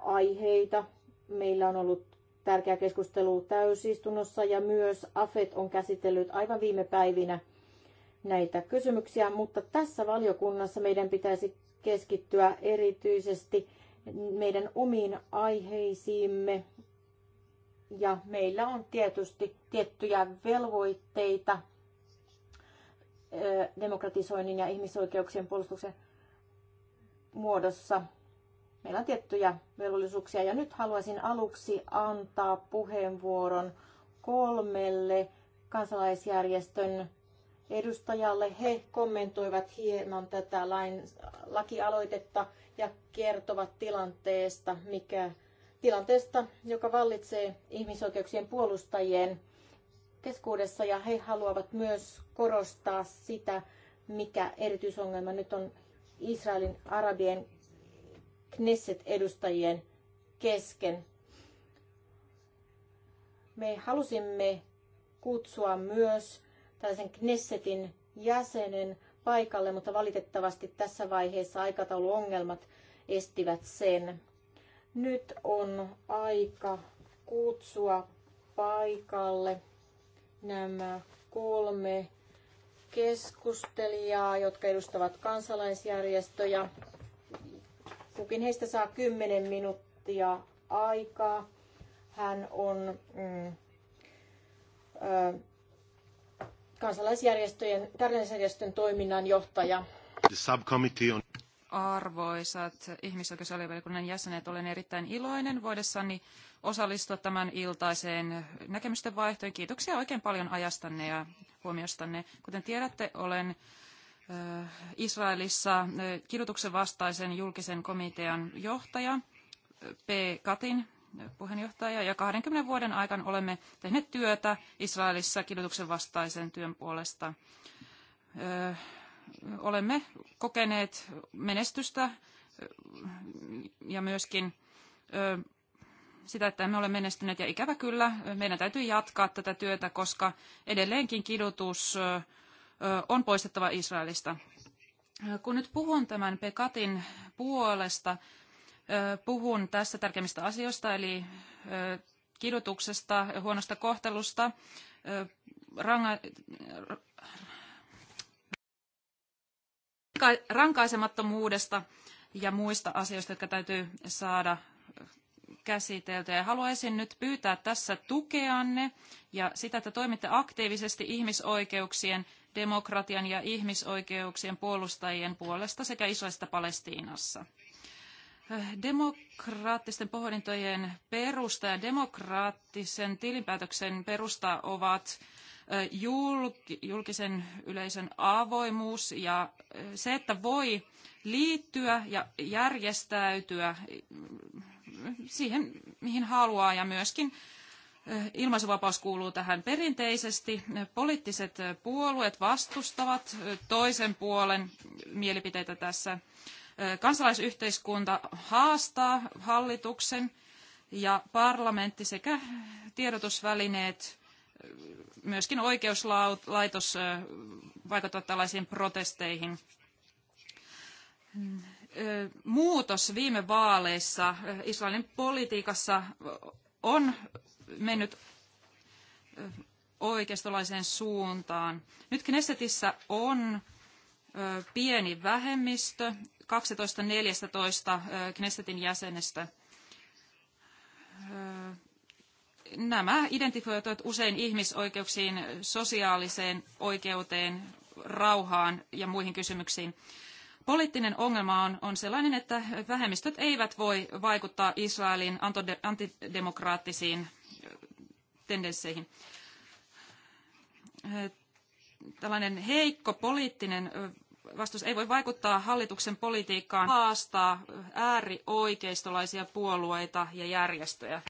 aiheita. Meillä on ollut tärkeä keskustelu täysistunnossa ja myös AFET on käsitellyt aivan viime päivinä näitä kysymyksiä, mutta tässä valiokunnassa meidän pitäisi keskittyä erityisesti meidän omiin aiheisiimme. Ja meillä on tietysti tiettyjä velvoitteita demokratisoinnin ja ihmisoikeuksien puolustuksen muodossa. Meillä on tiettyjä velvollisuuksia ja nyt haluaisin aluksi antaa puheenvuoron kolmelle kansalaisjärjestön edustajalle. He kommentoivat hieman tätä lain, lakialoitetta ja kertovat tilanteesta, mikä, tilanteesta, joka vallitsee ihmisoikeuksien puolustajien keskuudessa ja he haluavat myös korostaa sitä, mikä erityisongelma nyt on Israelin arabien Knesset-edustajien kesken. Me halusimme kutsua myös tällaisen Knessetin jäsenen paikalle, mutta valitettavasti tässä vaiheessa aikatauluongelmat estivät sen. Nyt on aika kutsua paikalle nämä kolme keskustelijaa, jotka edustavat kansalaisjärjestöjä. Kukin heistä saa 10 minuuttia aikaa. Hän on mm, ö, kansalaisjärjestöjen, kansalaisjärjestön toiminnan johtaja. The subcommittee on... Arvoisat ihmisoikeusalivaliokunnan jäsenet, olen erittäin iloinen voidessani osallistua tämän iltaiseen näkemysten vaihtoon. Kiitoksia oikein paljon ajastanne ja huomiostanne. Kuten tiedätte, olen Israelissa kidutuksen vastaisen julkisen komitean johtaja, P. Katin puheenjohtaja, ja 20 vuoden aikana olemme tehneet työtä Israelissa kidutuksen vastaisen työn puolesta. Olemme kokeneet menestystä ja myöskin sitä, että emme ole menestyneet. Ja ikävä kyllä, meidän täytyy jatkaa tätä työtä, koska edelleenkin kidutus on poistettava Israelista. Kun nyt puhun tämän Pekatin puolesta, puhun tässä tärkeimmistä asioista, eli kidutuksesta, huonosta kohtelusta, ranga, rankaisemattomuudesta ja muista asioista, jotka täytyy saada käsitelty. Ja haluaisin nyt pyytää tässä tukeanne ja sitä, että toimitte aktiivisesti ihmisoikeuksien demokratian ja ihmisoikeuksien puolustajien puolesta sekä isoista Palestiinassa. Demokraattisten pohdintojen perusta ja demokraattisen tilinpäätöksen perusta ovat julkisen yleisön avoimuus ja se, että voi liittyä ja järjestäytyä siihen, mihin haluaa ja myöskin ilmaisuvapaus kuuluu tähän perinteisesti. Poliittiset puolueet vastustavat toisen puolen mielipiteitä tässä. Kansalaisyhteiskunta haastaa hallituksen ja parlamentti sekä tiedotusvälineet, myöskin oikeuslaitos vaikuttavat tällaisiin protesteihin muutos viime vaaleissa Islannin politiikassa on mennyt oikeistolaiseen suuntaan. Nyt Knessetissä on pieni vähemmistö, 12-14 Knessetin jäsenestä. Nämä identifioituvat usein ihmisoikeuksiin, sosiaaliseen oikeuteen, rauhaan ja muihin kysymyksiin. Poliittinen ongelma on, on sellainen, että vähemmistöt eivät voi vaikuttaa Israelin antidemokraattisiin tendensseihin. Tällainen heikko poliittinen vastus ei voi vaikuttaa hallituksen politiikkaan, haastaa äärioikeistolaisia puolueita ja järjestöjä.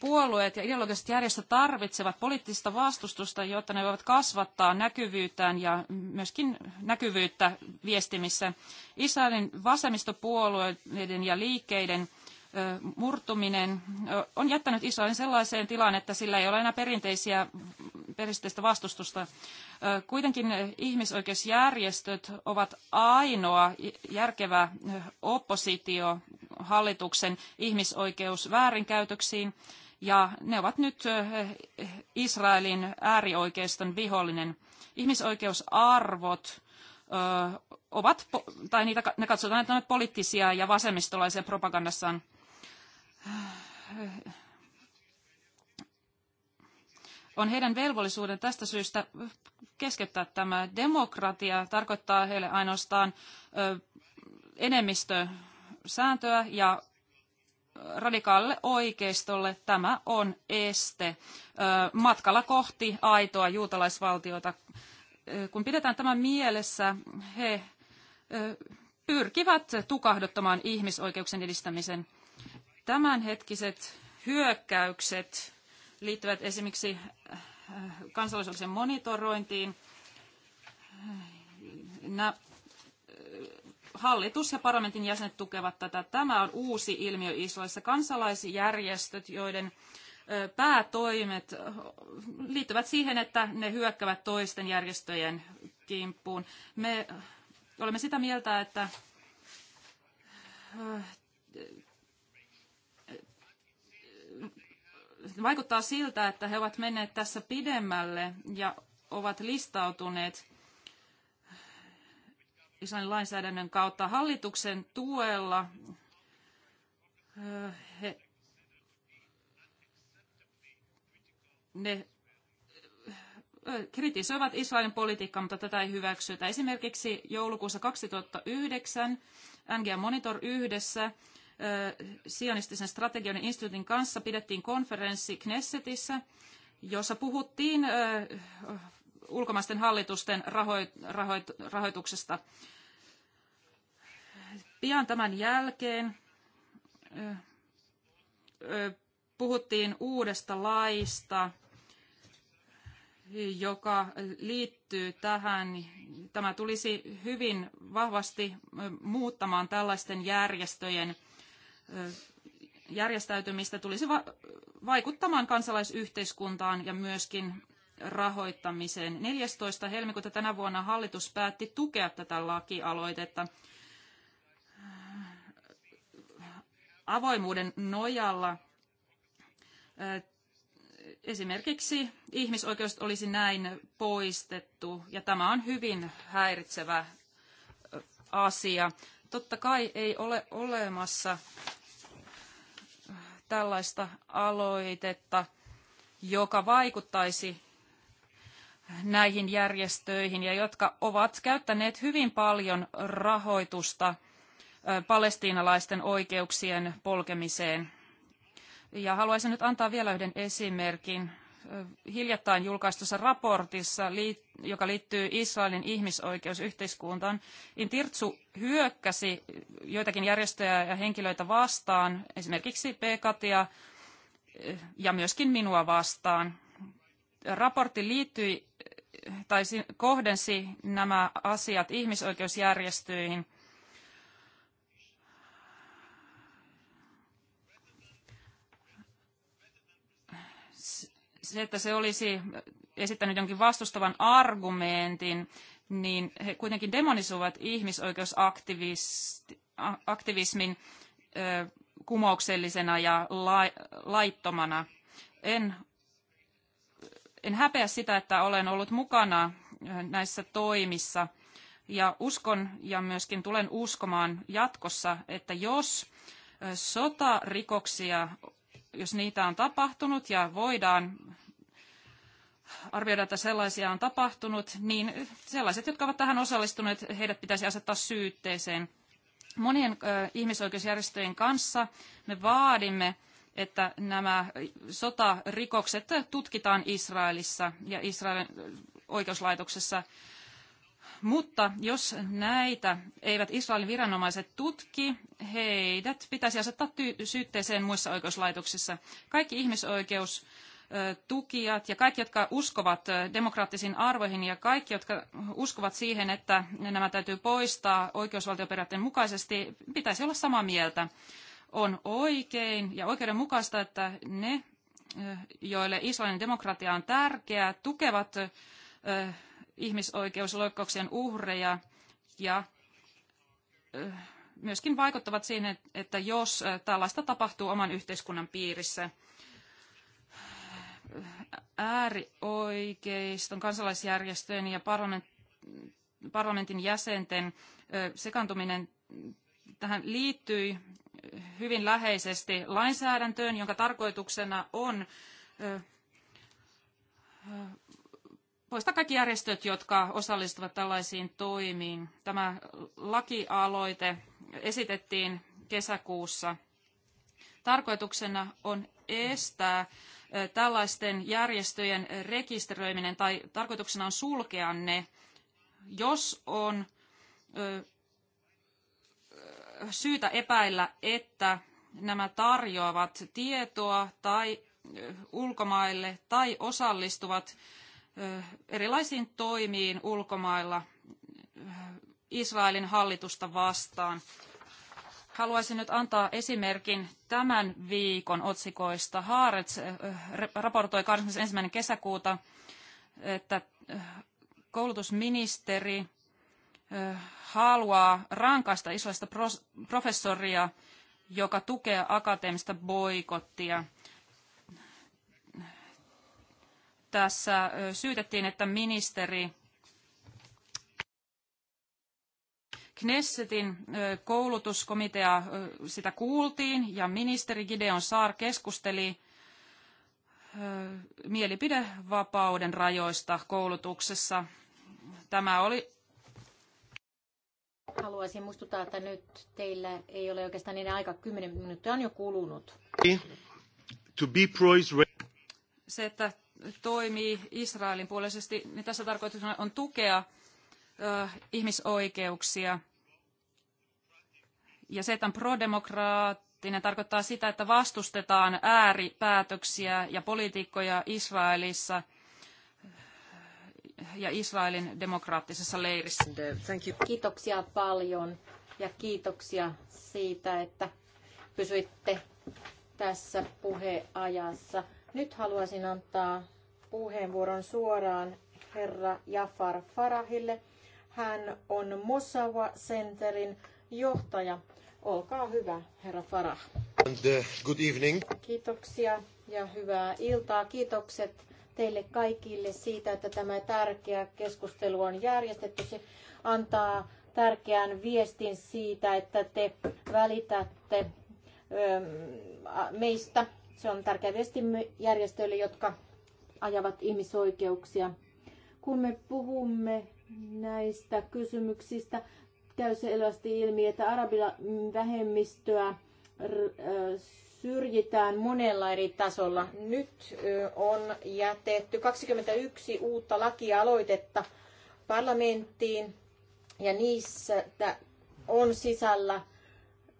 Puolueet ja ideologiset järjestöt tarvitsevat poliittista vastustusta, jotta ne voivat kasvattaa näkyvyyttään ja myöskin näkyvyyttä viestimissä. Israelin vasemmistopuolueiden ja liikkeiden murtuminen on jättänyt Israelin sellaiseen tilaan, että sillä ei ole enää perinteisiä, perinteistä vastustusta. Kuitenkin ihmisoikeusjärjestöt ovat ainoa järkevä oppositio hallituksen ihmisoikeusväärinkäytöksiin, ja ne ovat nyt Israelin äärioikeiston vihollinen. Ihmisoikeusarvot ovat, tai niitä, ne katsotaan, että ne ovat poliittisia ja vasemmistolaisia propagandassaan on heidän velvollisuuden tästä syystä keskeyttää tämä demokratia. Tarkoittaa heille ainoastaan enemmistösääntöä ja radikaalille oikeistolle tämä on este matkalla kohti aitoa juutalaisvaltiota. Kun pidetään tämä mielessä, he pyrkivät tukahduttamaan ihmisoikeuksien edistämisen Tämänhetkiset hyökkäykset liittyvät esimerkiksi äh, kansallisuuksien monitorointiin. Äh, hallitus ja parlamentin jäsenet tukevat tätä. Tämä on uusi ilmiö Israelissa. Kansalaisjärjestöt, joiden päätoimet liittyvät siihen, että ne hyökkävät toisten järjestöjen kimppuun. Me olemme sitä mieltä, että vaikuttaa siltä, että he ovat menneet tässä pidemmälle ja ovat listautuneet Islannin lainsäädännön kautta hallituksen tuella. He, ne kritisoivat Israelin politiikkaa, mutta tätä ei hyväksytä. Esimerkiksi joulukuussa 2009 NGA Monitor yhdessä sionistisen strategian instituutin kanssa pidettiin konferenssi Knessetissä, jossa puhuttiin ulkomaisten hallitusten rahoituksesta. Pian tämän jälkeen puhuttiin uudesta laista, joka liittyy tähän. Tämä tulisi hyvin vahvasti muuttamaan tällaisten järjestöjen – järjestäytymistä tulisi vaikuttamaan kansalaisyhteiskuntaan ja myöskin rahoittamiseen. 14. helmikuuta tänä vuonna hallitus päätti tukea tätä lakialoitetta. Avoimuuden nojalla esimerkiksi ihmisoikeus olisi näin poistettu, ja tämä on hyvin häiritsevä asia. Totta kai ei ole olemassa tällaista aloitetta, joka vaikuttaisi näihin järjestöihin ja jotka ovat käyttäneet hyvin paljon rahoitusta palestiinalaisten oikeuksien polkemiseen. Ja haluaisin nyt antaa vielä yhden esimerkin hiljattain julkaistussa raportissa, joka liittyy Israelin ihmisoikeusyhteiskuntaan, Intirtsu niin hyökkäsi joitakin järjestöjä ja henkilöitä vastaan, esimerkiksi Pekatia ja myöskin minua vastaan. Raportti liittyi tai kohdensi nämä asiat ihmisoikeusjärjestöihin – se, että se olisi esittänyt jonkin vastustavan argumentin, niin he kuitenkin demonisoivat ihmisoikeusaktivismin kumouksellisena ja laittomana. En, en häpeä sitä, että olen ollut mukana näissä toimissa ja uskon ja myöskin tulen uskomaan jatkossa, että jos sotarikoksia jos niitä on tapahtunut ja voidaan arvioida, että sellaisia on tapahtunut, niin sellaiset, jotka ovat tähän osallistuneet, heidät pitäisi asettaa syytteeseen. Monien ihmisoikeusjärjestöjen kanssa me vaadimme, että nämä sotarikokset tutkitaan Israelissa ja Israelin oikeuslaitoksessa mutta jos näitä eivät Israelin viranomaiset tutki, heidät pitäisi asettaa ty- syytteeseen muissa oikeuslaitoksissa. Kaikki ihmisoikeus ja kaikki, jotka uskovat demokraattisiin arvoihin ja kaikki, jotka uskovat siihen, että nämä täytyy poistaa oikeusvaltioperiaatteen mukaisesti, pitäisi olla samaa mieltä. On oikein ja oikeudenmukaista, että ne, joille Israelin demokratia on tärkeää, tukevat ihmisoikeusloikkauksien uhreja ja myöskin vaikuttavat siihen, että jos tällaista tapahtuu oman yhteiskunnan piirissä, äärioikeiston, kansalaisjärjestöjen ja parlamentin jäsenten sekaantuminen tähän liittyy hyvin läheisesti lainsäädäntöön, jonka tarkoituksena on poistaa kaikki järjestöt, jotka osallistuvat tällaisiin toimiin. Tämä lakialoite esitettiin kesäkuussa. Tarkoituksena on estää tällaisten järjestöjen rekisteröiminen tai tarkoituksena on sulkea ne, jos on syytä epäillä, että nämä tarjoavat tietoa tai ulkomaille tai osallistuvat erilaisiin toimiin ulkomailla Israelin hallitusta vastaan. Haluaisin nyt antaa esimerkin tämän viikon otsikoista. Haaretz raportoi 21. kesäkuuta, että koulutusministeri haluaa rankaista isoista professoria, joka tukee akateemista boikottia – tässä syytettiin, että ministeri Knessetin koulutuskomitea, sitä kuultiin ja ministeri Gideon Saar keskusteli mielipidevapauden rajoista koulutuksessa. Tämä oli Haluaisin muistuttaa, että nyt teillä ei ole oikeastaan niin aika. Kymmenen minuuttia on jo kulunut. Se, että toimii Israelin puolisesti, niin tässä tarkoituksena on tukea ihmisoikeuksia. Ja se, että on prodemokraattinen, tarkoittaa sitä, että vastustetaan ääripäätöksiä ja poliitikkoja Israelissa ja Israelin demokraattisessa leirissä. Kiitoksia paljon ja kiitoksia siitä, että pysyitte tässä puheajassa. Nyt haluaisin antaa puheenvuoron suoraan herra Jafar Farahille. Hän on Mosawa Centerin johtaja. Olkaa hyvä, herra Farah. And, uh, good evening. Kiitoksia ja hyvää iltaa. Kiitokset teille kaikille siitä, että tämä tärkeä keskustelu on järjestetty. Se antaa tärkeän viestin siitä, että te välitätte meistä se on tärkeä viesti järjestöille, jotka ajavat ihmisoikeuksia. Kun me puhumme näistä kysymyksistä, käy selvästi ilmi, että arabilla vähemmistöä syrjitään monella eri tasolla. Nyt on jätetty 21 uutta lakialoitetta parlamenttiin ja niissä on sisällä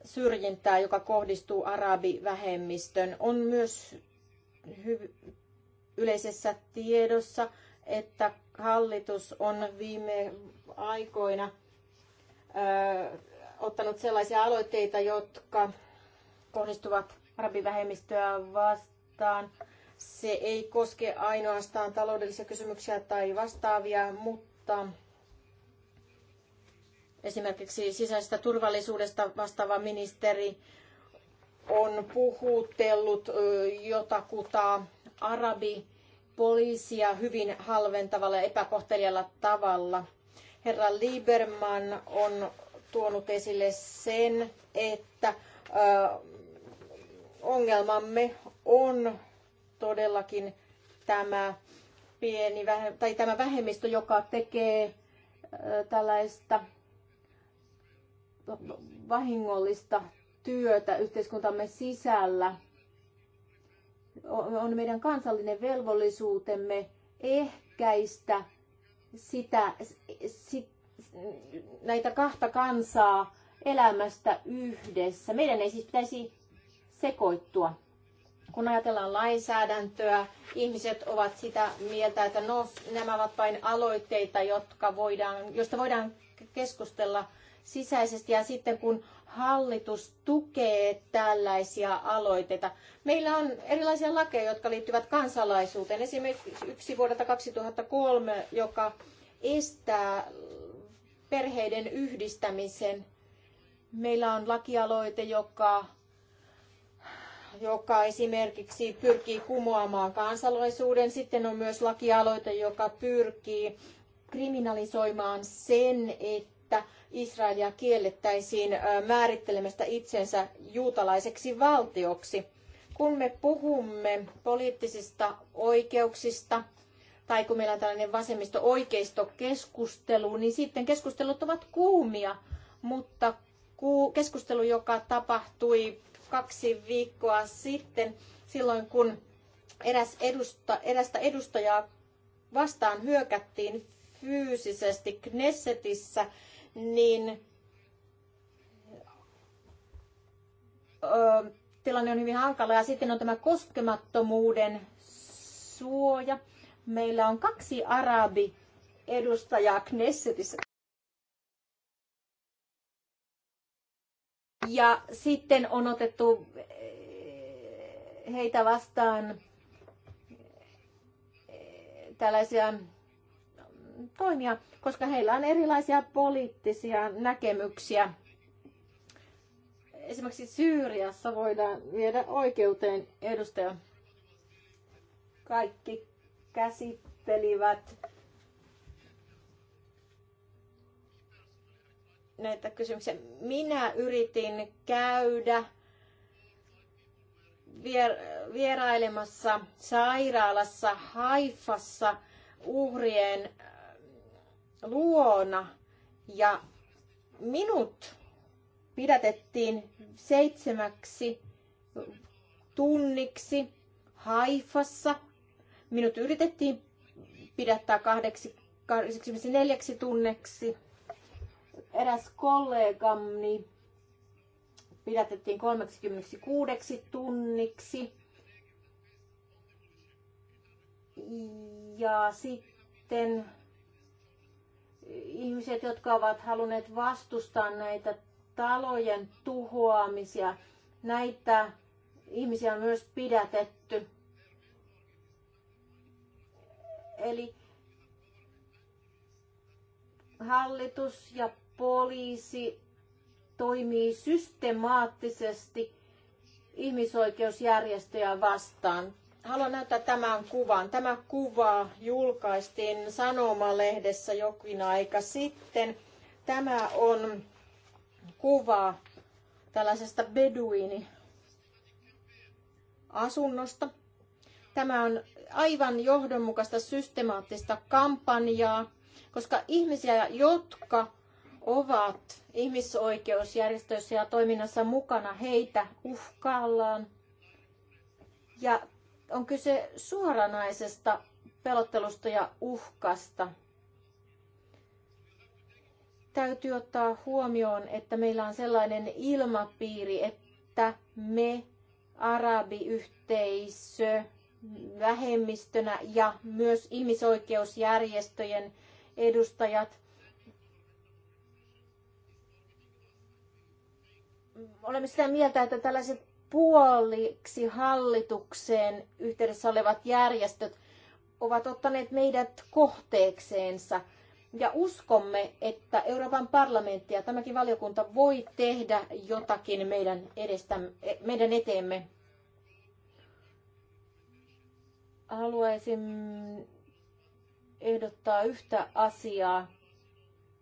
syrjintää, joka kohdistuu arabivähemmistön, on myös yleisessä tiedossa, että hallitus on viime aikoina ö, ottanut sellaisia aloitteita, jotka kohdistuvat arabivähemmistöä vastaan. Se ei koske ainoastaan taloudellisia kysymyksiä tai vastaavia, mutta Esimerkiksi sisäisestä turvallisuudesta vastaava ministeri on puhutellut jotakuta arabi poliisia hyvin halventavalla ja epäkohtelijalla tavalla. Herra Lieberman on tuonut esille sen, että ongelmamme on todellakin tämä, pieni, tai tämä vähemmistö, joka tekee tällaista vahingollista työtä yhteiskuntamme sisällä. On meidän kansallinen velvollisuutemme ehkäistä sitä, sit, näitä kahta kansaa elämästä yhdessä. Meidän ei siis pitäisi sekoittua. Kun ajatellaan lainsäädäntöä, ihmiset ovat sitä mieltä, että no, nämä ovat vain aloitteita, jotka voidaan, joista voidaan keskustella sisäisesti ja sitten kun hallitus tukee tällaisia aloitteita. Meillä on erilaisia lakeja, jotka liittyvät kansalaisuuteen. Esimerkiksi yksi vuodelta 2003, joka estää perheiden yhdistämisen. Meillä on lakialoite, joka, joka esimerkiksi pyrkii kumoamaan kansalaisuuden. Sitten on myös lakialoite, joka pyrkii kriminalisoimaan sen, että että Israelia kiellettäisiin määrittelemästä itsensä juutalaiseksi valtioksi. Kun me puhumme poliittisista oikeuksista, tai kun meillä on tällainen vasemmisto-oikeisto-keskustelu, niin sitten keskustelut ovat kuumia, mutta keskustelu, joka tapahtui kaksi viikkoa sitten, silloin kun eräs edusta, erästä edustajaa vastaan hyökättiin fyysisesti Knessetissä, niin tilanne on hyvin hankala. Ja sitten on tämä koskemattomuuden suoja. Meillä on kaksi arabi edustajaa Knessetissä. Ja sitten on otettu eh, heitä vastaan eh, tällaisia toimia koska heillä on erilaisia poliittisia näkemyksiä. Esimerkiksi Syyriassa voidaan viedä oikeuteen edustaja. Kaikki käsittelivät näitä kysymyksiä. Minä yritin käydä vier- vierailemassa sairaalassa Haifassa uhrien luona ja minut pidätettiin seitsemäksi tunniksi Haifassa. Minut yritettiin pidättää kahdeksi, 84 tunneksi. Eräs kollegamni pidätettiin 36 tunniksi. Ja sitten ihmiset, jotka ovat halunneet vastustaa näitä talojen tuhoamisia, näitä ihmisiä on myös pidätetty. Eli hallitus ja poliisi toimii systemaattisesti ihmisoikeusjärjestöjä vastaan haluan näyttää tämän kuvan. Tämä kuva julkaistiin Sanomalehdessä jokin aika sitten. Tämä on kuva tällaisesta beduini asunnosta. Tämä on aivan johdonmukaista systemaattista kampanjaa, koska ihmisiä, jotka ovat ihmisoikeusjärjestöissä ja toiminnassa mukana, heitä uhkaillaan. Ja on kyse suoranaisesta pelottelusta ja uhkasta. Täytyy ottaa huomioon, että meillä on sellainen ilmapiiri, että me, arabiyhteisö, vähemmistönä ja myös ihmisoikeusjärjestöjen edustajat, olemme sitä mieltä, että tällaiset puoliksi hallitukseen yhteydessä olevat järjestöt ovat ottaneet meidät kohteekseensa. Ja uskomme, että Euroopan parlamentti ja tämäkin valiokunta voi tehdä jotakin meidän, edestämme. meidän eteemme. Haluaisin ehdottaa yhtä asiaa.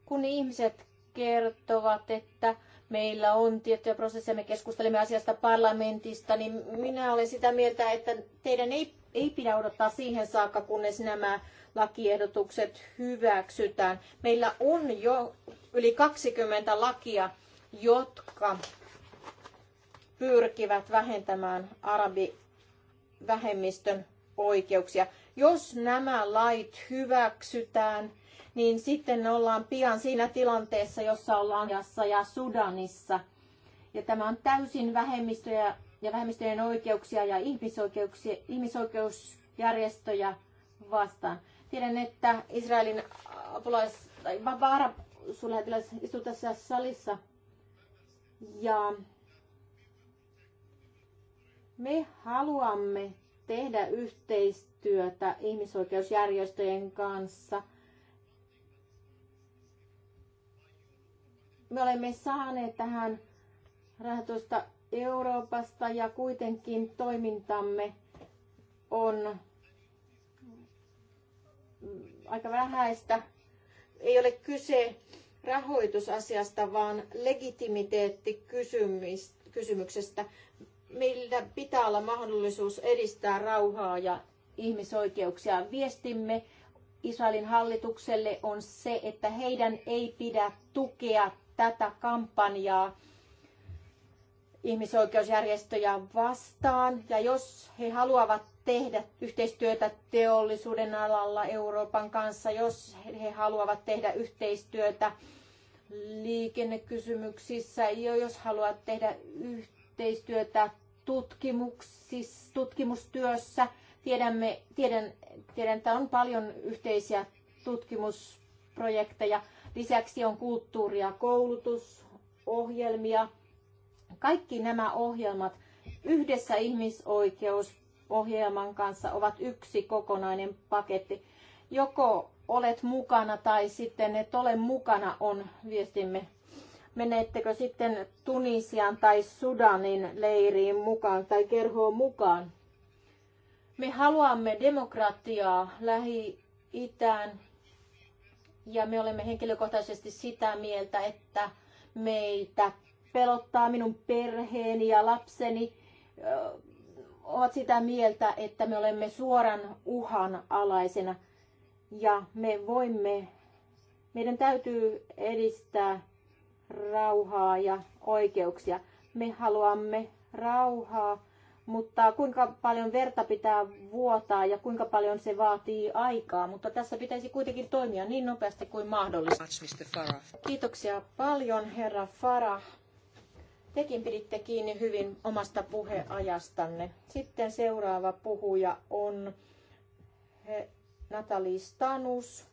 Kun ihmiset kertovat, että meillä on tiettyjä prosesseja, me keskustelemme asiasta parlamentista, niin minä olen sitä mieltä, että teidän ei, ei pidä odottaa siihen saakka, kunnes nämä lakiehdotukset hyväksytään. Meillä on jo yli 20 lakia, jotka pyrkivät vähentämään arabivähemmistön oikeuksia. Jos nämä lait hyväksytään, niin sitten ollaan pian siinä tilanteessa, jossa ollaan Jassa ja Sudanissa. Ja tämä on täysin vähemmistöjä ja vähemmistöjen oikeuksia ja ihmisoikeuksia, ihmisoikeusjärjestöjä vastaan. Tiedän, että Israelin apulais, tai Vaara istuu tässä salissa. Ja me haluamme tehdä yhteistyötä ihmisoikeusjärjestöjen kanssa – me olemme saaneet tähän rahoitusta Euroopasta ja kuitenkin toimintamme on aika vähäistä. Ei ole kyse rahoitusasiasta, vaan legitimiteettikysymyksestä. Meillä pitää olla mahdollisuus edistää rauhaa ja ihmisoikeuksia. Viestimme Israelin hallitukselle on se, että heidän ei pidä tukea tätä kampanjaa ihmisoikeusjärjestöjä vastaan. Ja jos he haluavat tehdä yhteistyötä teollisuuden alalla Euroopan kanssa, jos he haluavat tehdä yhteistyötä liikennekysymyksissä, jos haluavat tehdä yhteistyötä tutkimuksissa, tutkimustyössä. Tiedämme, tiedän, tiedän, että on paljon yhteisiä tutkimusprojekteja, Lisäksi on kulttuuri- ja koulutusohjelmia. Kaikki nämä ohjelmat yhdessä ihmisoikeusohjelman kanssa ovat yksi kokonainen paketti. Joko olet mukana tai sitten et ole mukana on viestimme. Meneettekö sitten Tunisian tai Sudanin leiriin mukaan tai kerhoon mukaan? Me haluamme demokratiaa Lähi-Itään ja me olemme henkilökohtaisesti sitä mieltä, että meitä pelottaa minun perheeni ja lapseni ovat sitä mieltä, että me olemme suoran uhan alaisena ja me voimme, meidän täytyy edistää rauhaa ja oikeuksia. Me haluamme rauhaa mutta kuinka paljon verta pitää vuotaa ja kuinka paljon se vaatii aikaa. Mutta tässä pitäisi kuitenkin toimia niin nopeasti kuin mahdollista. Kiitoksia paljon, herra Farah. Tekin piditte kiinni hyvin omasta puheajastanne. Sitten seuraava puhuja on eh, Natali Stanus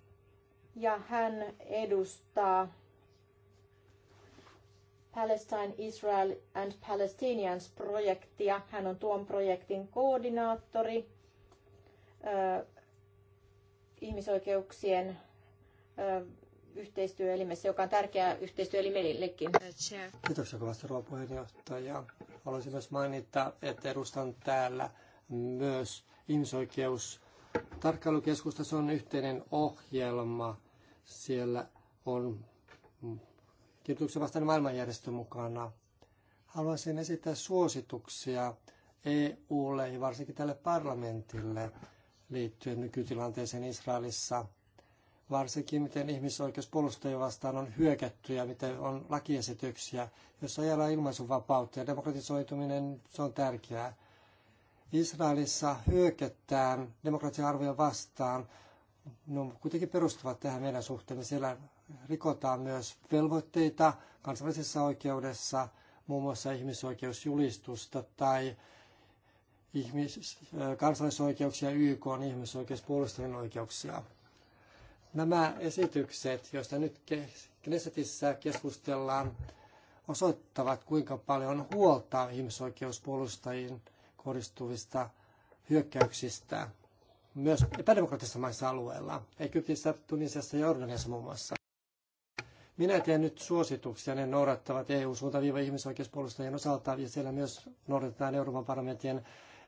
ja hän edustaa Palestine, Israel and Palestinians projektia. Hän on tuon projektin koordinaattori ihmisoikeuksien yhteistyöelimessä, joka on tärkeä yhteistyöelimellekin. Kiitoksia kovasti rouva puheenjohtaja. Haluaisin myös mainita, että edustan täällä myös ihmisoikeus tarkkailukeskusta. Se on yhteinen ohjelma. Siellä on kirjoituksen vastainen maailmanjärjestö mukana. Haluaisin esittää suosituksia EUlle ja varsinkin tälle parlamentille liittyen nykytilanteeseen Israelissa. Varsinkin miten ihmisoikeuspuolustajia vastaan on hyökätty ja miten on lakiesityksiä, jossa ajellaan ilmaisuvapautta ja demokratisoituminen, se on tärkeää. Israelissa hyökätään demokratia-arvoja vastaan. Ne no, kuitenkin perustuvat tähän meidän suhteemme. Siellä rikotaan myös velvoitteita kansainvälisessä oikeudessa, muun muassa ihmisoikeusjulistusta tai ihmis, kansalaisoikeuksia, YK on ihmisoikeuspuolustajien oikeuksia. Nämä esitykset, joista nyt Knessetissä keskustellaan, osoittavat, kuinka paljon huolta ihmisoikeuspuolustajiin kohdistuvista hyökkäyksistä myös epädemokraattisissa maissa alueella, Egyptissä, Tunisiassa ja Jordaniassa muun muassa. Minä teen nyt suosituksia, ne noudattavat EU-suuntaviiva ihmisoikeuspuolustajien osalta, ja siellä myös noudatetaan Euroopan parlamentin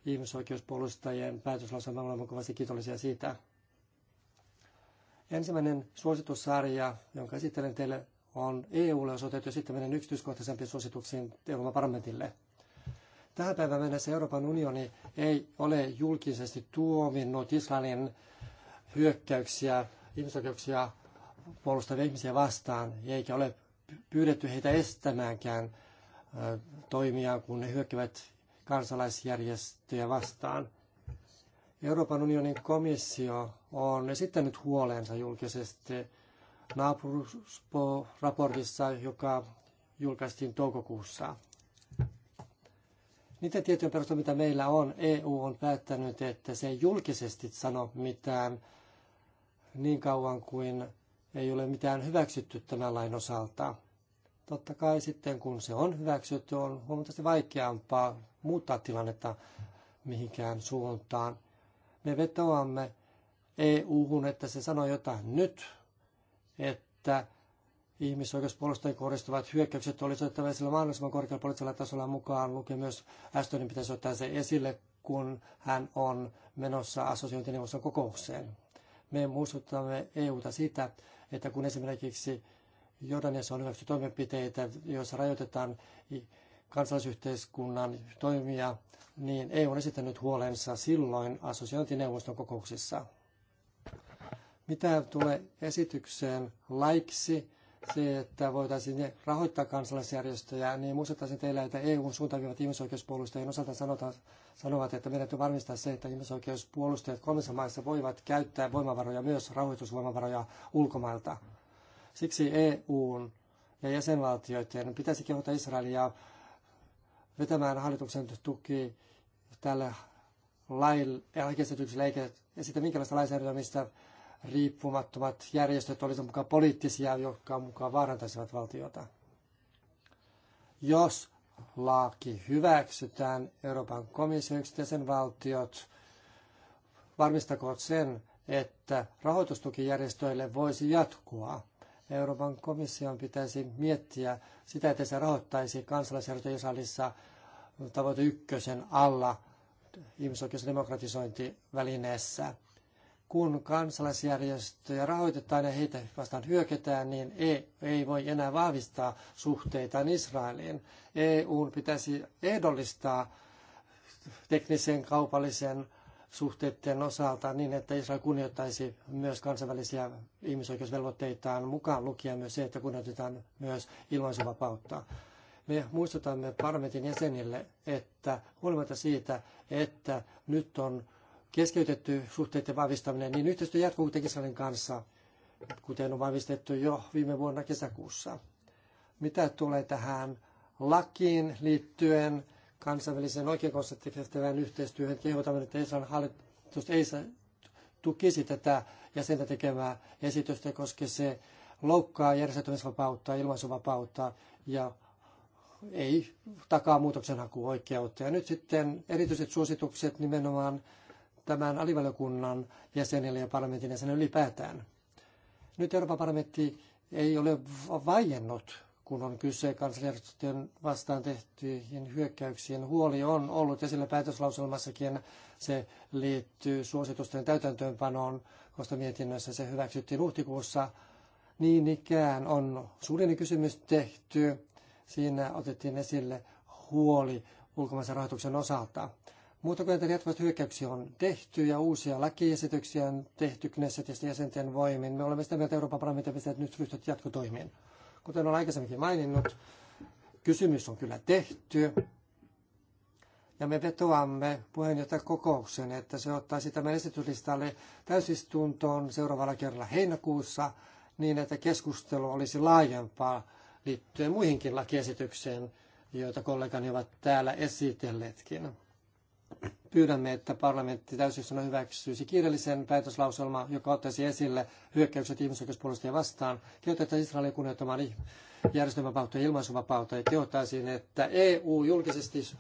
ihmisoikeuspuolustajien päätöslauselma. Olemme kovasti kiitollisia siitä. Ensimmäinen suositussarja, jonka esittelen teille, on EUlle osoitettu, ja sitten menen yksityiskohtaisempiin suosituksiin Euroopan parlamentille. Tähän päivään mennessä Euroopan unioni ei ole julkisesti tuominnut Israelin hyökkäyksiä ihmisoikeuksia puolustavia ihmisiä vastaan, eikä ole pyydetty heitä estämäänkään toimia, kun ne hyökkävät kansalaisjärjestöjä vastaan. Euroopan unionin komissio on esittänyt huolensa julkisesti naapurusraportissa, joka julkaistiin toukokuussa. Niiden tietojen perusteella, mitä meillä on, EU on päättänyt, että se ei julkisesti sano mitään niin kauan kuin ei ole mitään hyväksytty tämän lain osalta. Totta kai sitten, kun se on hyväksytty, on huomattavasti vaikeampaa muuttaa tilannetta mihinkään suuntaan. Me vetoamme EU-hun, että se sanoo jotain nyt, että ihmisoikeuspuolustajien kohdistuvat hyökkäykset olisi otettava esille mahdollisimman korkealla poliittisella tasolla mukaan. Lukee myös Astonin pitäisi ottaa se esille, kun hän on menossa assosiointineuvoston kokoukseen. Me muistutamme EUta sitä, että kun esimerkiksi Jordaniassa on hyväksytty toimenpiteitä, joissa rajoitetaan kansalaisyhteiskunnan toimia, niin EU on esittänyt huolensa silloin assosiointineuvoston kokouksissa. Mitä tulee esitykseen laiksi se, että voitaisiin rahoittaa kansalaisjärjestöjä, niin muistuttaisin teille, että EUn suuntaviivat ihmisoikeuspuolustajien osalta sanotaan, sanovat, että meidän täytyy varmistaa se, että ihmisoikeuspuolustajat kolmessa maissa voivat käyttää voimavaroja, myös rahoitusvoimavaroja ulkomailta. Siksi EUn ja jäsenvaltioiden pitäisi kehottaa Israelia vetämään hallituksen tuki tälle lailla, eikä esitä minkälaista lainsäädäntöä, mistä riippumattomat järjestöt olisivat mukaan poliittisia, jotka mukaan vaarantaisivat valtiota. Jos laki hyväksytään, Euroopan komissio yksittäisen valtiot varmistakoot sen, että rahoitustukijärjestöille voisi jatkua. Euroopan komission pitäisi miettiä sitä, että se rahoittaisi kansalaisjärjestöjen salissa tavoite ykkösen alla ihmisoikeusdemokratisointivälineessä kun kansalaisjärjestöjä rahoitetaan ja heitä vastaan hyökätään, niin EU ei voi enää vahvistaa suhteitaan Israeliin. EUn pitäisi ehdollistaa teknisen kaupallisen suhteiden osalta niin, että Israel kunnioittaisi myös kansainvälisiä ihmisoikeusvelvoitteitaan mukaan lukien myös se, että kunnioitetaan myös ilmaisuvapautta. Me muistutamme parlamentin jäsenille, että huolimatta siitä, että nyt on keskeytetty suhteiden vahvistaminen, niin yhteistyö jatkuu Tekisalin kanssa, kuten on vahvistettu jo viime vuonna kesäkuussa. Mitä tulee tähän lakiin liittyen kansainvälisen oikeuskonseptifehtävän yhteistyöhön, kehotamme, että Israelin hallitus ei tukisi tätä jäsentä tekemää esitystä, koska se loukkaa järjestäytymisvapautta, ilmaisuvapautta ja ei takaa muutoksenhakuoikeutta. Ja nyt sitten erityiset suositukset nimenomaan tämän alivaliokunnan jäsenille ja parlamentin jäsenille ylipäätään. Nyt Euroopan parlamentti ei ole vaiennut, kun on kyse kansalaisten vastaan tehtyihin hyökkäyksiin. Huoli on ollut esillä päätöslauselmassakin. Se liittyy suositusten täytäntöönpanoon, koska mietinnössä se hyväksyttiin huhtikuussa. Niin ikään on suurin kysymys tehty. Siinä otettiin esille huoli ulkomaisen rahoituksen osalta. Muuta kuin näitä jatkuvasti hyökkäyksiä on tehty ja uusia lakiesityksiä on tehty Knessetistä jäsenten voimin. Me olemme sitä mieltä Euroopan parlamentin että nyt ryhtyt jatkotoimiin. Kuten olen aikaisemminkin maininnut, kysymys on kyllä tehty. Ja me vetoamme puheenjohtajan kokouksen, että se ottaisi tämän esityslistalle täysistuntoon seuraavalla kerralla heinäkuussa niin, että keskustelu olisi laajempaa liittyen muihinkin lakiesityksiin, joita kollegani ovat täällä esitelleetkin pyydämme, että parlamentti täysistunnon hyväksyisi kiireellisen päätöslauselman, joka ottaisi esille hyökkäykset ihmisoikeuspuolustajia vastaan, kehotettaisiin Israelin kunnioittamaan järjestelmävapautta ja ilmaisuvapautta ja kehottaisiin, että EU julkisesti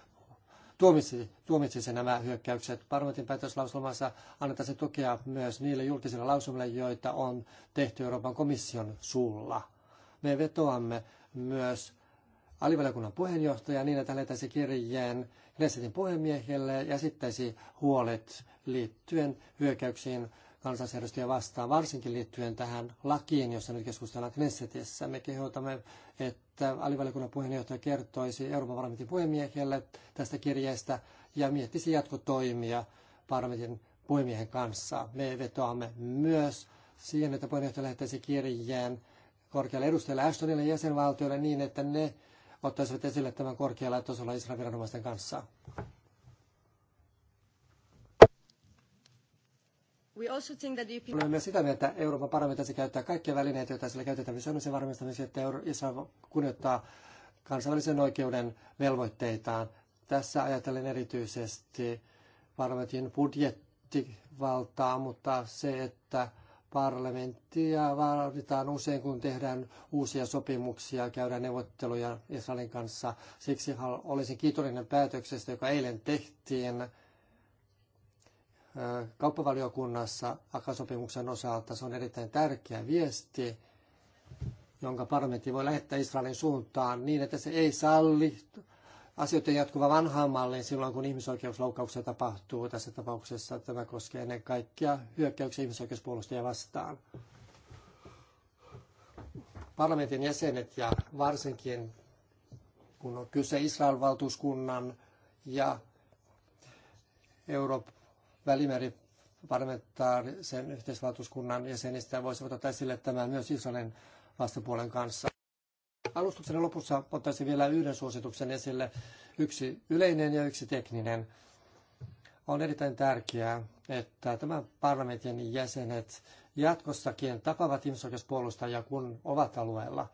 tuomitsisi, tuomitsisi nämä hyökkäykset. Parlamentin päätöslauselmassa annettaisiin tukea myös niille julkisille lausumille, joita on tehty Euroopan komission suulla. Me vetoamme myös alivaliokunnan puheenjohtajaa niin, että lähetäisiin kirjeen Knessetin puhemiehelle ja esittäisi huolet liittyen hyökkäyksiin kansansedustajia vastaan, varsinkin liittyen tähän lakiin, jossa nyt keskustellaan Knessetissä. Me kehotamme, että alivaliokunnan puheenjohtaja kertoisi Euroopan parlamentin puhemiehelle tästä kirjeestä ja miettisi jatkotoimia parlamentin puhemiehen kanssa. Me vetoamme myös siihen, että puheenjohtaja lähettäisi kirjeen korkealle edustajalle Ashtonille ja jäsenvaltioille niin, että ne ottaisivat esille tämän korkealla tasolla Israelin viranomaisten kanssa. Olemme sitä mieltä, että Euroopan parlamentti käyttää kaikkia välineitä, joita sillä käytetään sen varmistamiseksi, että Israel kunnioittaa kansainvälisen oikeuden velvoitteitaan. Tässä ajatellen erityisesti parlamentin budjettivaltaa, mutta se, että Parlamenttia vaaditaan usein, kun tehdään uusia sopimuksia, käydään neuvotteluja Israelin kanssa. Siksi olisin kiitollinen päätöksestä, joka eilen tehtiin kauppavaliokunnassa AKA-sopimuksen osalta. Se on erittäin tärkeä viesti, jonka parlamentti voi lähettää Israelin suuntaan niin, että se ei salli asioiden jatkuva vanhaan malliin silloin, kun ihmisoikeusloukkauksia tapahtuu. Tässä tapauksessa tämä koskee ennen kaikkea hyökkäyksiä ihmisoikeuspuolustajia vastaan. Parlamentin jäsenet ja varsinkin kun on kyse Israelin valtuuskunnan ja Euroopan välimeri parlamentaarisen yhteisvaltuuskunnan jäsenistä voisivat ottaa esille tämän myös Israelin vastapuolen kanssa. Alustuksen lopussa ottaisin vielä yhden suosituksen esille, yksi yleinen ja yksi tekninen. On erittäin tärkeää, että tämän parlamentin jäsenet jatkossakin tapaavat ihmisoikeuspuolustajia, kun ovat alueella.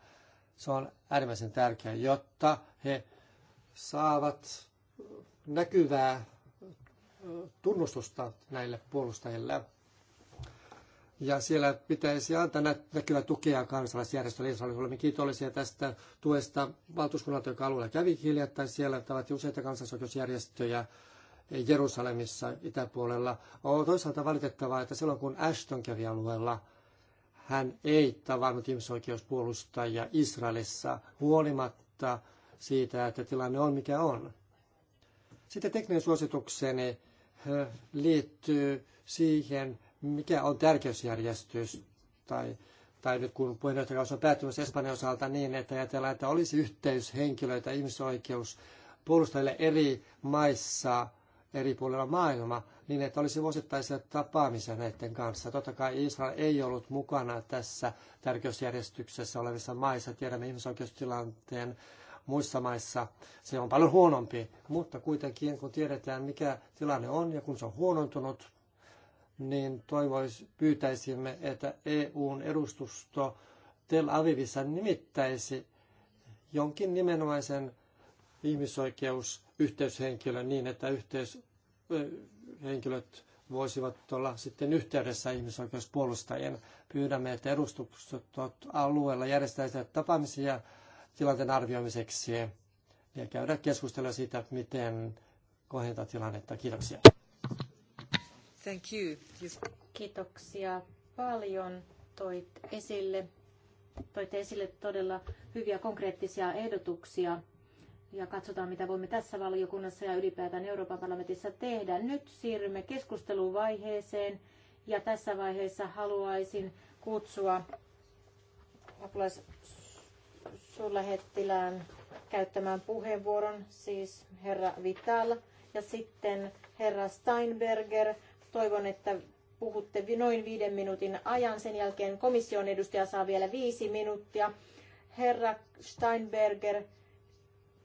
Se on äärimmäisen tärkeää, jotta he saavat näkyvää tunnustusta näille puolustajille ja siellä pitäisi antaa näkyvä tukea kansalaisjärjestölle. Israelissa olemme kiitollisia tästä tuesta valtuuskunnalta, joka alueella kävi hiljattain. Siellä tavatti useita kansalaisoikeusjärjestöjä Jerusalemissa itäpuolella. On toisaalta valitettavaa, että silloin kun Ashton kävi alueella, hän ei tavannut ihmisoikeuspuolustajia Israelissa huolimatta siitä, että tilanne on mikä on. Sitten tekninen suositukseni eh, liittyy siihen, mikä on tärkeysjärjestys tai, tai nyt kun puheenjohtajakaus on päättymässä Espanjan osalta niin, että ajatellaan, että olisi yhteyshenkilöitä ihmisoikeus puolustajille eri maissa eri puolilla maailmaa, niin että olisi vuosittaisia tapaamisia näiden kanssa. Totta kai Israel ei ollut mukana tässä tärkeysjärjestyksessä olevissa maissa. Tiedämme ihmisoikeustilanteen muissa maissa. Se on paljon huonompi, mutta kuitenkin kun tiedetään mikä tilanne on ja kun se on huonontunut, niin toivois, pyytäisimme, että EUn edustusto Tel Avivissa nimittäisi jonkin nimenomaisen ihmisoikeusyhteyshenkilön niin, että yhteyshenkilöt voisivat olla sitten yhteydessä ihmisoikeuspuolustajien. Pyydämme, että edustukset alueella järjestäisivät tapaamisia tilanteen arvioimiseksi ja käydä keskustelua siitä, miten kohentaa tilannetta. Kiitoksia. Thank you. Kiitoksia paljon. Toit esille, toitte esille todella hyviä konkreettisia ehdotuksia ja katsotaan, mitä voimme tässä valiokunnassa ja ylipäätään Euroopan parlamentissa tehdä. Nyt siirrymme keskusteluvaiheeseen ja tässä vaiheessa haluaisin kutsua apulaissuurlähettilään käyttämään puheenvuoron, siis herra Vital ja sitten herra Steinberger Toivon, että puhutte noin viiden minuutin ajan. Sen jälkeen komission edustaja saa vielä viisi minuuttia. Herra Steinberger,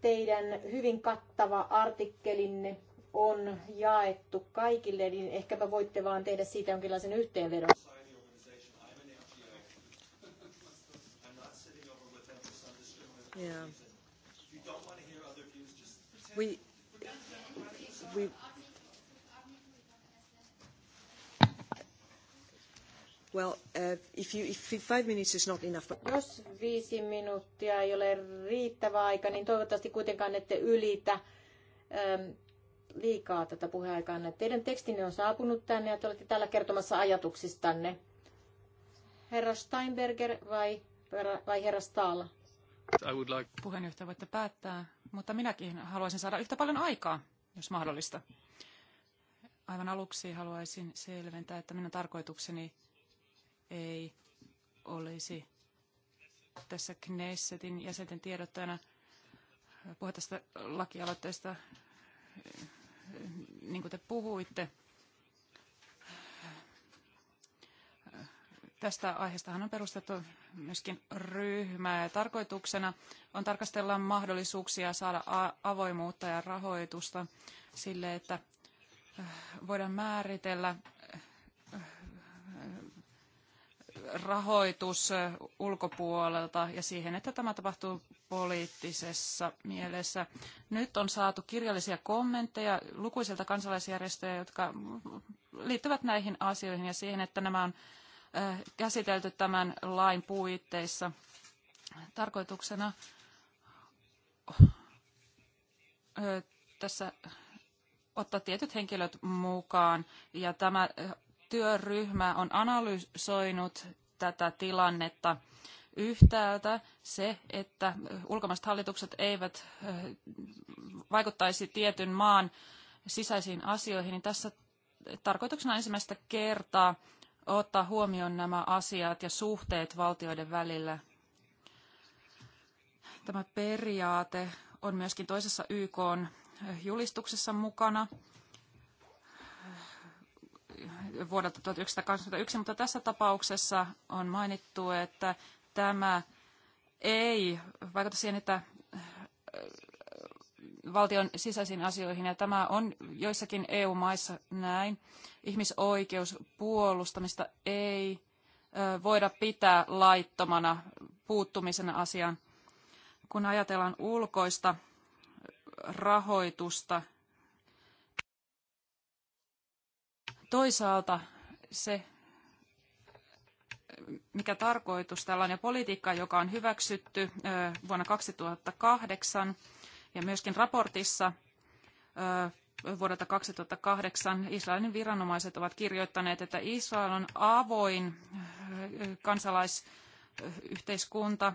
teidän hyvin kattava artikkelinne on jaettu kaikille, niin ehkäpä voitte vaan tehdä siitä jonkinlaisen yhteenvedon. Yeah. We, we, Well, uh, if, you, if five minutes is not enough. Jos viisi minuuttia ei ole riittävä aika, niin toivottavasti kuitenkaan ette ylitä ähm, liikaa tätä puheaikaa. Teidän tekstinne on saapunut tänne ja te olette täällä kertomassa ajatuksistanne. Herra Steinberger vai, vai herra Stahl? I would like... Puheenjohtaja voitte päättää, mutta minäkin haluaisin saada yhtä paljon aikaa, jos mahdollista. Aivan aluksi haluaisin selventää, että minun tarkoitukseni ei olisi tässä Knessetin jäsenten tiedottajana puhua tästä lakialoitteesta, eh, niin kuin te puhuitte. Tästä aiheestahan on perustettu myöskin ryhmä ja tarkoituksena on tarkastella mahdollisuuksia saada avoimuutta ja rahoitusta sille, että eh, voidaan määritellä rahoitus ulkopuolelta ja siihen, että tämä tapahtuu poliittisessa mielessä. Nyt on saatu kirjallisia kommentteja lukuisilta kansalaisjärjestöjä, jotka liittyvät näihin asioihin ja siihen, että nämä on käsitelty tämän lain puitteissa. Tarkoituksena tässä ottaa tietyt henkilöt mukaan ja tämä työryhmä on analysoinut tätä tilannetta yhtäältä se, että ulkomaiset hallitukset eivät vaikuttaisi tietyn maan sisäisiin asioihin, niin tässä tarkoituksena ensimmäistä kertaa ottaa huomioon nämä asiat ja suhteet valtioiden välillä. Tämä periaate on myöskin toisessa YK julistuksessa mukana – vuodelta 1981, mutta tässä tapauksessa on mainittu, että tämä ei vaikuta siihen, että äh, valtion sisäisiin asioihin, ja tämä on joissakin EU-maissa näin. Ihmisoikeuspuolustamista ei äh, voida pitää laittomana puuttumisen asian, Kun ajatellaan ulkoista rahoitusta, Toisaalta se, mikä tarkoitus tällainen politiikka, joka on hyväksytty vuonna 2008 ja myöskin raportissa vuodelta 2008 Israelin viranomaiset ovat kirjoittaneet, että Israel on avoin kansalais- yhteiskunta,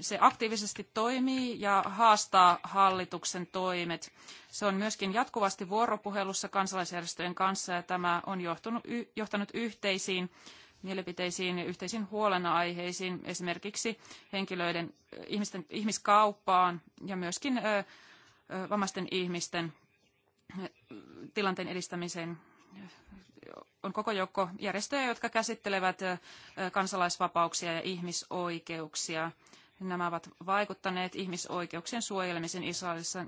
se aktiivisesti toimii ja haastaa hallituksen toimet. Se on myöskin jatkuvasti vuoropuhelussa kansalaisjärjestöjen kanssa ja tämä on johtunut, johtanut yhteisiin mielipiteisiin ja yhteisiin huolenaiheisiin, esimerkiksi henkilöiden, ihmisten, ihmiskauppaan ja myöskin ö, vammaisten ihmisten tilanteen edistämiseen on koko joukko järjestöjä, jotka käsittelevät kansalaisvapauksia ja ihmisoikeuksia. Nämä ovat vaikuttaneet ihmisoikeuksien suojelemisen Israelissa.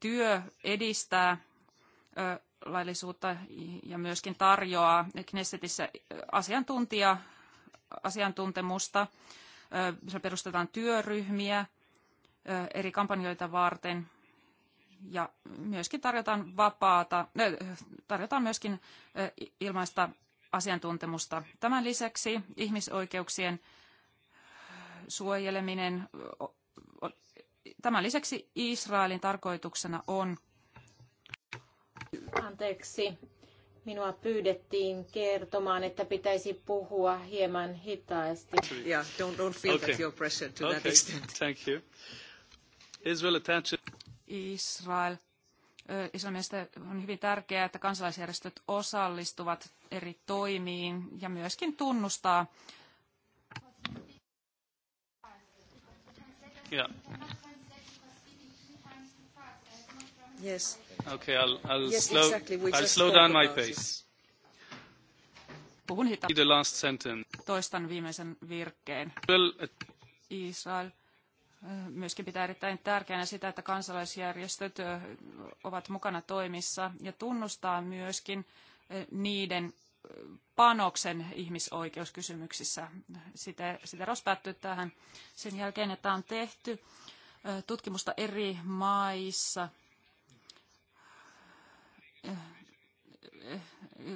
Työ edistää laillisuutta ja myöskin tarjoaa Knessetissä asiantuntija, asiantuntemusta. Se perustetaan työryhmiä eri kampanjoita varten – ja myöskin tarjotaan vapaata, tarjotaan myöskin ilmaista asiantuntemusta. Tämän lisäksi ihmisoikeuksien suojeleminen, tämän lisäksi Israelin tarkoituksena on... Anteeksi, minua pyydettiin kertomaan, että pitäisi puhua hieman hitaasti. Yeah, don't, don't feel okay. that you're pressured to okay. that extent. Thank you. Israel attaches... Israel. Israelin mielestä on hyvin tärkeää, että kansalaisjärjestöt osallistuvat eri toimiin ja myöskin tunnustaa. Yeah. Yes. Okay, I'll, I'll yes, slow, exactly. I'll slow down my pace. Puhun hitaasti. Toistan viimeisen virkkeen. Israel myöskin pitää erittäin tärkeänä sitä, että kansalaisjärjestöt ovat mukana toimissa ja tunnustaa myöskin niiden panoksen ihmisoikeuskysymyksissä. Sitä, sitä Ros päättyy tähän sen jälkeen, että on tehty tutkimusta eri maissa.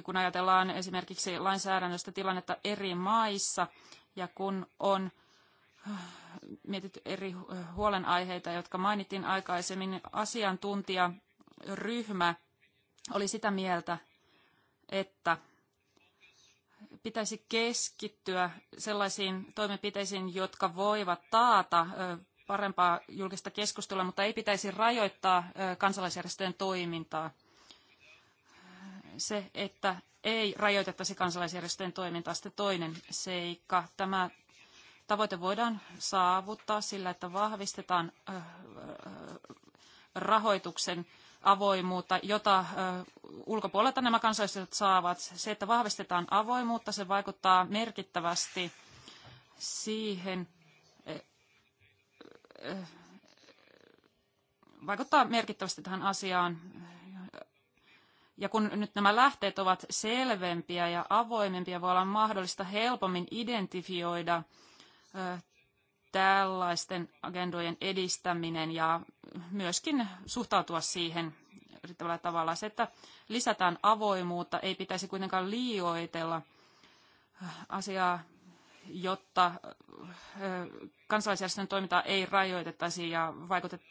Kun ajatellaan esimerkiksi lainsäädännöstä tilannetta eri maissa ja kun on mietitty eri huolenaiheita, jotka mainittiin aikaisemmin. Asiantuntijaryhmä oli sitä mieltä, että pitäisi keskittyä sellaisiin toimenpiteisiin, jotka voivat taata parempaa julkista keskustelua, mutta ei pitäisi rajoittaa kansalaisjärjestöjen toimintaa. Se, että ei rajoitettaisi kansalaisjärjestöjen toimintaa, sitten toinen seikka. Tämä Tavoite voidaan saavuttaa sillä, että vahvistetaan rahoituksen avoimuutta, jota ulkopuolelta nämä kansalaiset saavat. Se, että vahvistetaan avoimuutta, se vaikuttaa merkittävästi siihen, vaikuttaa merkittävästi tähän asiaan. Ja kun nyt nämä lähteet ovat selvempiä ja avoimempia, voi olla mahdollista helpommin identifioida – tällaisten agendojen edistäminen ja myöskin suhtautua siihen riittävällä tavalla. Se, että lisätään avoimuutta, ei pitäisi kuitenkaan liioitella asiaa, jotta kansalaisjärjestön toimintaa ei rajoitettaisi ja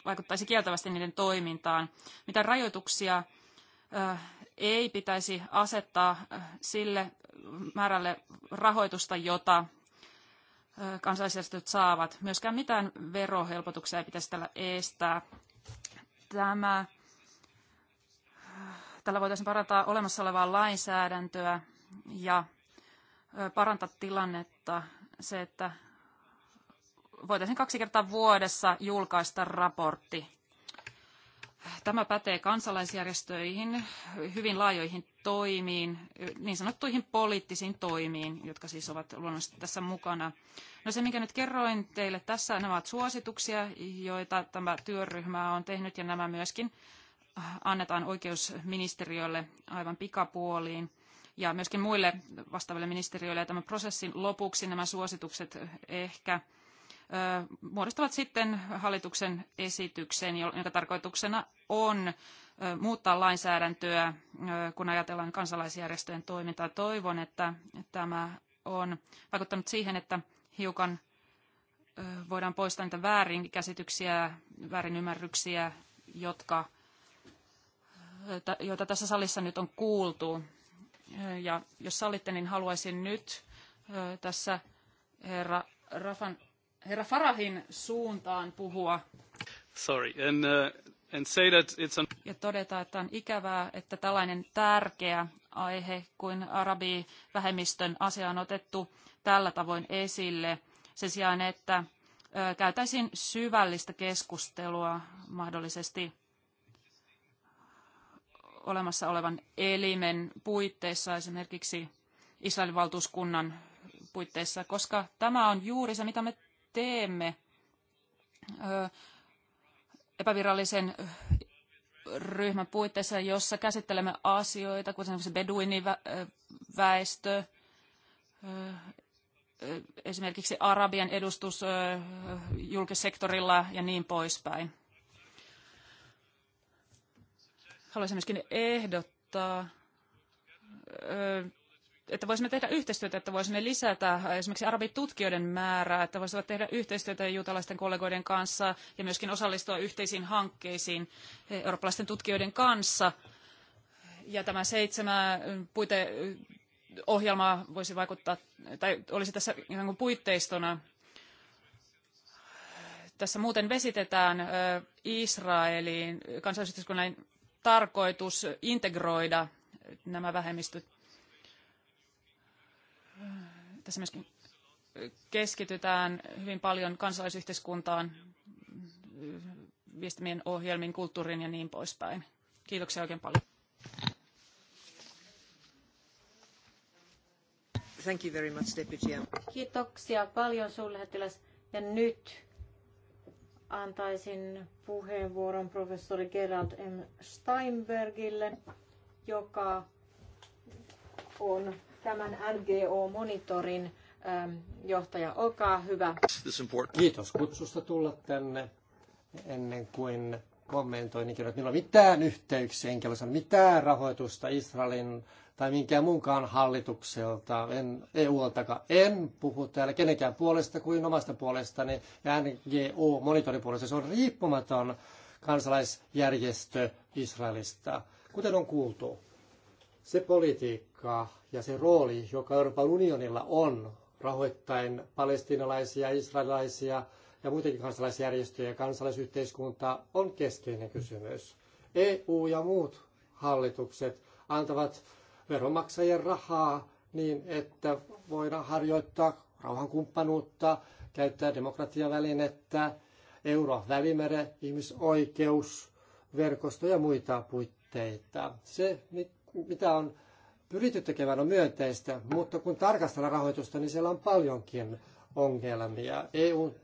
vaikuttaisi kieltävästi niiden toimintaan. Mitä rajoituksia ei pitäisi asettaa sille määrälle rahoitusta, jota kansalaisjärjestöt saavat. Myöskään mitään verohelpotuksia ei pitäisi tällä estää. Tämä, tällä voitaisiin parantaa olemassa olevaa lainsäädäntöä ja parantaa tilannetta se, että voitaisiin kaksi kertaa vuodessa julkaista raportti Tämä pätee kansalaisjärjestöihin, hyvin laajoihin toimiin, niin sanottuihin poliittisiin toimiin, jotka siis ovat luonnollisesti tässä mukana. No se, minkä nyt kerroin teille tässä, nämä ovat suosituksia, joita tämä työryhmä on tehnyt ja nämä myöskin annetaan oikeusministeriölle aivan pikapuoliin ja myöskin muille vastaaville ministeriöille. Ja tämän prosessin lopuksi nämä suositukset ehkä – muodostavat sitten hallituksen esityksen, jonka tarkoituksena on muuttaa lainsäädäntöä, kun ajatellaan kansalaisjärjestöjen toimintaa. Toivon, että tämä on vaikuttanut siihen, että hiukan voidaan poistaa niitä väärinkäsityksiä, väärinymmärryksiä, jotka, joita tässä salissa nyt on kuultu. Ja jos sallitte, niin haluaisin nyt tässä herra Rafan herra Farahin suuntaan puhua. Sorry, and, uh, and say that it's an... Ja todeta, että on ikävää, että tällainen tärkeä aihe kuin arabivähemmistön asia on otettu tällä tavoin esille sen sijaan, että käytäisiin syvällistä keskustelua mahdollisesti olemassa olevan elimen puitteissa, esimerkiksi Israelin valtuuskunnan puitteissa, koska tämä on juuri se, mitä me teemme epävirallisen ryhmän puitteissa, jossa käsittelemme asioita, kuten esimerkiksi beduiniväestö, esimerkiksi Arabian edustus julkisektorilla ja niin poispäin. Haluaisin myöskin ehdottaa että voisimme tehdä yhteistyötä, että voisimme lisätä esimerkiksi arabitutkijoiden määrää, että voisimme tehdä yhteistyötä juutalaisten kollegoiden kanssa ja myöskin osallistua yhteisiin hankkeisiin eurooppalaisten tutkijoiden kanssa. Ja tämä seitsemän puiteohjelma voisi vaikuttaa, tai olisi tässä ihan kuin puitteistona. Tässä muuten vesitetään Israeliin kansallisyhteiskunnan tarkoitus integroida nämä vähemmistöt tässä myöskin keskitytään hyvin paljon kansalaisyhteiskuntaan, viestimien ohjelmiin, kulttuuriin ja niin poispäin. Kiitoksia oikein paljon. Thank you very much, Deputy. Kiitoksia paljon suurlähettiläs. Ja nyt antaisin puheenvuoron professori Gerald M. Steinbergille, joka on tämän NGO-monitorin ähm, johtaja. Olkaa hyvä. Kiitos kutsusta tulla tänne ennen kuin kommentoin, niin kerron, että niillä on mitään yhteyksiä, enkä ole mitään rahoitusta Israelin tai minkään muunkaan hallitukselta, en eu En puhu täällä kenenkään puolesta kuin omasta puolestani ja NGO monitoripuolesta. Se on riippumaton kansalaisjärjestö Israelista, kuten on kuultu. Se politiikka, paikka ja se rooli, joka Euroopan unionilla on rahoittain palestinalaisia, israelilaisia ja muitakin kansalaisjärjestöjä ja kansalaisyhteiskuntaa, on keskeinen kysymys. EU ja muut hallitukset antavat veronmaksajien rahaa niin, että voidaan harjoittaa rauhankumppanuutta, käyttää demokratiavälinettä, euro, välimere, ihmisoikeus, verkosto ja muita puitteita. Se, mitä on pyritty tekemään on myönteistä, mutta kun tarkastellaan rahoitusta, niin siellä on paljonkin ongelmia. EUn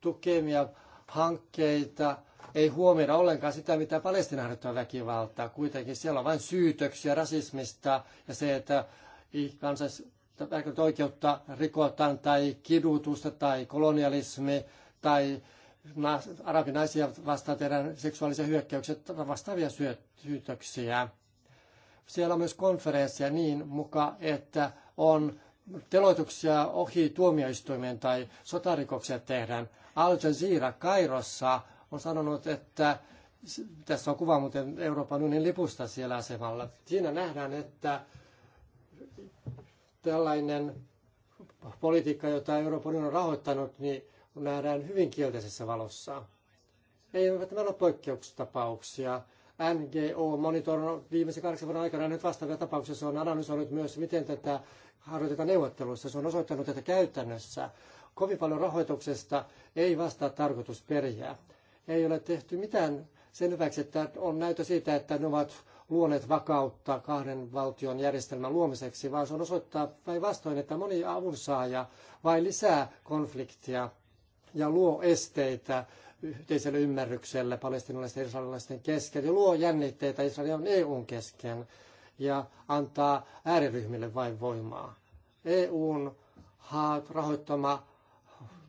tukemia hankkeita ei huomioida ollenkaan sitä, mitä Palestinan harjoittama väkivaltaa. Kuitenkin siellä on vain syytöksiä rasismista ja se, että kansais oikeutta rikotaan tai kidutusta tai kolonialismi tai arabinaisia vastaan tehdään seksuaalisia hyökkäyksiä vastaavia syytöksiä. Siellä on myös konferenssia niin muka, että on teloituksia ohi tuomioistuimien tai sotarikoksia tehdään. Al Jazeera Kairossa on sanonut, että tässä on kuva muuten Euroopan unionin lipusta siellä asemalla. Siinä nähdään, että tällainen politiikka, jota Euroopan unioni on rahoittanut, niin nähdään hyvin kielteisessä valossa. Ei välttämättä ole poikkeuksetapauksia. NGO Monitor viimeisen kahdeksan vuoden aikana nyt vastaavia tapauksia. Se on analysoinut myös, miten tätä harjoitetaan neuvotteluissa. Se on osoittanut, että käytännössä kovin paljon rahoituksesta ei vastaa tarkoitusperiä. Ei ole tehty mitään sen hyväksi, että on näytö siitä, että ne ovat luoneet vakautta kahden valtion järjestelmän luomiseksi, vaan se on osoittaa päinvastoin, että moni avunsaaja vain lisää konfliktia ja luo esteitä yhteisellä ymmärryksellä palestinalaisten ja israelilaisten kesken ja luo jännitteitä Israelin ja EUn kesken ja antaa ääriryhmille vain voimaa. EUn rahoittama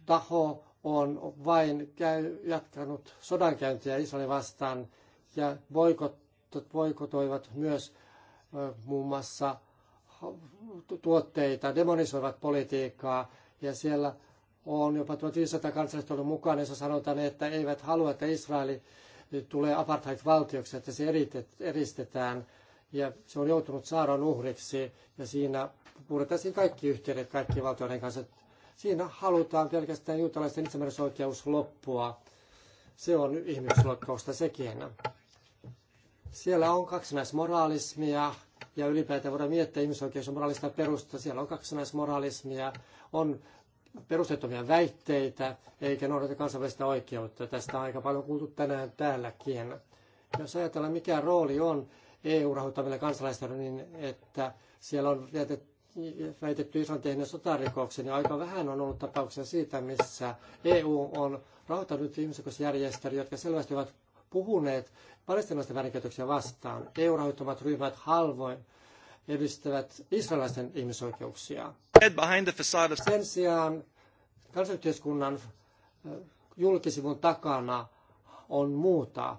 taho on vain käy, jatkanut sodankäyntiä Israelin vastaan ja boikotoivat myös muun mm. muassa tuotteita, demonisoivat politiikkaa ja siellä on jopa 1500 kansalaista ollut mukana, jossa sanotaan, että eivät halua, että Israel tulee apartheid-valtioksi, että se eristetään. Ja se on joutunut saaron uhriksi ja siinä puretaan kaikki yhteydet kaikkien valtioiden kanssa. Siinä halutaan pelkästään juutalaisten itsemääräämisoikeus loppua. Se on ihmisloukkausta sekin. Siellä on kaksinaismoraalismia ja ylipäätään voidaan miettiä ihmisoikeus on moraalista perusta. Siellä on kaksinaismoraalismia, on perusteettomia väitteitä eikä noudata kansainvälistä oikeutta. Tästä on aika paljon kuultu tänään täälläkin. Jos ajatellaan, mikä rooli on EU-rahoittamilla kansalaisilla, niin että siellä on väitetty Israelin tehneen sotarikoksen, ja niin aika vähän on ollut tapauksia siitä, missä EU on rahoittanut ihmisoikeusjärjestöjä, jotka selvästi ovat puhuneet palestinaisten väärinkäytöksiä vastaan. EU-rahoittamat ryhmät halvoin edistävät israelaisten ihmisoikeuksia. Sen sijaan kansanyhteiskunnan eh, julkisivun takana on muuta.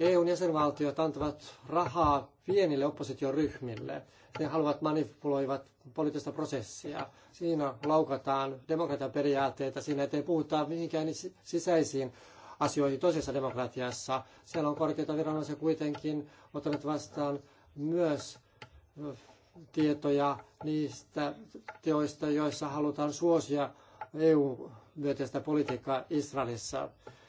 EUn jäsenvaltiot antavat rahaa pienille oppositioryhmille. Ne haluavat manipuloivat poliittista prosessia. Siinä laukataan demokratian periaatteita, siinä ettei puhuta mihinkään sisäisiin asioihin toisessa demokratiassa. Siellä on korkeita viranomaisia kuitenkin ottanut vastaan myös tietoja niistä teoista, joissa halutaan suosia EU-myöteistä politiikkaa Israelissa.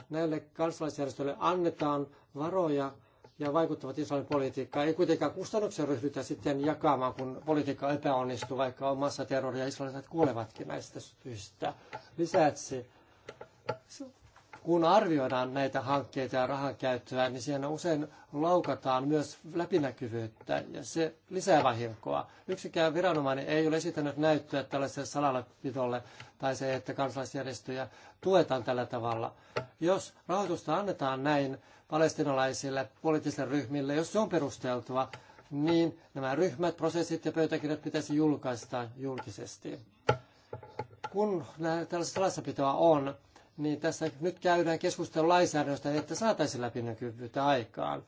Näille kansalaisjärjestöille annetaan varoja ja vaikuttavat Israelin politiikkaan. Ei kuitenkaan kustannuksia ryhdytä sitten jakamaan, kun politiikka epäonnistuu, vaikka on massaterroria ja israelilaiset kuolevatkin näistä syistä. Lisäksi kun arvioidaan näitä hankkeita ja rahan käyttöä, niin siinä usein laukataan myös läpinäkyvyyttä ja se lisää vahinkoa. Yksikään viranomainen ei ole esittänyt näyttöä tällaiselle salalapidolle tai se, että kansalaisjärjestöjä tuetaan tällä tavalla. Jos rahoitusta annetaan näin palestinalaisille poliittisille ryhmille, jos se on perusteltua, niin nämä ryhmät, prosessit ja pöytäkirjat pitäisi julkaista julkisesti. Kun tällaista salassapitoa on, niin tässä nyt käydään keskustelu lainsäädännöstä, että saataisiin läpinäkyvyyttä aikaan.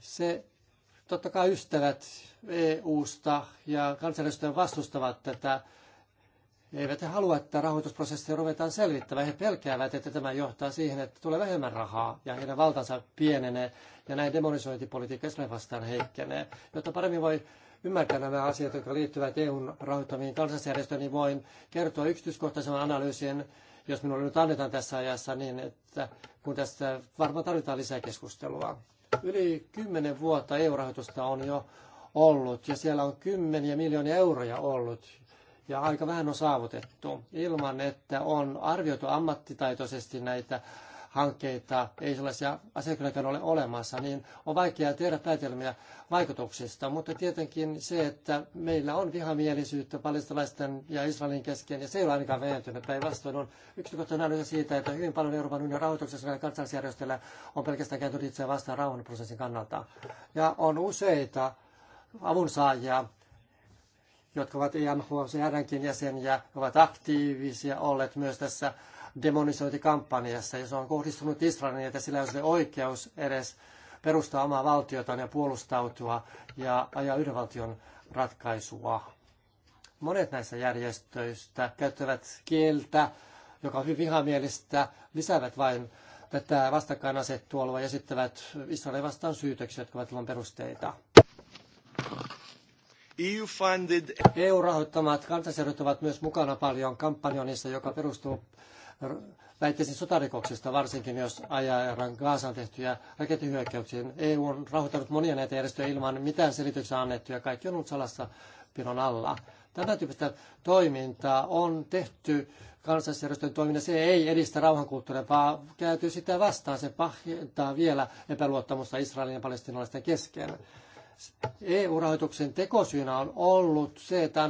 Se totta kai ystävät EU-sta ja kansanedustajat vastustavat tätä. Eivät he halua, että rahoitusprosessia ruvetaan selvittämään. He pelkäävät, että tämä johtaa siihen, että tulee vähemmän rahaa ja heidän valtansa pienenee ja näin demonisointipolitiikka Israelin vastaan heikkenee, jotta paremmin voi ymmärtää nämä asiat, jotka liittyvät EUn rahoittamiin kansallisjärjestöihin, niin voin kertoa yksityiskohtaisen analyysin, jos minulle nyt annetaan tässä ajassa, niin että kun tästä varmaan tarvitaan lisää keskustelua. Yli kymmenen vuotta EU-rahoitusta on jo ollut ja siellä on kymmeniä miljoonia euroja ollut ja aika vähän on saavutettu ilman, että on arvioitu ammattitaitoisesti näitä hankkeita, ei sellaisia asiakirjoja ole olemassa, niin on vaikeaa tehdä päätelmiä vaikutuksista. Mutta tietenkin se, että meillä on vihamielisyyttä palestalaisten ja Israelin kesken, ja se ei ole ainakaan vähentynyt. Päinvastoin on yksityiskohtainen analyysi siitä, että hyvin paljon Euroopan unionin rahoituksessa näillä kansalaisjärjestöillä on pelkästään kääntynyt itseään vastaan rauhanprosessin kannalta. Ja on useita avunsaajia, jotka ovat EMHCRnkin jäseniä, ovat aktiivisia olleet myös tässä demonisointikampanjassa ja se on kohdistunut Israelin, että sillä ei ole oikeus edes perustaa omaa valtiotaan ja puolustautua ja ajaa yhden valtion ratkaisua. Monet näistä järjestöistä käyttävät kieltä, joka on hyvin vihamielistä, lisäävät vain tätä vastakkainasettua ja esittävät Israelin vastaan syytöksiä, jotka ovat ilman perusteita. EU-rahoittamat e kansanseudut ovat myös mukana paljon kampanjonissa, joka perustuu väitteisiin sotarikoksista, varsinkin jos ajajan Gaasaan tehtyjä rakettihyökkäyksiä. EU on rahoittanut monia näitä järjestöjä ilman mitään selityksiä annettuja ja kaikki on ollut salassa pidon alla. Tämä tyyppistä toimintaa on tehty kansalaisjärjestön toiminta. Se ei edistä rauhankulttuuria, vaan käytyy sitä vastaan. Se pahentaa vielä epäluottamusta Israelin ja palestinalaisten kesken. EU-rahoituksen tekosyynä on ollut se, että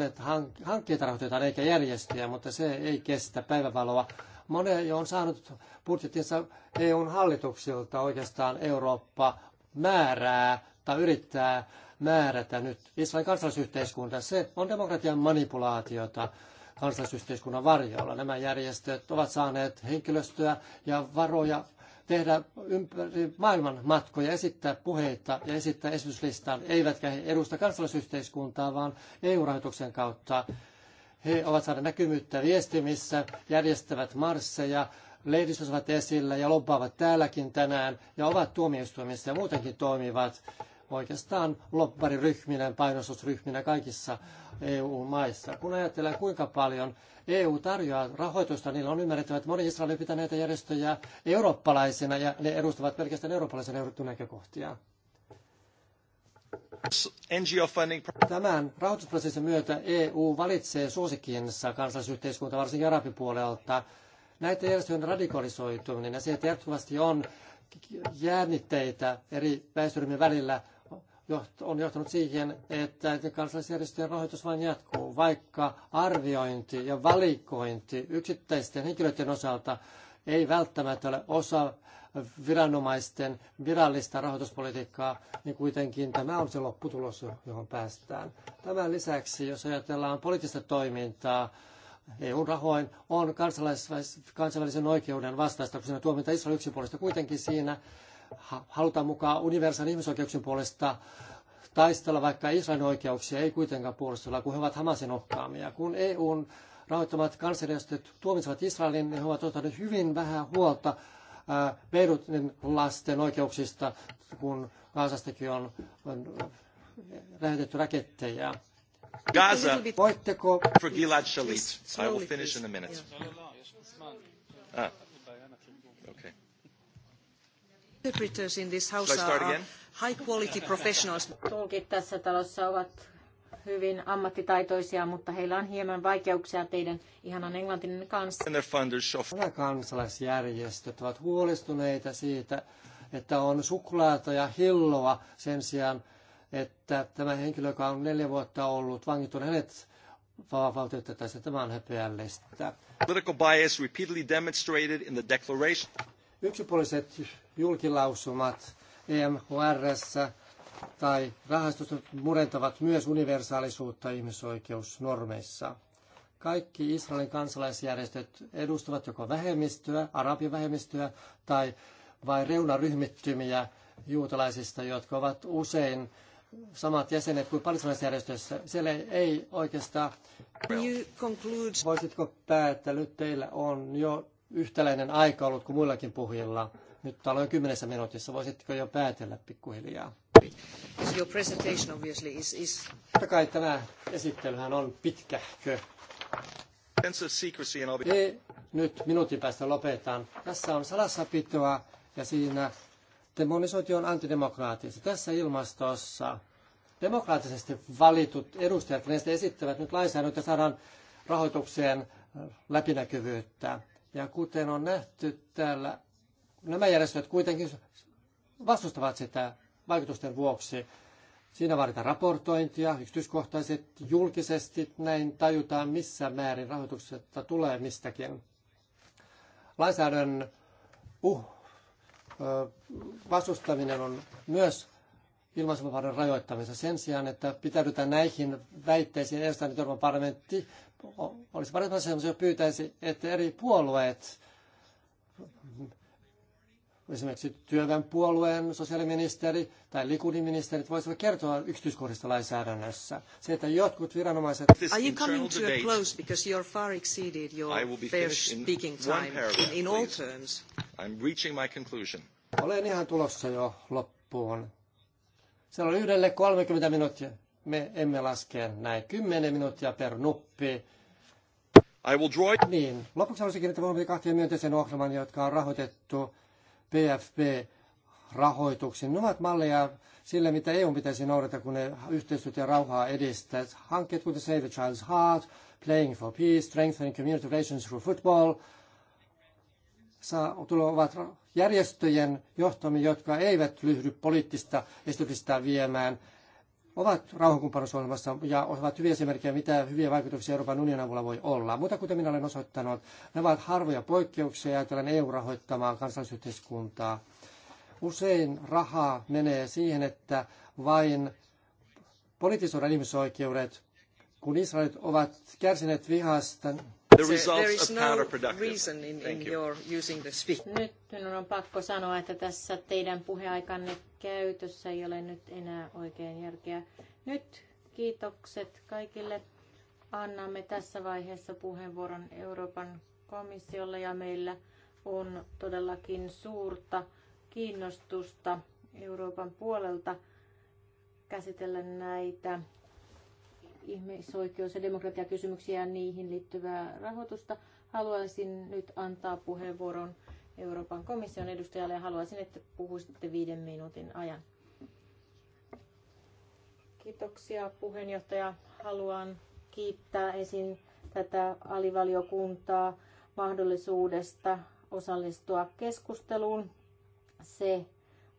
hankkeita rahoitetaan eikä järjestöjä, mutta se ei kestä päivävaloa Monet jo on saanut budjettinsa EUn hallituksilta oikeastaan Eurooppa määrää tai yrittää määrätä nyt Israelin kansallisyhteiskunta. Se on demokratian manipulaatiota kansalaisyhteiskunnan varjolla. Nämä järjestöt ovat saaneet henkilöstöä ja varoja tehdä ympäri maailman matkoja, esittää puheita ja esittää esityslistan, eivätkä he edusta kansallisyhteiskuntaa, vaan EU-rahoituksen kautta he ovat saaneet näkymyyttä viestimissä, järjestävät marsseja, lehdistöt ovat esillä ja lobbaavat täälläkin tänään ja ovat tuomioistuimissa ja muutenkin toimivat oikeastaan lobbariryhminä, painostusryhminä kaikissa EU-maissa. Kun ajatellaan, kuinka paljon EU tarjoaa rahoitusta, niillä on ymmärrettävä, että moni Israeli pitää näitä järjestöjä eurooppalaisina ja ne edustavat pelkästään eurooppalaisen näkökohtia. Tämän rahoitusprosessin myötä EU valitsee suosikkiensa kansallisyhteiskunta varsinkin arabipuolelta. Näitä järjestöjen radikalisoituminen ja se, että jatkuvasti on jännitteitä eri väestöryhmien välillä, on johtanut siihen, että kansalaisjärjestöjen rahoitus vain jatkuu, vaikka arviointi ja valikointi yksittäisten henkilöiden osalta ei välttämättä ole osa viranomaisten virallista rahoituspolitiikkaa, niin kuitenkin tämä on se lopputulos, johon päästään. Tämän lisäksi, jos ajatellaan poliittista toimintaa, EUn rahoin on kansainvälisen oikeuden vastaista, kun siinä tuomita Israel yksipuolista. Kuitenkin siinä halutaan mukaan universaalin ihmisoikeuksien puolesta taistella, vaikka Israelin oikeuksia ei kuitenkaan puolustella, kun he ovat Hamasin ohkaamia. Kun EUn rahoittamat kansanjärjestöt tuomitsevat Israelin, niin he ovat ottaneet hyvin vähän huolta Äh, Beirutin lasten oikeuksista, kun Gaasastakin on, on lähetetty raketteja. Gaza Voitteko... for Gilad Shalit. I will finish in a minute. No, no, no, ah. Okay. Interpreters in this house are high quality professionals. Tulkit tässä talossa ovat hyvin ammattitaitoisia, mutta heillä on hieman vaikeuksia teidän ihanan englantin kanssa. Nämä kansalaisjärjestöt ovat huolestuneita siitä, että on suklaata ja hilloa sen sijaan, että tämä henkilö, joka on neljä vuotta ollut vangittuna, hänet vapautettaisiin. Tämä on häpeällistä. Political bias repeatedly demonstrated in the declaration. Yksipuoliset julkilausumat EMHRssä tai rahastot murentavat myös universaalisuutta ihmisoikeusnormeissa. Kaikki Israelin kansalaisjärjestöt edustavat joko vähemmistöä, arabivähemmistöä tai vain reunaryhmittymiä juutalaisista, jotka ovat usein samat jäsenet kuin palestinaisjärjestössä. Siellä ei oikeastaan... Voisitko päättää, nyt teillä on jo yhtäläinen aika ollut kuin muillakin puhujilla. Nyt täällä on kymmenessä minuutissa. Voisitko jo päätellä pikkuhiljaa? Your presentation obviously is, is... Totta kai tämä esittelyhän on pitkähkö. Me nyt minuutin päästä lopetan. Tässä on salassapitoa ja siinä demonisointi on antidemokraattista. Tässä ilmastossa demokraattisesti valitut edustajat, ne esittävät nyt lainsäädäntö, saadaan rahoitukseen läpinäkyvyyttä. Ja kuten on nähty täällä, nämä järjestöt kuitenkin vastustavat sitä vaikutusten vuoksi. Siinä vaaditaan raportointia yksityiskohtaiset julkisesti, näin tajutaan missä määrin rahoituksesta tulee mistäkin. Lainsäädännön uh, vastustaminen on myös ilmaisuvapauden rajoittamista. Sen sijaan, että pitäydytään näihin väitteisiin, Euroopan parlamentti olisi parempi asemassa, jos pyytäisi, että eri puolueet esimerkiksi työväen sosiaaliministeri tai Likudin ministerit voisivat kertoa yksityiskohdista lainsäädännössä. Se, että jotkut viranomaiset... Are you coming to a close because you're far exceeded your fair speaking time in, in all terms? I'm reaching my conclusion. Olen ihan tulossa jo loppuun. Se on yhdelle 30 minuuttia. Me emme laske näin. 10 minuuttia per nuppi. I will draw... Niin. Lopuksi haluaisin kiinnittää huomiota kahteen myönteiseen ohjelmaan, jotka on rahoitettu PFP-rahoituksen. Ne ovat malleja sille, mitä EU pitäisi noudata, kun ne yhteistyötä ja rauhaa edistää. Hankkeet kuten Save the Child's Heart, Playing for Peace, Strengthening Community Relations Through Football saa, järjestöjen johtamia, jotka eivät lyhdy poliittista esitystä viemään ovat rauhankumppanuusohjelmassa ja ovat hyviä esimerkkejä, mitä hyviä vaikutuksia Euroopan unionin avulla voi olla. Mutta kuten minä olen osoittanut, ne ovat harvoja poikkeuksia ajatellen EU-rahoittamaa kansallisyhteiskuntaa. Usein rahaa menee siihen, että vain politisoidaan ihmisoikeudet, kun Israelit ovat kärsineet vihasta the results of no counterproductive. Nyt minun on pakko sanoa, että tässä teidän puheaikanne käytössä ei ole nyt enää oikein järkeä. Nyt kiitokset kaikille. Annamme tässä vaiheessa puheenvuoron Euroopan komissiolle ja meillä on todellakin suurta kiinnostusta Euroopan puolelta käsitellä näitä ihmisoikeus- ja demokratiakysymyksiä ja niihin liittyvää rahoitusta. Haluaisin nyt antaa puheenvuoron Euroopan komission edustajalle ja haluaisin, että puhuisitte viiden minuutin ajan. Kiitoksia puheenjohtaja. Haluan kiittää esiin tätä alivaliokuntaa mahdollisuudesta osallistua keskusteluun. Se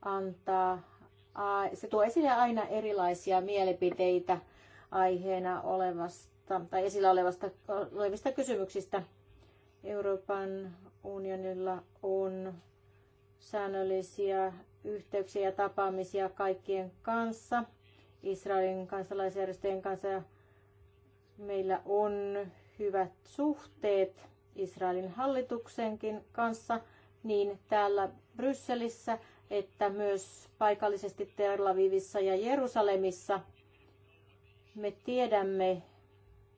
antaa se tuo esille aina erilaisia mielipiteitä aiheena olevasta tai esillä olevasta, olevista kysymyksistä. Euroopan unionilla on säännöllisiä yhteyksiä ja tapaamisia kaikkien kanssa, Israelin kansalaisjärjestöjen kanssa. Meillä on hyvät suhteet Israelin hallituksenkin kanssa niin täällä Brysselissä että myös paikallisesti Tel Avivissa ja Jerusalemissa – me tiedämme,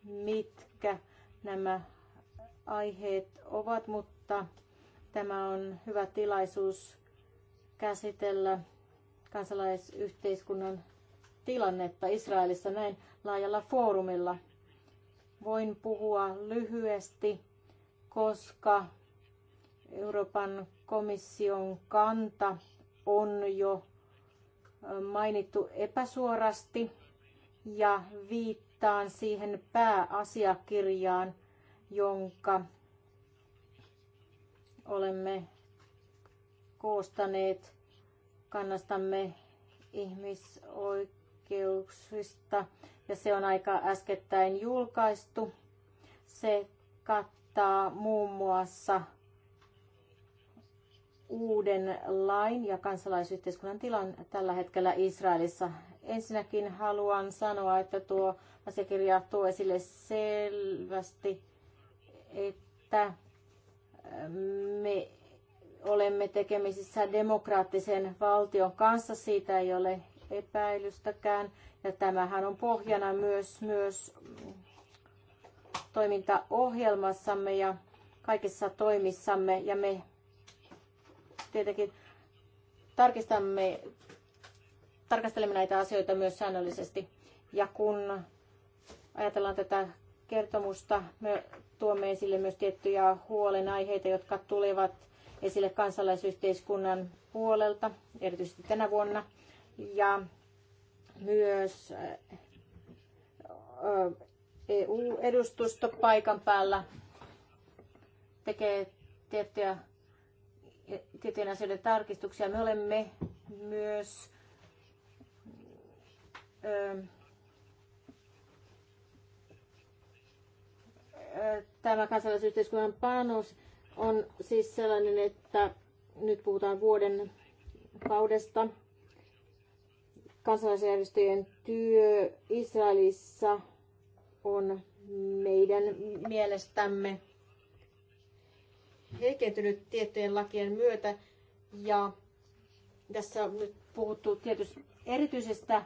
mitkä nämä aiheet ovat, mutta tämä on hyvä tilaisuus käsitellä kansalaisyhteiskunnan tilannetta Israelissa näin laajalla foorumilla. Voin puhua lyhyesti, koska Euroopan komission kanta on jo mainittu epäsuorasti ja viittaan siihen pääasiakirjaan, jonka olemme koostaneet kannastamme ihmisoikeuksista ja se on aika äskettäin julkaistu. Se kattaa muun muassa uuden lain ja kansalaisyhteiskunnan tilan tällä hetkellä Israelissa. Ensinnäkin haluan sanoa, että tuo asiakirja tuo esille selvästi, että ähm, me olemme tekemisissä demokraattisen valtion kanssa, siitä ei ole epäilystäkään. Ja tämähän on pohjana myös, myös toimintaohjelmassamme ja kaikissa toimissamme. Ja me tietenkin tarkistamme tarkastelemme näitä asioita myös säännöllisesti. Ja kun ajatellaan tätä kertomusta, me tuomme esille myös tiettyjä huolenaiheita, jotka tulevat esille kansalaisyhteiskunnan puolelta, erityisesti tänä vuonna. Ja myös EU-edustusto paikan päällä tekee tiettyjä, tiettyjen asioiden tarkistuksia. Me olemme myös Ähm, äh, tämä kansalaisyhteiskunnan panos on siis sellainen, että nyt puhutaan vuoden kaudesta. Kansalaisjärjestöjen työ Israelissa on meidän mielestämme heikentynyt tiettyjen lakien myötä. Ja tässä on nyt puhuttu tietysti erityisestä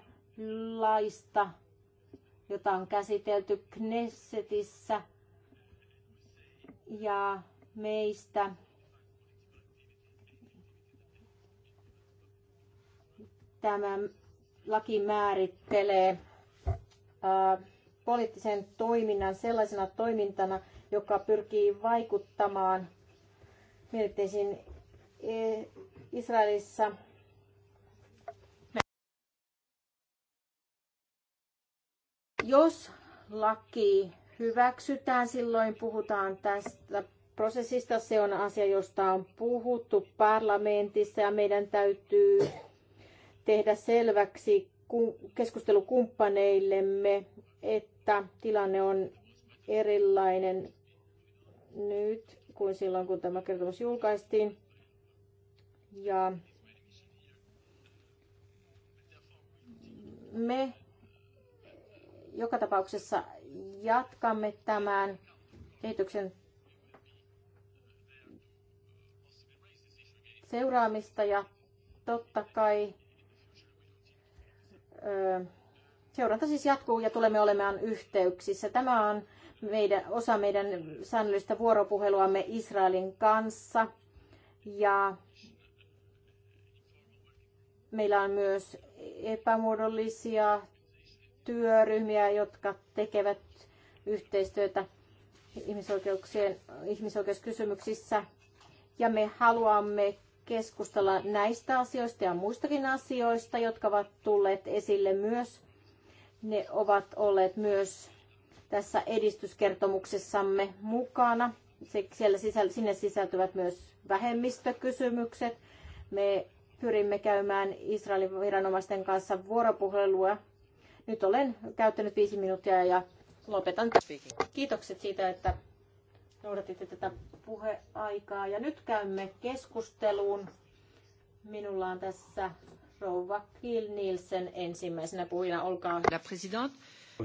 laista, jota on käsitelty Knessetissä. Ja meistä tämä laki määrittelee ää, poliittisen toiminnan sellaisena toimintana, joka pyrkii vaikuttamaan mielipiteisiin e- Israelissa Jos laki hyväksytään, silloin puhutaan tästä prosessista. Se on asia, josta on puhuttu parlamentissa ja meidän täytyy tehdä selväksi keskustelukumppaneillemme, että tilanne on erilainen nyt kuin silloin, kun tämä kertomus julkaistiin. Ja me joka tapauksessa jatkamme tämän kehityksen seuraamista ja totta kai seuranta siis jatkuu ja tulemme olemaan yhteyksissä. Tämä on meidän, osa meidän säännöllistä vuoropuheluamme Israelin kanssa ja meillä on myös epämuodollisia työryhmiä, jotka tekevät yhteistyötä ihmisoikeuksien, ihmisoikeuskysymyksissä. Ja me haluamme keskustella näistä asioista ja muistakin asioista, jotka ovat tulleet esille myös. Ne ovat olleet myös tässä edistyskertomuksessamme mukana. Siellä sisäl- sinne sisältyvät myös vähemmistökysymykset. Me pyrimme käymään Israelin viranomaisten kanssa vuoropuhelua nyt olen käyttänyt viisi minuuttia ja lopetan. Kiitokset siitä, että noudatitte tätä puheaikaa. Ja nyt käymme keskusteluun. Minulla on tässä rouva Kiel Nielsen ensimmäisenä puhujana. Olkaa hyvä. President.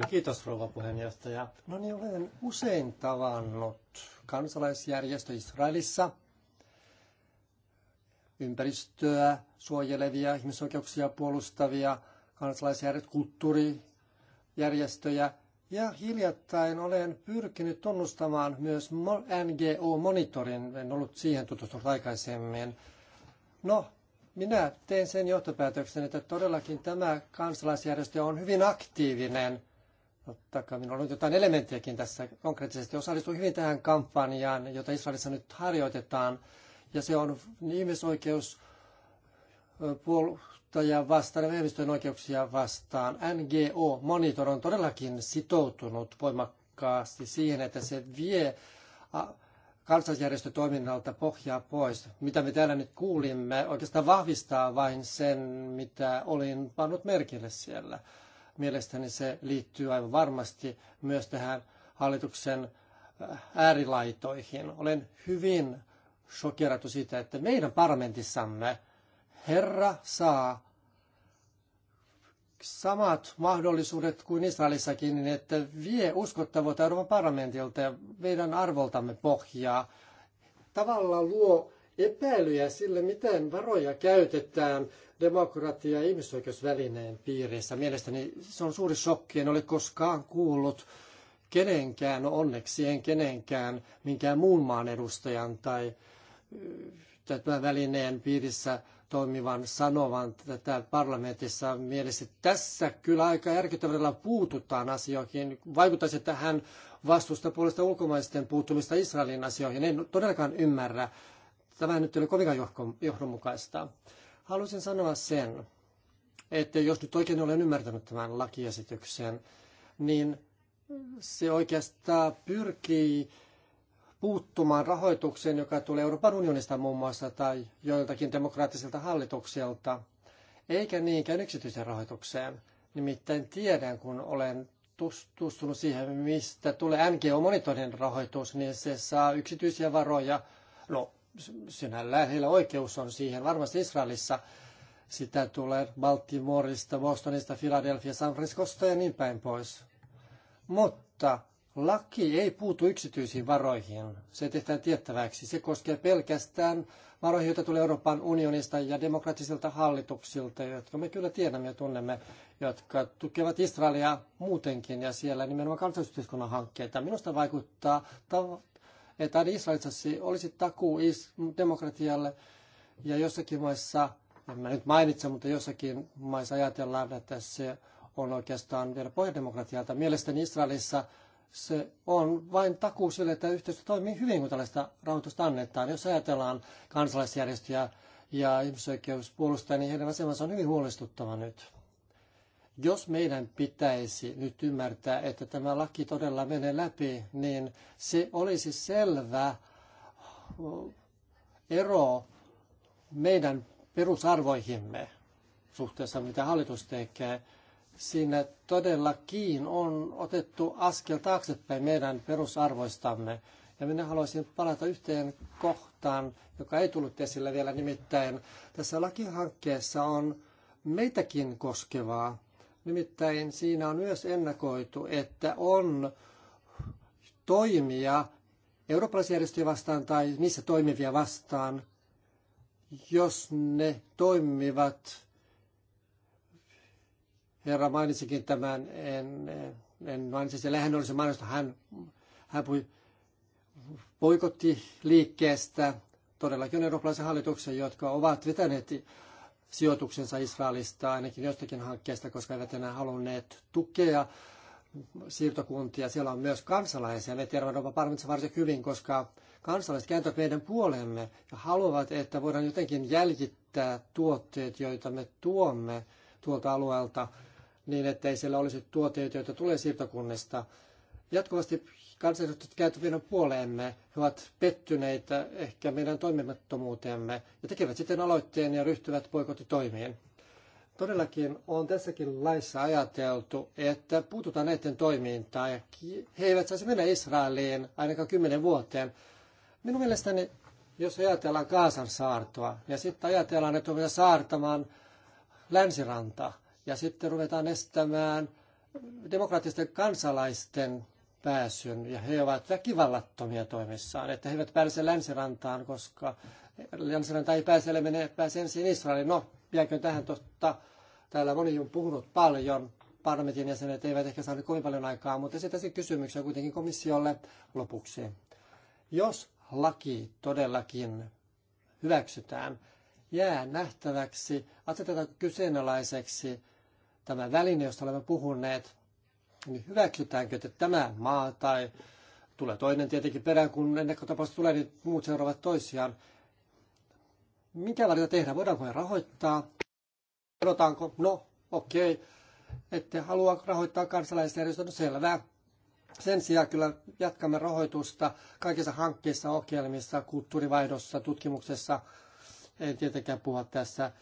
Kiitos rouva puheenjohtaja. No niin, olen usein tavannut kansalaisjärjestö Israelissa ympäristöä suojelevia, ihmisoikeuksia puolustavia – kansalaisjärjestöt, kulttuurijärjestöjä. Ja hiljattain olen pyrkinyt tunnustamaan myös NGO Monitorin, en ollut siihen tutustunut aikaisemmin. No, minä tein sen johtopäätöksen, että todellakin tämä kansalaisjärjestö on hyvin aktiivinen. Totta kai minulla on jotain elementtiäkin tässä konkreettisesti. Osallistuu hyvin tähän kampanjaan, jota Israelissa nyt harjoitetaan. Ja se on ihmisoikeus kuluttaja vastaan ja vähemmistöjen oikeuksia vastaan. NGO Monitor on todellakin sitoutunut voimakkaasti siihen, että se vie kansalaisjärjestötoiminnalta pohjaa pois. Mitä me täällä nyt kuulimme, oikeastaan vahvistaa vain sen, mitä olin pannut merkille siellä. Mielestäni se liittyy aivan varmasti myös tähän hallituksen äärilaitoihin. Olen hyvin shokerattu siitä, että meidän parlamentissamme – Herra saa samat mahdollisuudet kuin Israelissakin, niin että vie uskottavuutta Euroopan parlamentilta ja meidän arvoltamme pohjaa. Tavallaan luo epäilyjä sille, miten varoja käytetään demokratia- ja ihmisoikeusvälineen piirissä. Mielestäni se on suuri shokki. En ole koskaan kuullut kenenkään, no onneksi en kenenkään, minkään muun maan edustajan tai tämän välineen piirissä toimivan sanovan tätä parlamentissa mielessä. Tässä kyllä aika järkyttävällä puututaan asioihin. Vaikuttaisi, että hän vastustaa puolesta ulkomaisten puuttumista Israelin asioihin. En todellakaan ymmärrä. Tämä nyt ei ole kovinkaan johdonmukaista. Haluaisin sanoa sen, että jos nyt oikein olen ymmärtänyt tämän lakiesityksen, niin se oikeastaan pyrkii puuttumaan rahoitukseen, joka tulee Euroopan unionista muun muassa tai joiltakin demokraattisilta hallituksilta, eikä niinkään yksityiseen rahoitukseen. Nimittäin tiedän, kun olen tutustunut siihen, mistä tulee NGO-monitorin rahoitus, niin se saa yksityisiä varoja. No, sinällään heillä oikeus on siihen. Varmasti Israelissa sitä tulee Baltimoreista, Bostonista, Philadelphia, San Franciscosta ja niin päin pois. Mutta Laki ei puutu yksityisiin varoihin. Se tehdään tiettäväksi. Se koskee pelkästään varoihin, joita tulee Euroopan unionista ja demokraattisilta hallituksilta, jotka me kyllä tiedämme ja tunnemme, jotka tukevat Israelia muutenkin ja siellä nimenomaan kansallisyhteiskunnan hankkeita. Minusta vaikuttaa, että Israelissa olisi takuu demokratialle ja jossakin maissa, en mä nyt mainitse, mutta jossakin maissa ajatellaan, että se on oikeastaan vielä pohjademokratialta. Mielestäni Israelissa se on vain takuu sille, että yhteistyö toimii hyvin, kun tällaista rahoitusta annetaan. Jos ajatellaan kansalaisjärjestöjä ja ihmisoikeuspuolustajia, niin heidän asemansa on hyvin huolestuttava nyt. Jos meidän pitäisi nyt ymmärtää, että tämä laki todella menee läpi, niin se olisi selvä ero meidän perusarvoihimme suhteessa, mitä hallitus tekee. Siinä todellakin on otettu askel taaksepäin meidän perusarvoistamme. Ja minä haluaisin palata yhteen kohtaan, joka ei tullut esille vielä nimittäin. Tässä lakihankkeessa on meitäkin koskevaa. Nimittäin siinä on myös ennakoitu, että on toimia eurooppalaisia järjestöjä vastaan tai niissä toimivia vastaan, jos ne toimivat herra mainitsikin tämän, en, en mainitse sitä lähinnä olisi mainosta, hän, hän puhui poikotti liikkeestä todellakin on eurooppalaisen hallituksen, jotka ovat vetäneet sijoituksensa Israelista ainakin jostakin hankkeesta, koska eivät enää halunneet tukea siirtokuntia. Siellä on myös kansalaisia. Me tiedämme Euroopan parlamentissa varsin hyvin, koska kansalaiset kääntävät meidän puolemme ja haluavat, että voidaan jotenkin jäljittää tuotteet, joita me tuomme tuolta alueelta niin, että ei siellä olisi tuotteita, joita tulee siirtokunnista. Jatkuvasti kansanedustajat kääntyvät meidän puoleemme. He ovat pettyneitä ehkä meidän toimimattomuuteemme ja tekevät sitten aloitteen ja ryhtyvät poikottitoimiin. Todellakin on tässäkin laissa ajateltu, että puututaan näiden toimintaan ja he eivät saisi mennä Israeliin ainakaan kymmenen vuoteen. Minun mielestäni, jos ajatellaan Kaasan saartoa ja sitten ajatellaan, että on saartamaan länsiranta – ja sitten ruvetaan estämään demokraattisten kansalaisten pääsyn ja he ovat väkivallattomia toimissaan, että he eivät pääse länsirantaan, koska länsiranta ei pääse, menee, pääse ensin Israeliin. No, jääkö tähän totta? Täällä moni on puhunut paljon, parlamentin jäsenet eivät ehkä saaneet kovin paljon aikaa, mutta esitäisin kysymyksiä kuitenkin komissiolle lopuksi. Jos laki todellakin hyväksytään, jää nähtäväksi, asetetaan kyseenalaiseksi tämä väline, josta olemme puhuneet, niin hyväksytäänkö, että tämä maa tai tulee toinen tietenkin perään, kun ennakkotapaus tulee, niin muut seuraavat toisiaan. Mikä valinta tehdään? Voidaanko me rahoittaa? Sanotaanko, no okei, okay. ette halua rahoittaa kansalaisjärjestöä, no selvä. Sen sijaan kyllä jatkamme rahoitusta kaikissa hankkeissa, ohjelmissa, kulttuurivaihdossa, tutkimuksessa. En tietenkään puhua tässä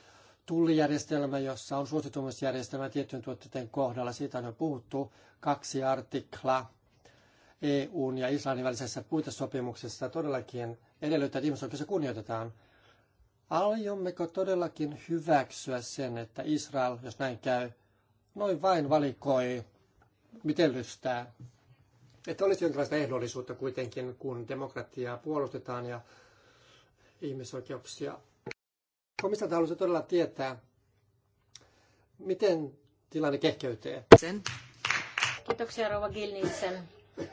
tullijärjestelmä, jossa on suositumusjärjestelmä tiettyjen tuotteiden kohdalla. Siitä on jo puhuttu kaksi artiklaa EUn ja Islannin välisessä puitesopimuksessa todellakin edellyttää, että ihmisoikeus kunnioitetaan. Aiommeko todellakin hyväksyä sen, että Israel, jos näin käy, noin vain valikoi, miten lystää? Että olisi jonkinlaista ehdollisuutta kuitenkin, kun demokratiaa puolustetaan ja ihmisoikeuksia Komissiolta haluaisin todella tietää, miten tilanne kehkeytyy. Sen. Kiitoksia Rova Gilnitsen. Uh,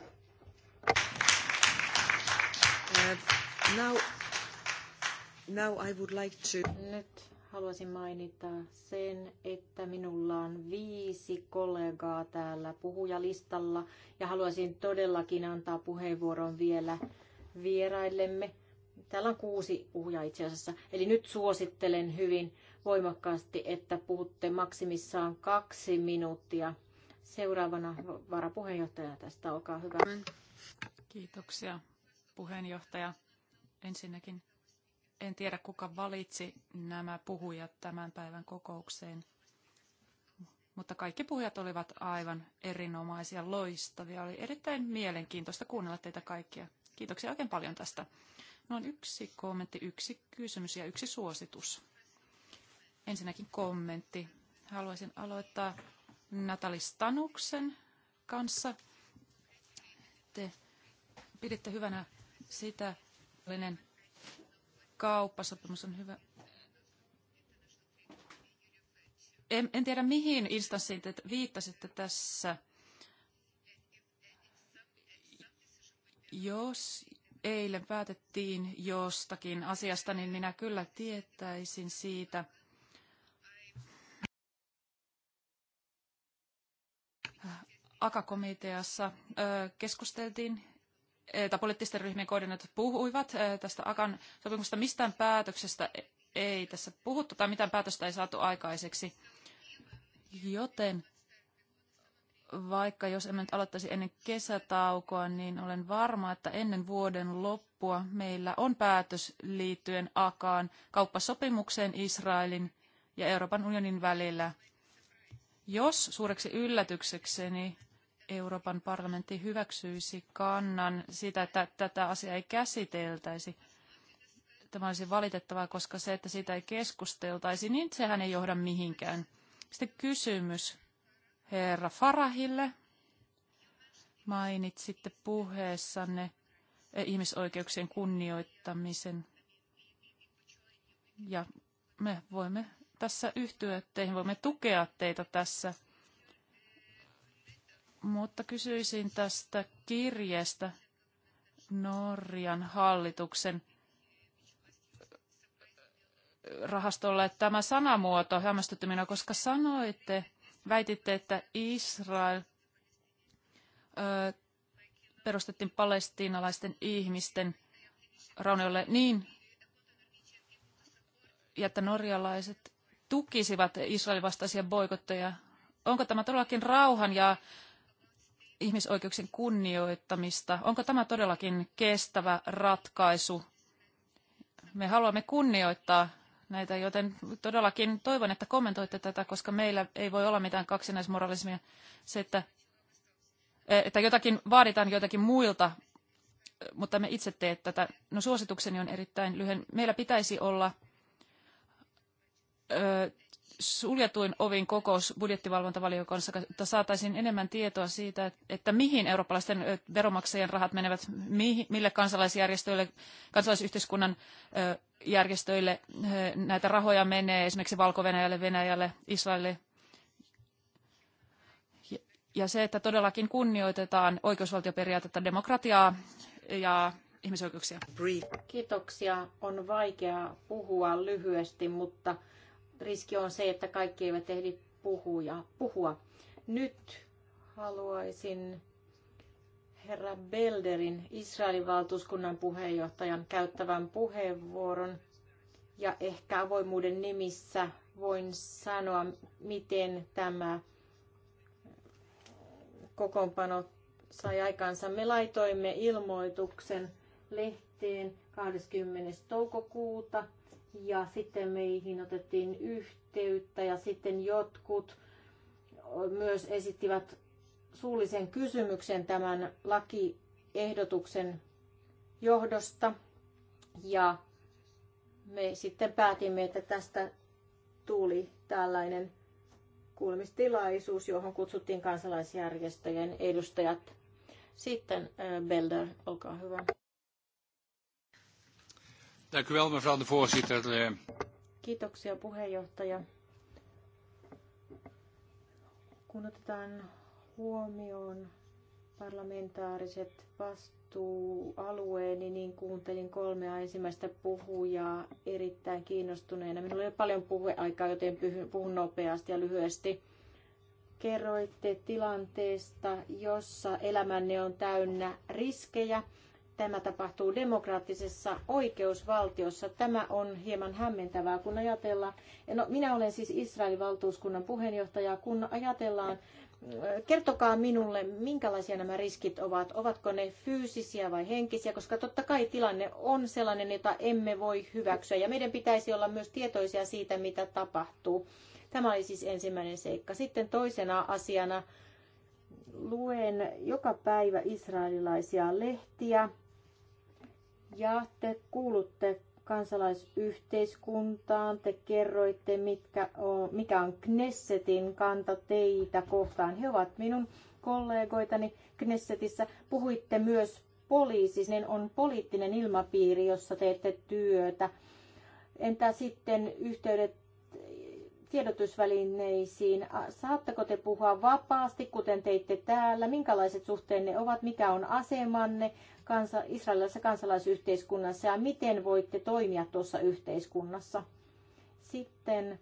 now, now I would like to... Nyt haluaisin mainita sen, että minulla on viisi kollegaa täällä puhujalistalla ja haluaisin todellakin antaa puheenvuoron vielä vieraillemme. Täällä on kuusi puhujaa itse asiassa. Eli nyt suosittelen hyvin voimakkaasti, että puhutte maksimissaan kaksi minuuttia. Seuraavana varapuheenjohtaja tästä, olkaa hyvä. Kiitoksia puheenjohtaja. Ensinnäkin en tiedä, kuka valitsi nämä puhujat tämän päivän kokoukseen, mutta kaikki puhujat olivat aivan erinomaisia, loistavia. Oli erittäin mielenkiintoista kuunnella teitä kaikkia. Kiitoksia oikein paljon tästä. Minulla no on yksi kommentti, yksi kysymys ja yksi suositus. Ensinnäkin kommentti. Haluaisin aloittaa Natali Stanuksen kanssa. Te piditte hyvänä sitä, että kauppasopimus on hyvä. En, en tiedä, mihin instanssiin te viittasitte tässä. Jos eilen päätettiin jostakin asiasta, niin minä kyllä tietäisin siitä. akakomiteassa keskusteltiin, tai poliittisten ryhmien koordinaatit puhuivat tästä AKAN sopimusta Mistään päätöksestä e- ei tässä puhuttu tai mitään päätöstä ei saatu aikaiseksi. Joten vaikka jos emme nyt aloittaisi ennen kesätaukoa, niin olen varma, että ennen vuoden loppua meillä on päätös liittyen AKAan kauppasopimukseen Israelin ja Euroopan unionin välillä. Jos suureksi yllätyksekseni Euroopan parlamentti hyväksyisi kannan sitä, että tätä asiaa ei käsiteltäisi, tämä olisi valitettavaa, koska se, että siitä ei keskusteltaisi, niin sehän ei johda mihinkään. Sitten kysymys herra Farahille. Mainitsitte puheessanne eh, ihmisoikeuksien kunnioittamisen. Ja me voimme tässä yhtyä teihin, voimme tukea teitä tässä. Mutta kysyisin tästä kirjeestä Norjan hallituksen rahastolle että tämä sanamuoto hämmästytti minua, koska sanoitte, Väititte, että Israel ö, perustettiin palestiinalaisten ihmisten raunioille niin, ja että norjalaiset tukisivat Israelin vastaisia boikotteja. Onko tämä todellakin rauhan ja ihmisoikeuksien kunnioittamista? Onko tämä todellakin kestävä ratkaisu? Me haluamme kunnioittaa näitä, joten todellakin toivon, että kommentoitte tätä, koska meillä ei voi olla mitään kaksinaismoralismia. Se, että, eh, että jotakin vaaditaan jotakin muilta, eh, mutta me itse teet tätä. No suositukseni on erittäin lyhyen. Meillä pitäisi olla eh, suljetuin ovin kokous budjettivalvontavaliokunnassa, että saataisiin enemmän tietoa siitä, että mihin eurooppalaisten veromaksajien rahat menevät, mille kansalaisjärjestöille, kansalaisyhteiskunnan järjestöille näitä rahoja menee, esimerkiksi Valko-Venäjälle, Venäjälle, Israelille. Ja se, että todellakin kunnioitetaan oikeusvaltioperiaatetta, demokratiaa ja ihmisoikeuksia. Kiitoksia. On vaikea puhua lyhyesti, mutta riski on se, että kaikki eivät ehdi puhuja, puhua. Nyt haluaisin herra Belderin, Israelin valtuuskunnan puheenjohtajan, käyttävän puheenvuoron. Ja ehkä avoimuuden nimissä voin sanoa, miten tämä kokoonpano sai aikaansa. Me laitoimme ilmoituksen lehteen 20. toukokuuta – ja sitten meihin otettiin yhteyttä ja sitten jotkut myös esittivät suullisen kysymyksen tämän lakiehdotuksen johdosta ja me sitten päätimme, että tästä tuli tällainen kuulemistilaisuus, johon kutsuttiin kansalaisjärjestöjen edustajat. Sitten äh, Belder, olkaa hyvä. Dank u wel, mevrouw de voorzitter. Eh, Kiitoksia puheenjohtaja. Kun otetaan huomioon parlamentaariset vastuualueeni, niin kuuntelin kolmea ensimmäistä puhujaa erittäin kiinnostuneena. Minulla ei ole paljon puheaikaa, joten puhun nopeasti ja lyhyesti. Kerroitte tilanteesta, jossa elämänne on täynnä riskejä tämä tapahtuu demokraattisessa oikeusvaltiossa. Tämä on hieman hämmentävää, kun ajatellaan, no minä olen siis Israelin valtuuskunnan puheenjohtaja, kun ajatellaan, äh, kertokaa minulle, minkälaisia nämä riskit ovat, ovatko ne fyysisiä vai henkisiä, koska totta kai tilanne on sellainen, jota emme voi hyväksyä ja meidän pitäisi olla myös tietoisia siitä, mitä tapahtuu. Tämä oli siis ensimmäinen seikka. Sitten toisena asiana luen joka päivä israelilaisia lehtiä ja te kuulutte kansalaisyhteiskuntaan. Te kerroitte, mitkä on, mikä on Knessetin kanta teitä kohtaan. He ovat minun kollegoitani Knessetissä. Puhuitte myös poliisista. Niin on poliittinen ilmapiiri, jossa teette työtä. Entä sitten yhteydet tiedotusvälineisiin? Saatteko te puhua vapaasti, kuten teitte täällä? Minkälaiset suhteenne ovat? Mikä on asemanne? kansa, israelilaisessa kansalaisyhteiskunnassa ja miten voitte toimia tuossa yhteiskunnassa. Sitten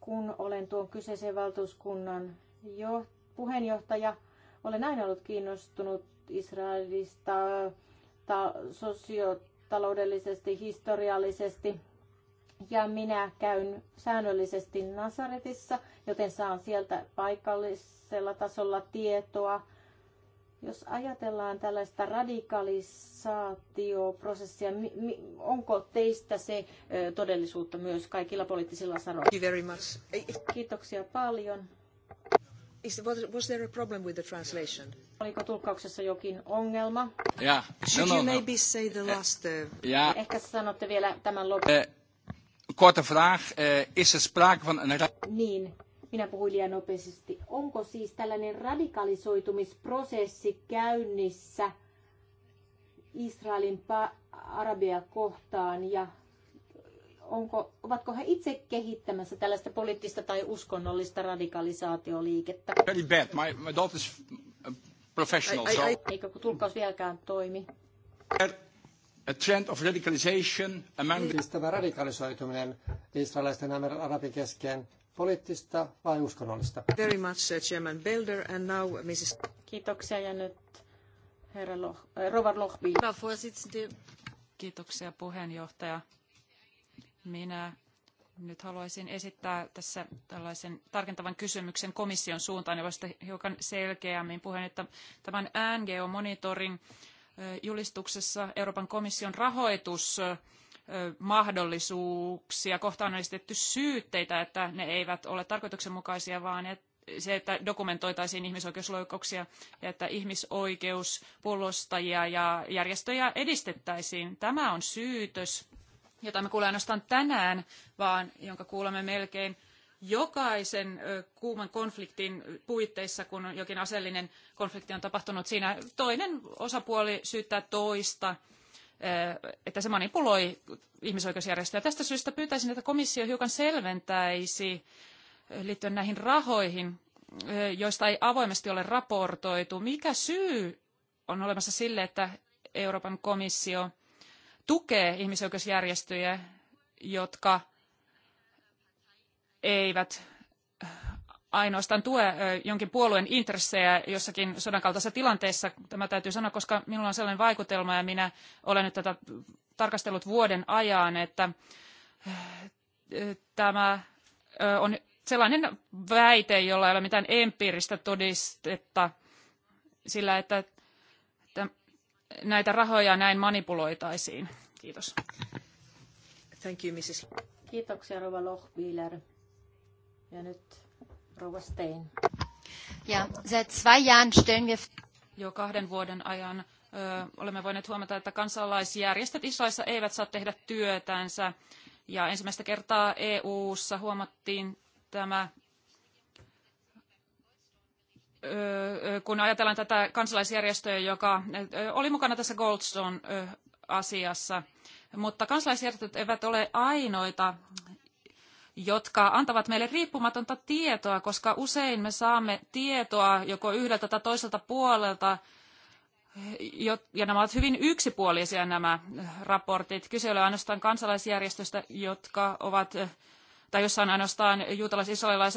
kun olen tuon kyseisen valtuuskunnan jo, puheenjohtaja, olen aina ollut kiinnostunut Israelista ta, sosiotaloudellisesti, historiallisesti ja minä käyn säännöllisesti Nasaretissa, joten saan sieltä paikallisella tasolla tietoa jos ajatellaan tällaista radikalisaatioprosessia, onko teistä se todellisuutta myös kaikilla poliittisilla saroilla? Kiitoksia paljon. Is, was there a problem with the translation? Oliko tulkkauksessa jokin ongelma? Yeah. Should no, no, you no. maybe no. say the eh, last... Uh... Yeah. Ehkä sanotte vielä tämän lopun. Uh, korte vraag. Uh, is er sprake van een... Niin, minä puhuin liian nopeasti. Onko siis tällainen radikalisoitumisprosessi käynnissä Israelin Arabia kohtaan ja onko, ovatko he itse kehittämässä tällaista poliittista tai uskonnollista radikalisaatioliikettä? Very bad. My, my daughter is uh, professional, so... Eikö tulkaus vieläkään toimi? A trend of radicalization among... Tämä radikalisoituminen israelaisten ja arabin kesken poliittista vai uskonnollista? Very much, uh, Chairman Belder, and now uh, Mrs. Kiitoksia ja nyt herra Loh, äh, Robert Lohby. Kiitoksia puheenjohtaja. Minä nyt haluaisin esittää tässä tällaisen tarkentavan kysymyksen komission suuntaan ja vasta hiukan selkeämmin puheen, että tämän NGO-monitorin äh, julistuksessa Euroopan komission rahoitus äh, mahdollisuuksia kohtaan on esitetty syytteitä, että ne eivät ole tarkoituksenmukaisia, vaan että se, että dokumentoitaisiin ihmisoikeusloukkauksia ja että ihmisoikeuspuolustajia ja järjestöjä edistettäisiin. Tämä on syytös, jota me kuulemme ainoastaan tänään, vaan jonka kuulemme melkein jokaisen kuuman konfliktin puitteissa, kun jokin aseellinen konflikti on tapahtunut, siinä toinen osapuoli syyttää toista että se manipuloi ihmisoikeusjärjestöjä. Tästä syystä pyytäisin, että komissio hiukan selventäisi liittyen näihin rahoihin, joista ei avoimesti ole raportoitu. Mikä syy on olemassa sille, että Euroopan komissio tukee ihmisoikeusjärjestöjä, jotka eivät ainoastaan tue jonkin puolueen intressejä jossakin sodan kaltaisessa tilanteessa. Tämä täytyy sanoa, koska minulla on sellainen vaikutelma ja minä olen nyt tätä tarkastellut vuoden ajan, että tämä on sellainen väite, jolla ei ole mitään empiiristä todistetta sillä, että näitä rahoja näin manipuloitaisiin. Kiitos. Thank you, Mrs. Kiitoksia, Rova Lohbiler. Ja nyt ja seit zwei Jahren stellen wir... Jo kahden vuoden ajan ö, olemme voineet huomata, että kansalaisjärjestöt Israelissa eivät saa tehdä työtänsä. Ja ensimmäistä kertaa EU-ssa huomattiin tämä kun ajatellaan tätä kansalaisjärjestöä, joka oli mukana tässä Goldstone-asiassa, mutta kansalaisjärjestöt eivät ole ainoita jotka antavat meille riippumatonta tietoa, koska usein me saamme tietoa joko yhdeltä tai toiselta puolelta, ja nämä ovat hyvin yksipuolisia nämä raportit. Kyse on ainoastaan kansalaisjärjestöistä, jotka ovat tai jossa on ainoastaan juutalais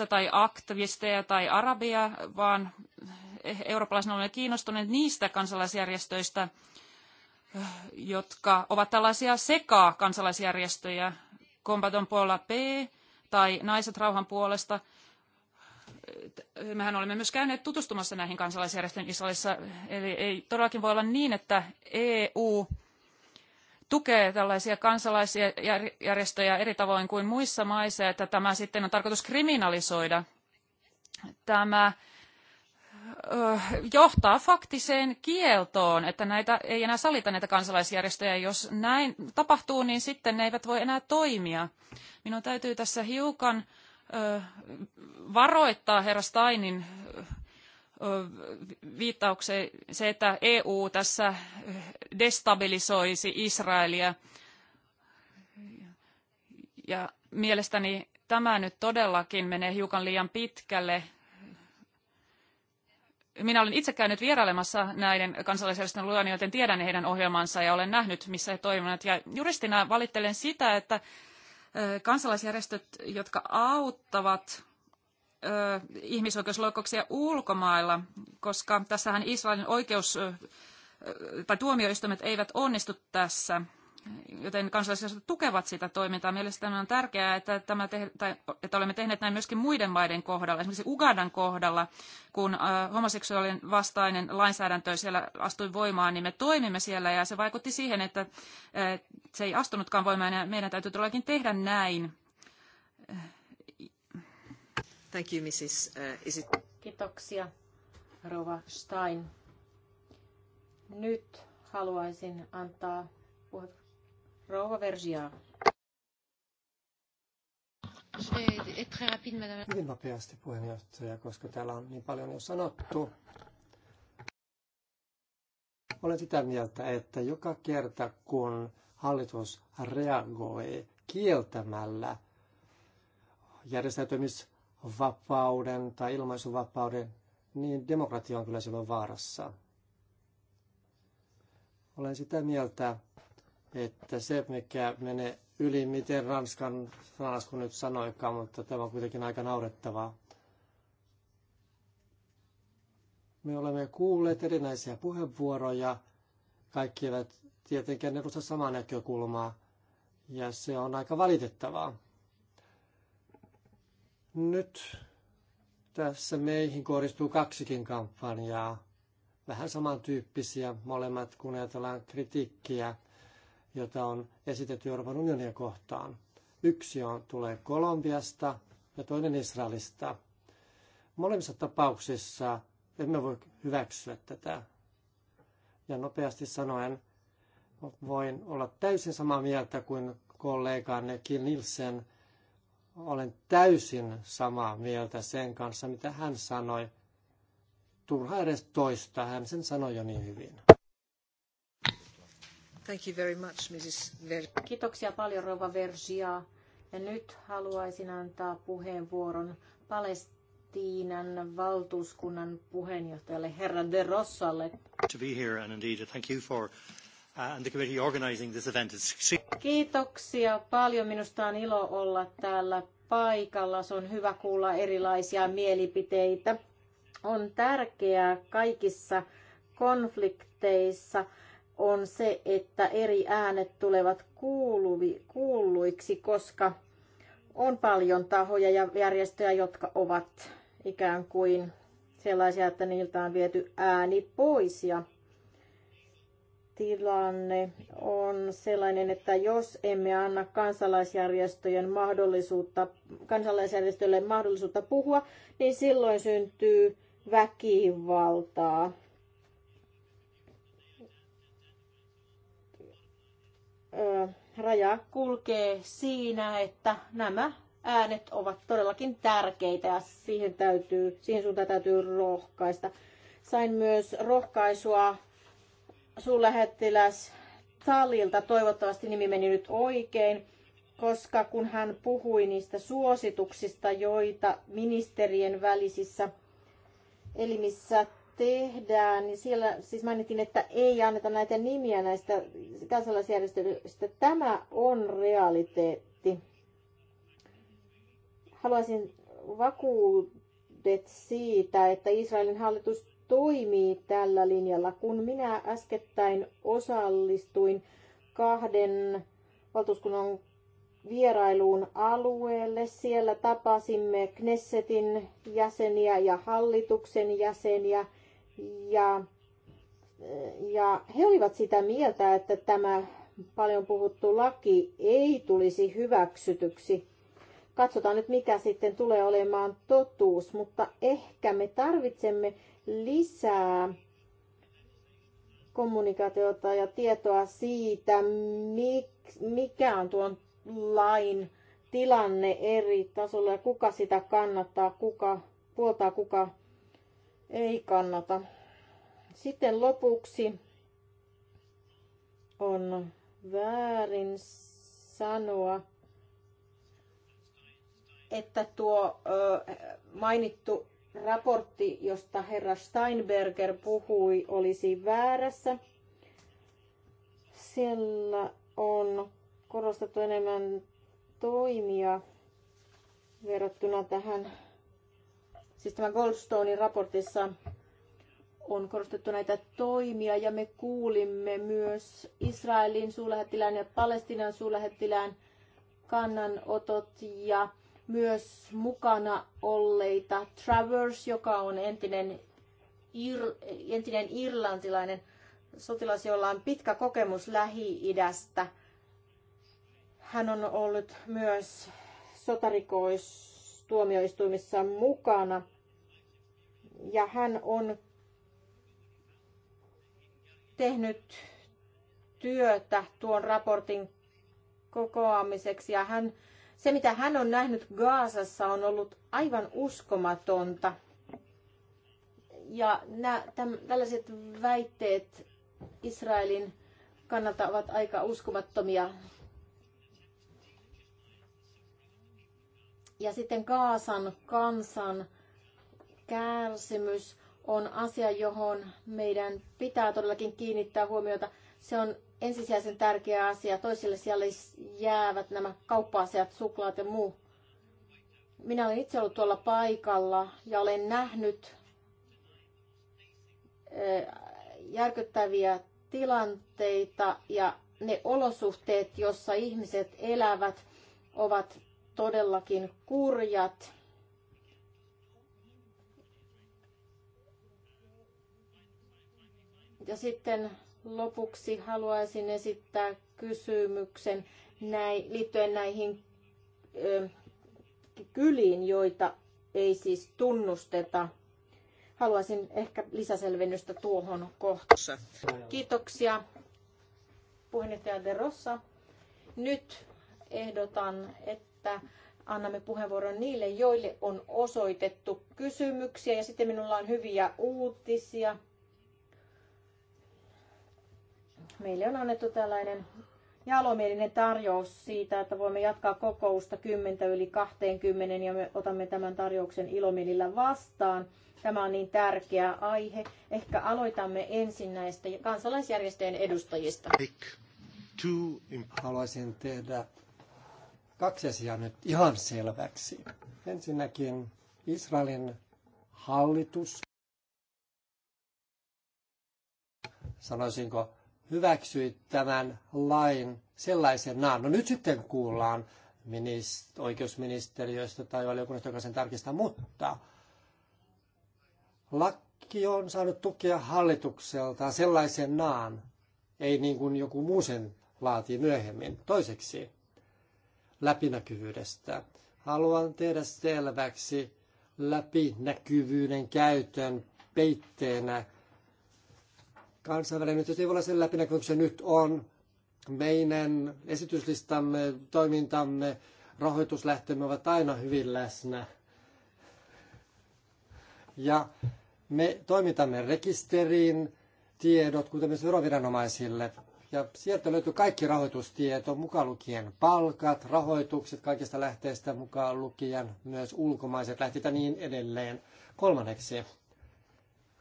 tai aktivisteja tai arabia, vaan eurooppalaisena olemme kiinnostuneet niistä kansalaisjärjestöistä, jotka ovat tällaisia seka-kansalaisjärjestöjä, Combaton Pola P, tai Naiset rauhan puolesta. Mehän olemme myös käyneet tutustumassa näihin kansalaisjärjestöihin Israelissa, eli ei todellakin voi olla niin, että EU tukee tällaisia kansalaisjärjestöjä eri tavoin kuin muissa maissa, että tämä sitten on tarkoitus kriminalisoida. Tämä johtaa faktiseen kieltoon, että näitä ei enää salita näitä kansalaisjärjestöjä. Jos näin tapahtuu, niin sitten ne eivät voi enää toimia. Minun täytyy tässä hiukan varoittaa herra Steinin viittaukseen se, että EU tässä destabilisoisi Israelia. Ja mielestäni tämä nyt todellakin menee hiukan liian pitkälle minä olen itse käynyt vierailemassa näiden kansalaisjärjestöjen luona, joten tiedän heidän ohjelmansa ja olen nähnyt, missä he toimivat. Ja juristina valittelen sitä, että kansalaisjärjestöt, jotka auttavat ihmisoikeusloukkauksia ulkomailla, koska tässähän Israelin oikeus tai tuomioistuimet eivät onnistu tässä – joten kansalaisjärjestöt tukevat sitä toimintaa. Mielestäni on tärkeää, että, tämä te, tai, että olemme tehneet näin myöskin muiden maiden kohdalla, esimerkiksi Ugandan kohdalla, kun äh, homoseksuaalinen vastainen lainsäädäntö siellä astui voimaan, niin me toimimme siellä ja se vaikutti siihen, että äh, se ei astunutkaan voimaan ja meidän täytyy todellakin tehdä näin. Thank you, Mrs. Äh, Is Kiitoksia, Rova Stein. Nyt haluaisin antaa puheenvuoron Rouva Vergia. Hyvin nopeasti puheenjohtaja, koska täällä on niin paljon jo sanottu. Olen sitä mieltä, että joka kerta kun hallitus reagoi kieltämällä järjestäytymisvapauden tai ilmaisuvapauden, niin demokratia on kyllä silloin vaarassa. Olen sitä mieltä, että se, mikä menee yli, miten Ranskan sanasku nyt sanoikaan, mutta tämä on kuitenkin aika naurettavaa. Me olemme kuulleet erinäisiä puheenvuoroja. Kaikki eivät tietenkään edusta samaa näkökulmaa, ja se on aika valitettavaa. Nyt tässä meihin kohdistuu kaksikin kampanjaa. Vähän samantyyppisiä molemmat, kun ajatellaan kritiikkiä – jota on esitetty Euroopan unionia kohtaan. Yksi on, tulee Kolumbiasta ja toinen Israelista. Molemmissa tapauksissa emme voi hyväksyä tätä. Ja nopeasti sanoen, voin olla täysin samaa mieltä kuin kolleganne Kim Nielsen. Olen täysin samaa mieltä sen kanssa, mitä hän sanoi. Turha edes toista, hän sen sanoi jo niin hyvin. Thank you very much, Mrs. Ver- Kiitoksia paljon, Rova Vergia. Ja nyt haluaisin antaa puheenvuoron Palestiinan valtuuskunnan puheenjohtajalle herra De Rossalle. To be here and indeed thank you for uh, and the committee organizing this event. Kiitoksia paljon. Minusta on ilo olla täällä paikalla. Se on hyvä kuulla erilaisia mielipiteitä. On tärkeää kaikissa konflikteissa on se, että eri äänet tulevat kuuluvi, kuulluiksi, koska on paljon tahoja ja järjestöjä, jotka ovat ikään kuin sellaisia, että niiltä on viety ääni pois. Ja tilanne on sellainen, että jos emme anna kansalaisjärjestöjen mahdollisuutta, kansalaisjärjestöille mahdollisuutta puhua, niin silloin syntyy väkivaltaa raja kulkee siinä, että nämä äänet ovat todellakin tärkeitä ja siihen, täytyy, siihen suuntaan täytyy rohkaista. Sain myös rohkaisua lähettiläs Talilta, toivottavasti nimi meni nyt oikein, koska kun hän puhui niistä suosituksista, joita ministerien välisissä elimissä tehdään, niin siellä siis mainittiin, että ei anneta näitä nimiä näistä kansalaisjärjestöistä. Tämä on realiteetti. Haluaisin vakuudet siitä, että Israelin hallitus toimii tällä linjalla. Kun minä äskettäin osallistuin kahden valtuuskunnan vierailuun alueelle. Siellä tapasimme Knessetin jäseniä ja hallituksen jäseniä ja, ja he olivat sitä mieltä, että tämä paljon puhuttu laki ei tulisi hyväksytyksi. Katsotaan nyt, mikä sitten tulee olemaan totuus, mutta ehkä me tarvitsemme lisää kommunikaatiota ja tietoa siitä, mikä on tuon lain tilanne eri tasolla ja kuka sitä kannattaa, kuka puoltaa, kuka ei kannata. Sitten lopuksi on väärin sanoa, että tuo ö, mainittu raportti, josta herra Steinberger puhui, olisi väärässä. Siellä on korostettu enemmän toimia verrattuna tähän Siis tämä Goldstonein raportissa on korostettu näitä toimia ja me kuulimme myös Israelin suurlähettilään ja Palestinan suurlähettilään kannanotot ja myös mukana olleita Travers, joka on entinen, ir, entinen irlantilainen sotilas, jolla on pitkä kokemus Lähi-idästä. Hän on ollut myös sotarikois tuomioistuimissa mukana. Ja hän on tehnyt työtä tuon raportin kokoamiseksi ja hän, se mitä hän on nähnyt Gaasassa on ollut aivan uskomatonta. Ja nä, täm, tällaiset väitteet Israelin kannalta ovat aika uskomattomia. Ja sitten Kaasan kansan kärsimys on asia, johon meidän pitää todellakin kiinnittää huomiota. Se on ensisijaisen tärkeä asia. Toisille siellä jäävät nämä kauppa-asiat, suklaat ja muu. Minä olen itse ollut tuolla paikalla ja olen nähnyt järkyttäviä tilanteita ja ne olosuhteet, joissa ihmiset elävät, ovat todellakin kurjat. Ja sitten lopuksi haluaisin esittää kysymyksen näin, liittyen näihin ö, kyliin, joita ei siis tunnusteta. Haluaisin ehkä lisäselvennystä tuohon kohtaan. Kiitoksia puheenjohtaja De Rossa. Nyt ehdotan, että että annamme puheenvuoron niille, joille on osoitettu kysymyksiä. Ja sitten minulla on hyviä uutisia. Meille on annettu tällainen jalomielinen tarjous siitä, että voimme jatkaa kokousta 10 yli 20 ja me otamme tämän tarjouksen ilomielillä vastaan. Tämä on niin tärkeä aihe. Ehkä aloitamme ensin näistä kansalaisjärjestöjen edustajista. Haluaisin tehdä kaksi asiaa nyt ihan selväksi. Ensinnäkin Israelin hallitus, sanoisinko, hyväksyi tämän lain sellaisenaan. No nyt sitten kuullaan minist- oikeusministeriöstä tai valiokunnasta, joka sen tarkistaa, mutta laki on saanut tukea hallitukselta sellaisenaan, ei niin kuin joku muu sen laatii myöhemmin. Toiseksi läpinäkyvyydestä. Haluan tehdä selväksi läpinäkyvyyden käytön peitteenä. Kansainvälinen yhteys ei voi olla sen läpinäkyvyys, se nyt on. Meidän esityslistamme, toimintamme, rahoituslähteemme ovat aina hyvin läsnä. Ja me toimitamme rekisteriin tiedot, kuten myös veroviranomaisille ja sieltä löytyy kaikki rahoitustieto, mukaan lukien palkat, rahoitukset kaikista lähteistä mukaan lukien, myös ulkomaiset lähteet ja niin edelleen. Kolmanneksi,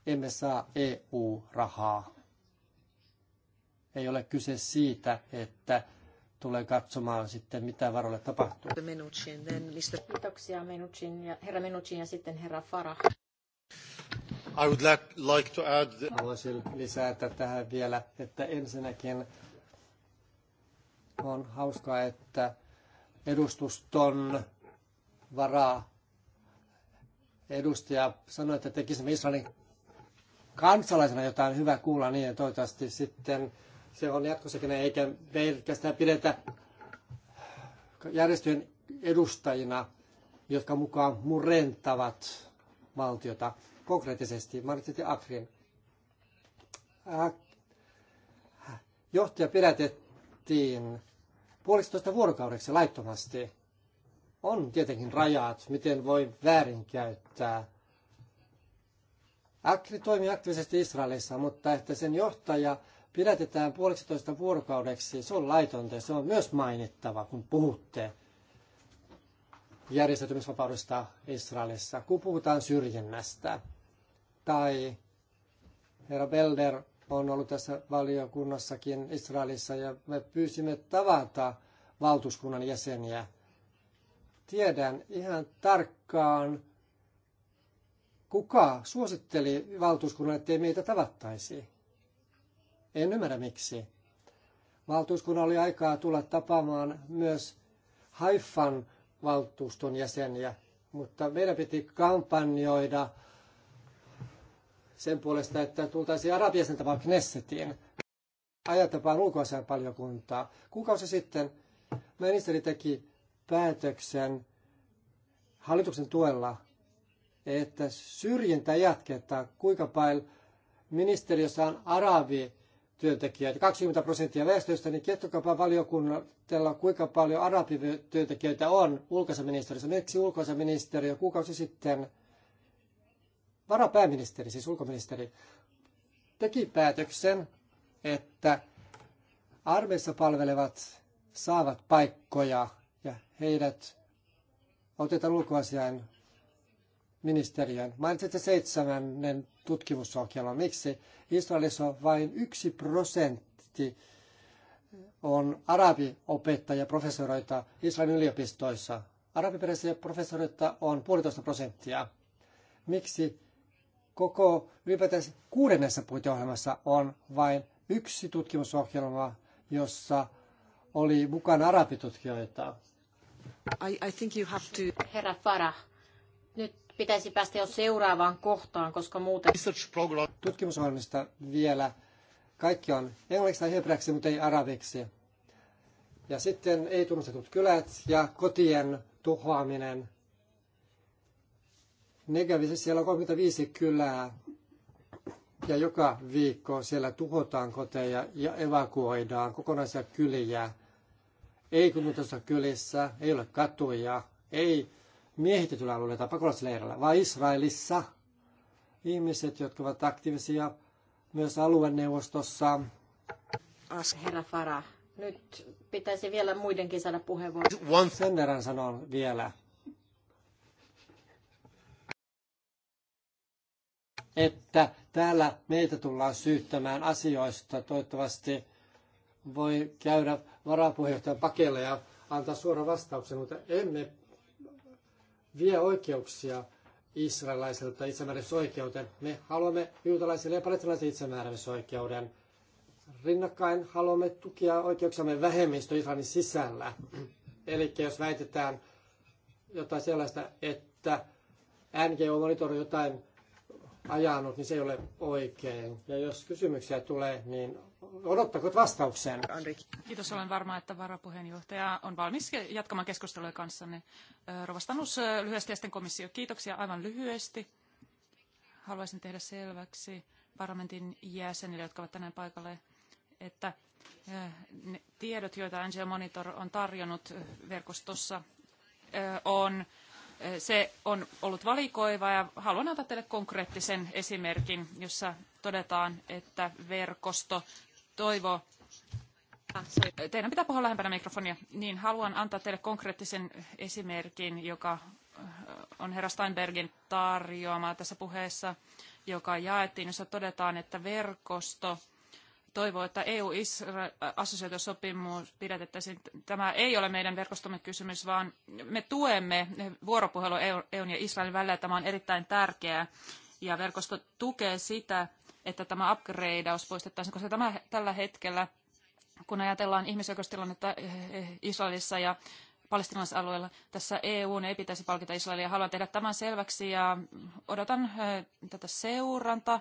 emme saa EU-rahaa. Ei ole kyse siitä, että tulee katsomaan sitten, mitä varoille tapahtuu. Kiitoksia Menuchin ja, herra Menucin ja sitten herra Farah. I would like, to add... The... Haluaisin lisätä tähän vielä, että ensinnäkin on hauskaa, että edustuston varaa edustaja sanoi, että tekisimme Israelin kansalaisena jotain hyvä kuulla niin, ja toivottavasti sitten se on jatkossakin, eikä pelkästään pidetä järjestöjen edustajina, jotka mukaan murentavat valtiota konkreettisesti. Mainitsitte Akrin. Johtaja pidätettiin puolitoista vuorokaudeksi laittomasti. On tietenkin rajat, miten voi väärinkäyttää. Akri toimii aktiivisesti Israelissa, mutta että sen johtaja pidätetään puolitoista vuorokaudeksi, se on laitonta ja se on myös mainittava, kun puhutte järjestäytymisvapaudesta Israelissa, kun puhutaan syrjinnästä tai herra Belder on ollut tässä valiokunnassakin Israelissa ja me pyysimme tavata valtuuskunnan jäseniä. Tiedän ihan tarkkaan, kuka suositteli valtuuskunnan, ettei meitä tavattaisi. En ymmärrä miksi. Valtuuskunnan oli aikaa tulla tapaamaan myös Haifan valtuuston jäseniä, mutta meidän piti kampanjoida sen puolesta, että tultaisiin arabiasen tapaan Knessetiin ajatapaan ulkoasian paljokuntaa. Kuukausi sitten ministeri teki päätöksen hallituksen tuella, että syrjintä jatketaan, kuinka paljon ministeriössä on arabi työntekijöitä, 20 prosenttia väestöstä, niin kertokaa valiokunnalla, kuinka paljon arabityöntekijöitä on ulkoasiaministeriössä. Miksi ulkoasiaministeriö kuukausi sitten varapääministeri, siis ulkoministeri, teki päätöksen, että armeissa palvelevat saavat paikkoja ja heidät otetaan ulkoasiain ministeriön. Mainitsitte seitsemännen tutkimusohjelman. Miksi? Israelissa on vain yksi prosentti on arabiopettajia professoroita Israelin yliopistoissa. Arabiperäisiä professoreita on puolitoista prosenttia. Miksi koko ylipäätänsä kuudennessa puiteohjelmassa on vain yksi tutkimusohjelma, jossa oli mukana arabitutkijoita. I, I think you have to... Herra Farah, nyt pitäisi päästä jo seuraavaan kohtaan, koska muuten... Tutkimusohjelmista vielä. Kaikki on englanniksi tai hebreaksi, mutta ei arabiksi. Ja sitten ei tunnustetut kylät ja kotien tuhoaminen Negevisissä siellä 35 kylää ja joka viikko siellä tuhotaan koteja ja evakuoidaan kokonaisia kyliä. Ei kunnotusta kylissä, ei ole katuja, ei miehitetyllä alueella tai pakolaisleirillä, vaan Israelissa. Ihmiset, jotka ovat aktiivisia myös alueneuvostossa. Herra Farah, nyt pitäisi vielä muidenkin saada puheenvuoro. Sen verran sanon vielä että täällä meitä tullaan syyttämään asioista. Toivottavasti voi käydä varapuheenjohtajan pakelle ja antaa suoran vastauksen, mutta emme vie oikeuksia israelaiselta itsemääräämisoikeuden. Me haluamme juutalaisille ja palestinaisille itsemääräämisoikeuden. Rinnakkain haluamme tukea oikeuksiamme vähemmistö Israelin sisällä. Eli jos väitetään jotain sellaista, että NGO monitoroi jotain ajanut, niin se ei ole oikein. Ja jos kysymyksiä tulee, niin odottakot vastauksen. Kiitos, olen varma, että varapuheenjohtaja on valmis jatkamaan keskustelua kanssanne. Rovastanus lyhyesti ja komissio. Kiitoksia aivan lyhyesti. Haluaisin tehdä selväksi parlamentin jäsenille, jotka ovat tänään paikalle, että ne tiedot, joita Angel Monitor on tarjonnut verkostossa, on se on ollut valikoiva ja haluan antaa teille konkreettisen esimerkin, jossa todetaan, että verkosto toivoo Teidän pitää puhua lähempänä mikrofonia. Niin haluan antaa teille konkreettisen esimerkin, joka äh, on herra Steinbergin tarjoama tässä puheessa, joka jaettiin, jossa todetaan, että verkosto toivoo, että EU-Assosiaatiosopimus pidätettäisiin. Tämä ei ole meidän verkostomme kysymys, vaan me tuemme vuoropuhelua EUn e ja Israelin välillä. Tämä on erittäin tärkeää ja verkosto tukee sitä, että tämä upgradeaus poistettaisiin, koska tämä tällä hetkellä, kun ajatellaan ihmisoikeustilannetta eh, eh, Israelissa ja palestinalaisalueella. Tässä EU ei pitäisi palkita Israelia. Haluan tehdä tämän selväksi ja odotan eh, tätä seuranta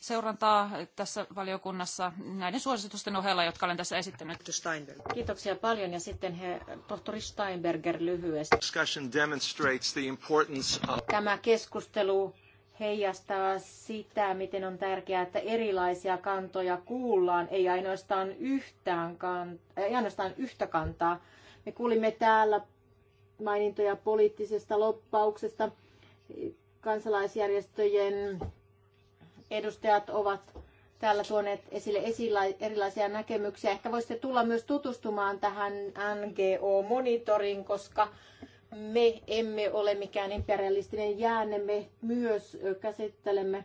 seurantaa tässä valiokunnassa näiden suositusten ohella, jotka olen tässä esittänyt. Kiitoksia paljon ja sitten he, tohtori Steinberger lyhyesti. Tämä keskustelu heijastaa sitä, miten on tärkeää, että erilaisia kantoja kuullaan, ei ainoastaan, yhtään kant- ei ainoastaan yhtä kantaa. Me kuulimme täällä mainintoja poliittisesta loppauksesta, kansalaisjärjestöjen edustajat ovat täällä tuoneet esille erilaisia näkemyksiä. Ehkä voisitte tulla myös tutustumaan tähän NGO-monitoriin, koska me emme ole mikään imperialistinen jäänne, me myös käsittelemme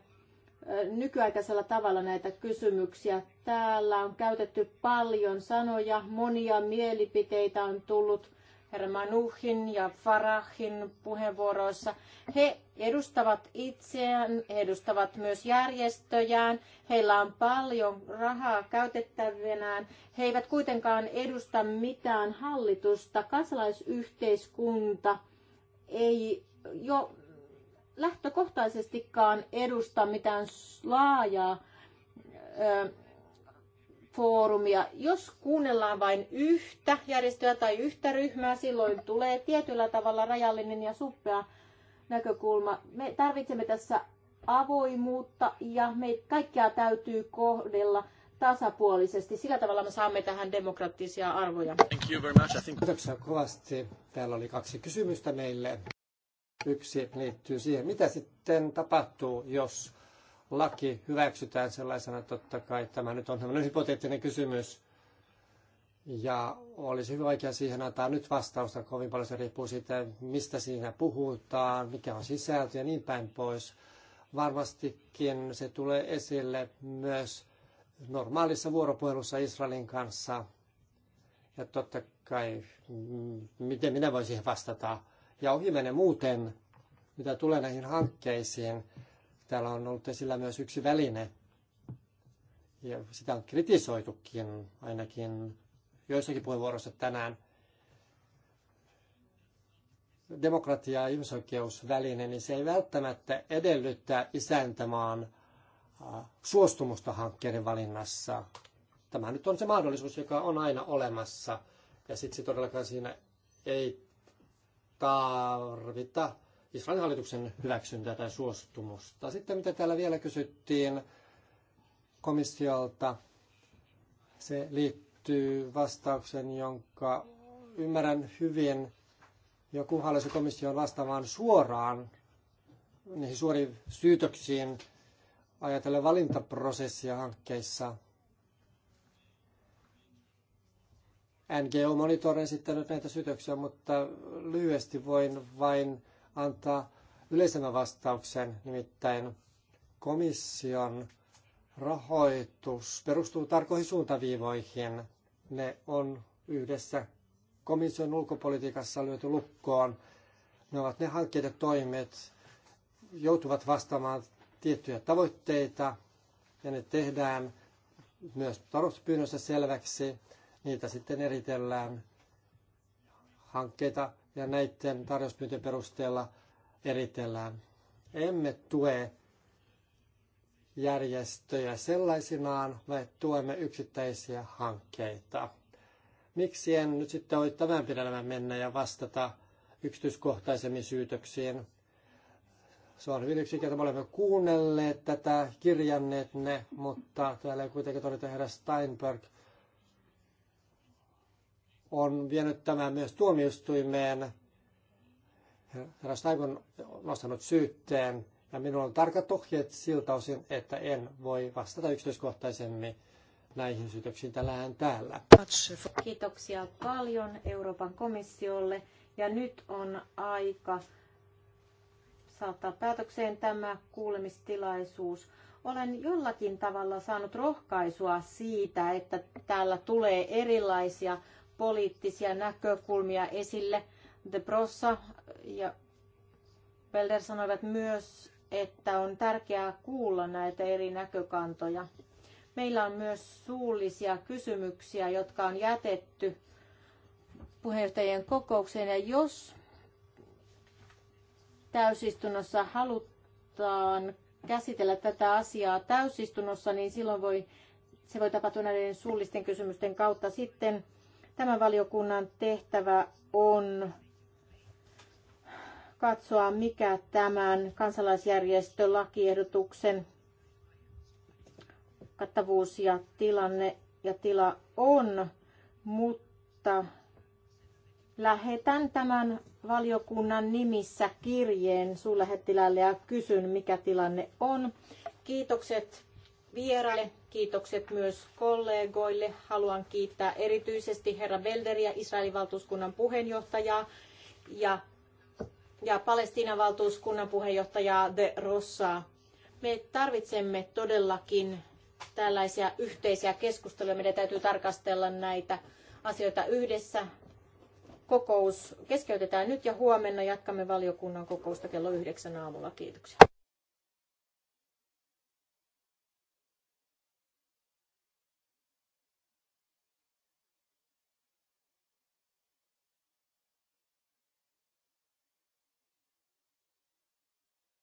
nykyaikaisella tavalla näitä kysymyksiä. Täällä on käytetty paljon sanoja, monia mielipiteitä on tullut herra Manuhin ja Farahin puheenvuoroissa. He edustavat itseään, he edustavat myös järjestöjään, heillä on paljon rahaa käytettävänään. He eivät kuitenkaan edusta mitään hallitusta. Kansalaisyhteiskunta ei jo lähtökohtaisestikaan edusta mitään laajaa foorumia. Jos kuunnellaan vain yhtä järjestöä tai yhtä ryhmää, silloin tulee tietyllä tavalla rajallinen ja suppea näkökulma. Me tarvitsemme tässä avoimuutta ja me kaikkia täytyy kohdella tasapuolisesti. Sillä tavalla me saamme tähän demokraattisia arvoja. Thank you very much. Think... Kiitoksia kovasti. Täällä oli kaksi kysymystä meille. Yksi liittyy siihen, mitä sitten tapahtuu, jos laki hyväksytään sellaisena totta kai. Tämä nyt on tämmöinen hypoteettinen kysymys. Ja olisi hyvin vaikea siihen antaa nyt vastausta. Kovin paljon se riippuu siitä, mistä siinä puhutaan, mikä on sisältö ja niin päin pois. Varmastikin se tulee esille myös normaalissa vuoropuhelussa Israelin kanssa. Ja totta kai, mm, miten minä voin siihen vastata. Ja ohi menee muuten, mitä tulee näihin hankkeisiin, Täällä on ollut esillä myös yksi väline, ja sitä on kritisoitukin ainakin joissakin puheenvuoroissa tänään. Demokratia- ja ihmisoikeusväline, niin se ei välttämättä edellyttää isäntämaan suostumusta hankkeiden valinnassa. Tämä nyt on se mahdollisuus, joka on aina olemassa. Ja siksi todellakaan siinä ei tarvita Israelin hallituksen hyväksyntää tai suostumusta. Sitten mitä täällä vielä kysyttiin komissiolta, se liittyy vastauksen, jonka ymmärrän hyvin. Joku komissio komission vastaamaan suoraan niihin suoriin syytöksiin ajatellen valintaprosessia hankkeissa. NGO Monitor sitten nyt näitä syytöksiä, mutta lyhyesti voin vain antaa yleisemmän vastauksen, nimittäin komission rahoitus perustuu tarkoihin suuntaviivoihin. Ne on yhdessä komission ulkopolitiikassa lyöty lukkoon. Ne ovat ne hankkeet ja toimet, joutuvat vastaamaan tiettyjä tavoitteita ja ne tehdään myös talouspyynnössä selväksi. Niitä sitten eritellään hankkeita ja näiden tarjouspyyntöjen perusteella eritellään. Emme tue järjestöjä sellaisinaan, vaan tuemme yksittäisiä hankkeita. Miksi en nyt sitten voi tämän pidemmän mennä ja vastata yksityiskohtaisemmin syytöksiin? Se on hyvin yksinkertaisesti, Me olemme kuunnelleet tätä, kirjanneet ne, mutta täällä ei kuitenkin todeta herra Steinberg – on vienyt tämän myös tuomioistuimeen. Herra Staivon on nostanut syytteen ja minulla on tarkat ohjeet siltä osin, että en voi vastata yksityiskohtaisemmin näihin syytöksiin tällään täällä. Kiitoksia paljon Euroopan komissiolle ja nyt on aika saattaa päätökseen tämä kuulemistilaisuus. Olen jollakin tavalla saanut rohkaisua siitä, että täällä tulee erilaisia poliittisia näkökulmia esille. De Brossa ja Belder sanoivat myös, että on tärkeää kuulla näitä eri näkökantoja. Meillä on myös suullisia kysymyksiä, jotka on jätetty puheenjohtajien kokoukseen. Ja jos täysistunnossa halutaan käsitellä tätä asiaa täysistunnossa, niin silloin voi, se voi tapahtua näiden suullisten kysymysten kautta sitten Tämän valiokunnan tehtävä on katsoa, mikä tämän kansalaisjärjestölakiehdotuksen kattavuus ja tilanne ja tila on, mutta lähetän tämän valiokunnan nimissä kirjeen suurlähettiläälle ja kysyn, mikä tilanne on. Kiitokset vieraille Kiitokset myös kollegoille. Haluan kiittää erityisesti herra Belderiä, Israelin valtuuskunnan puheenjohtajaa ja, ja Palestiinan valtuuskunnan puheenjohtajaa De Rossaa. Me tarvitsemme todellakin tällaisia yhteisiä keskusteluja. Meidän täytyy tarkastella näitä asioita yhdessä. Kokous keskeytetään nyt ja huomenna jatkamme valiokunnan kokousta kello yhdeksän aamulla. Kiitoksia.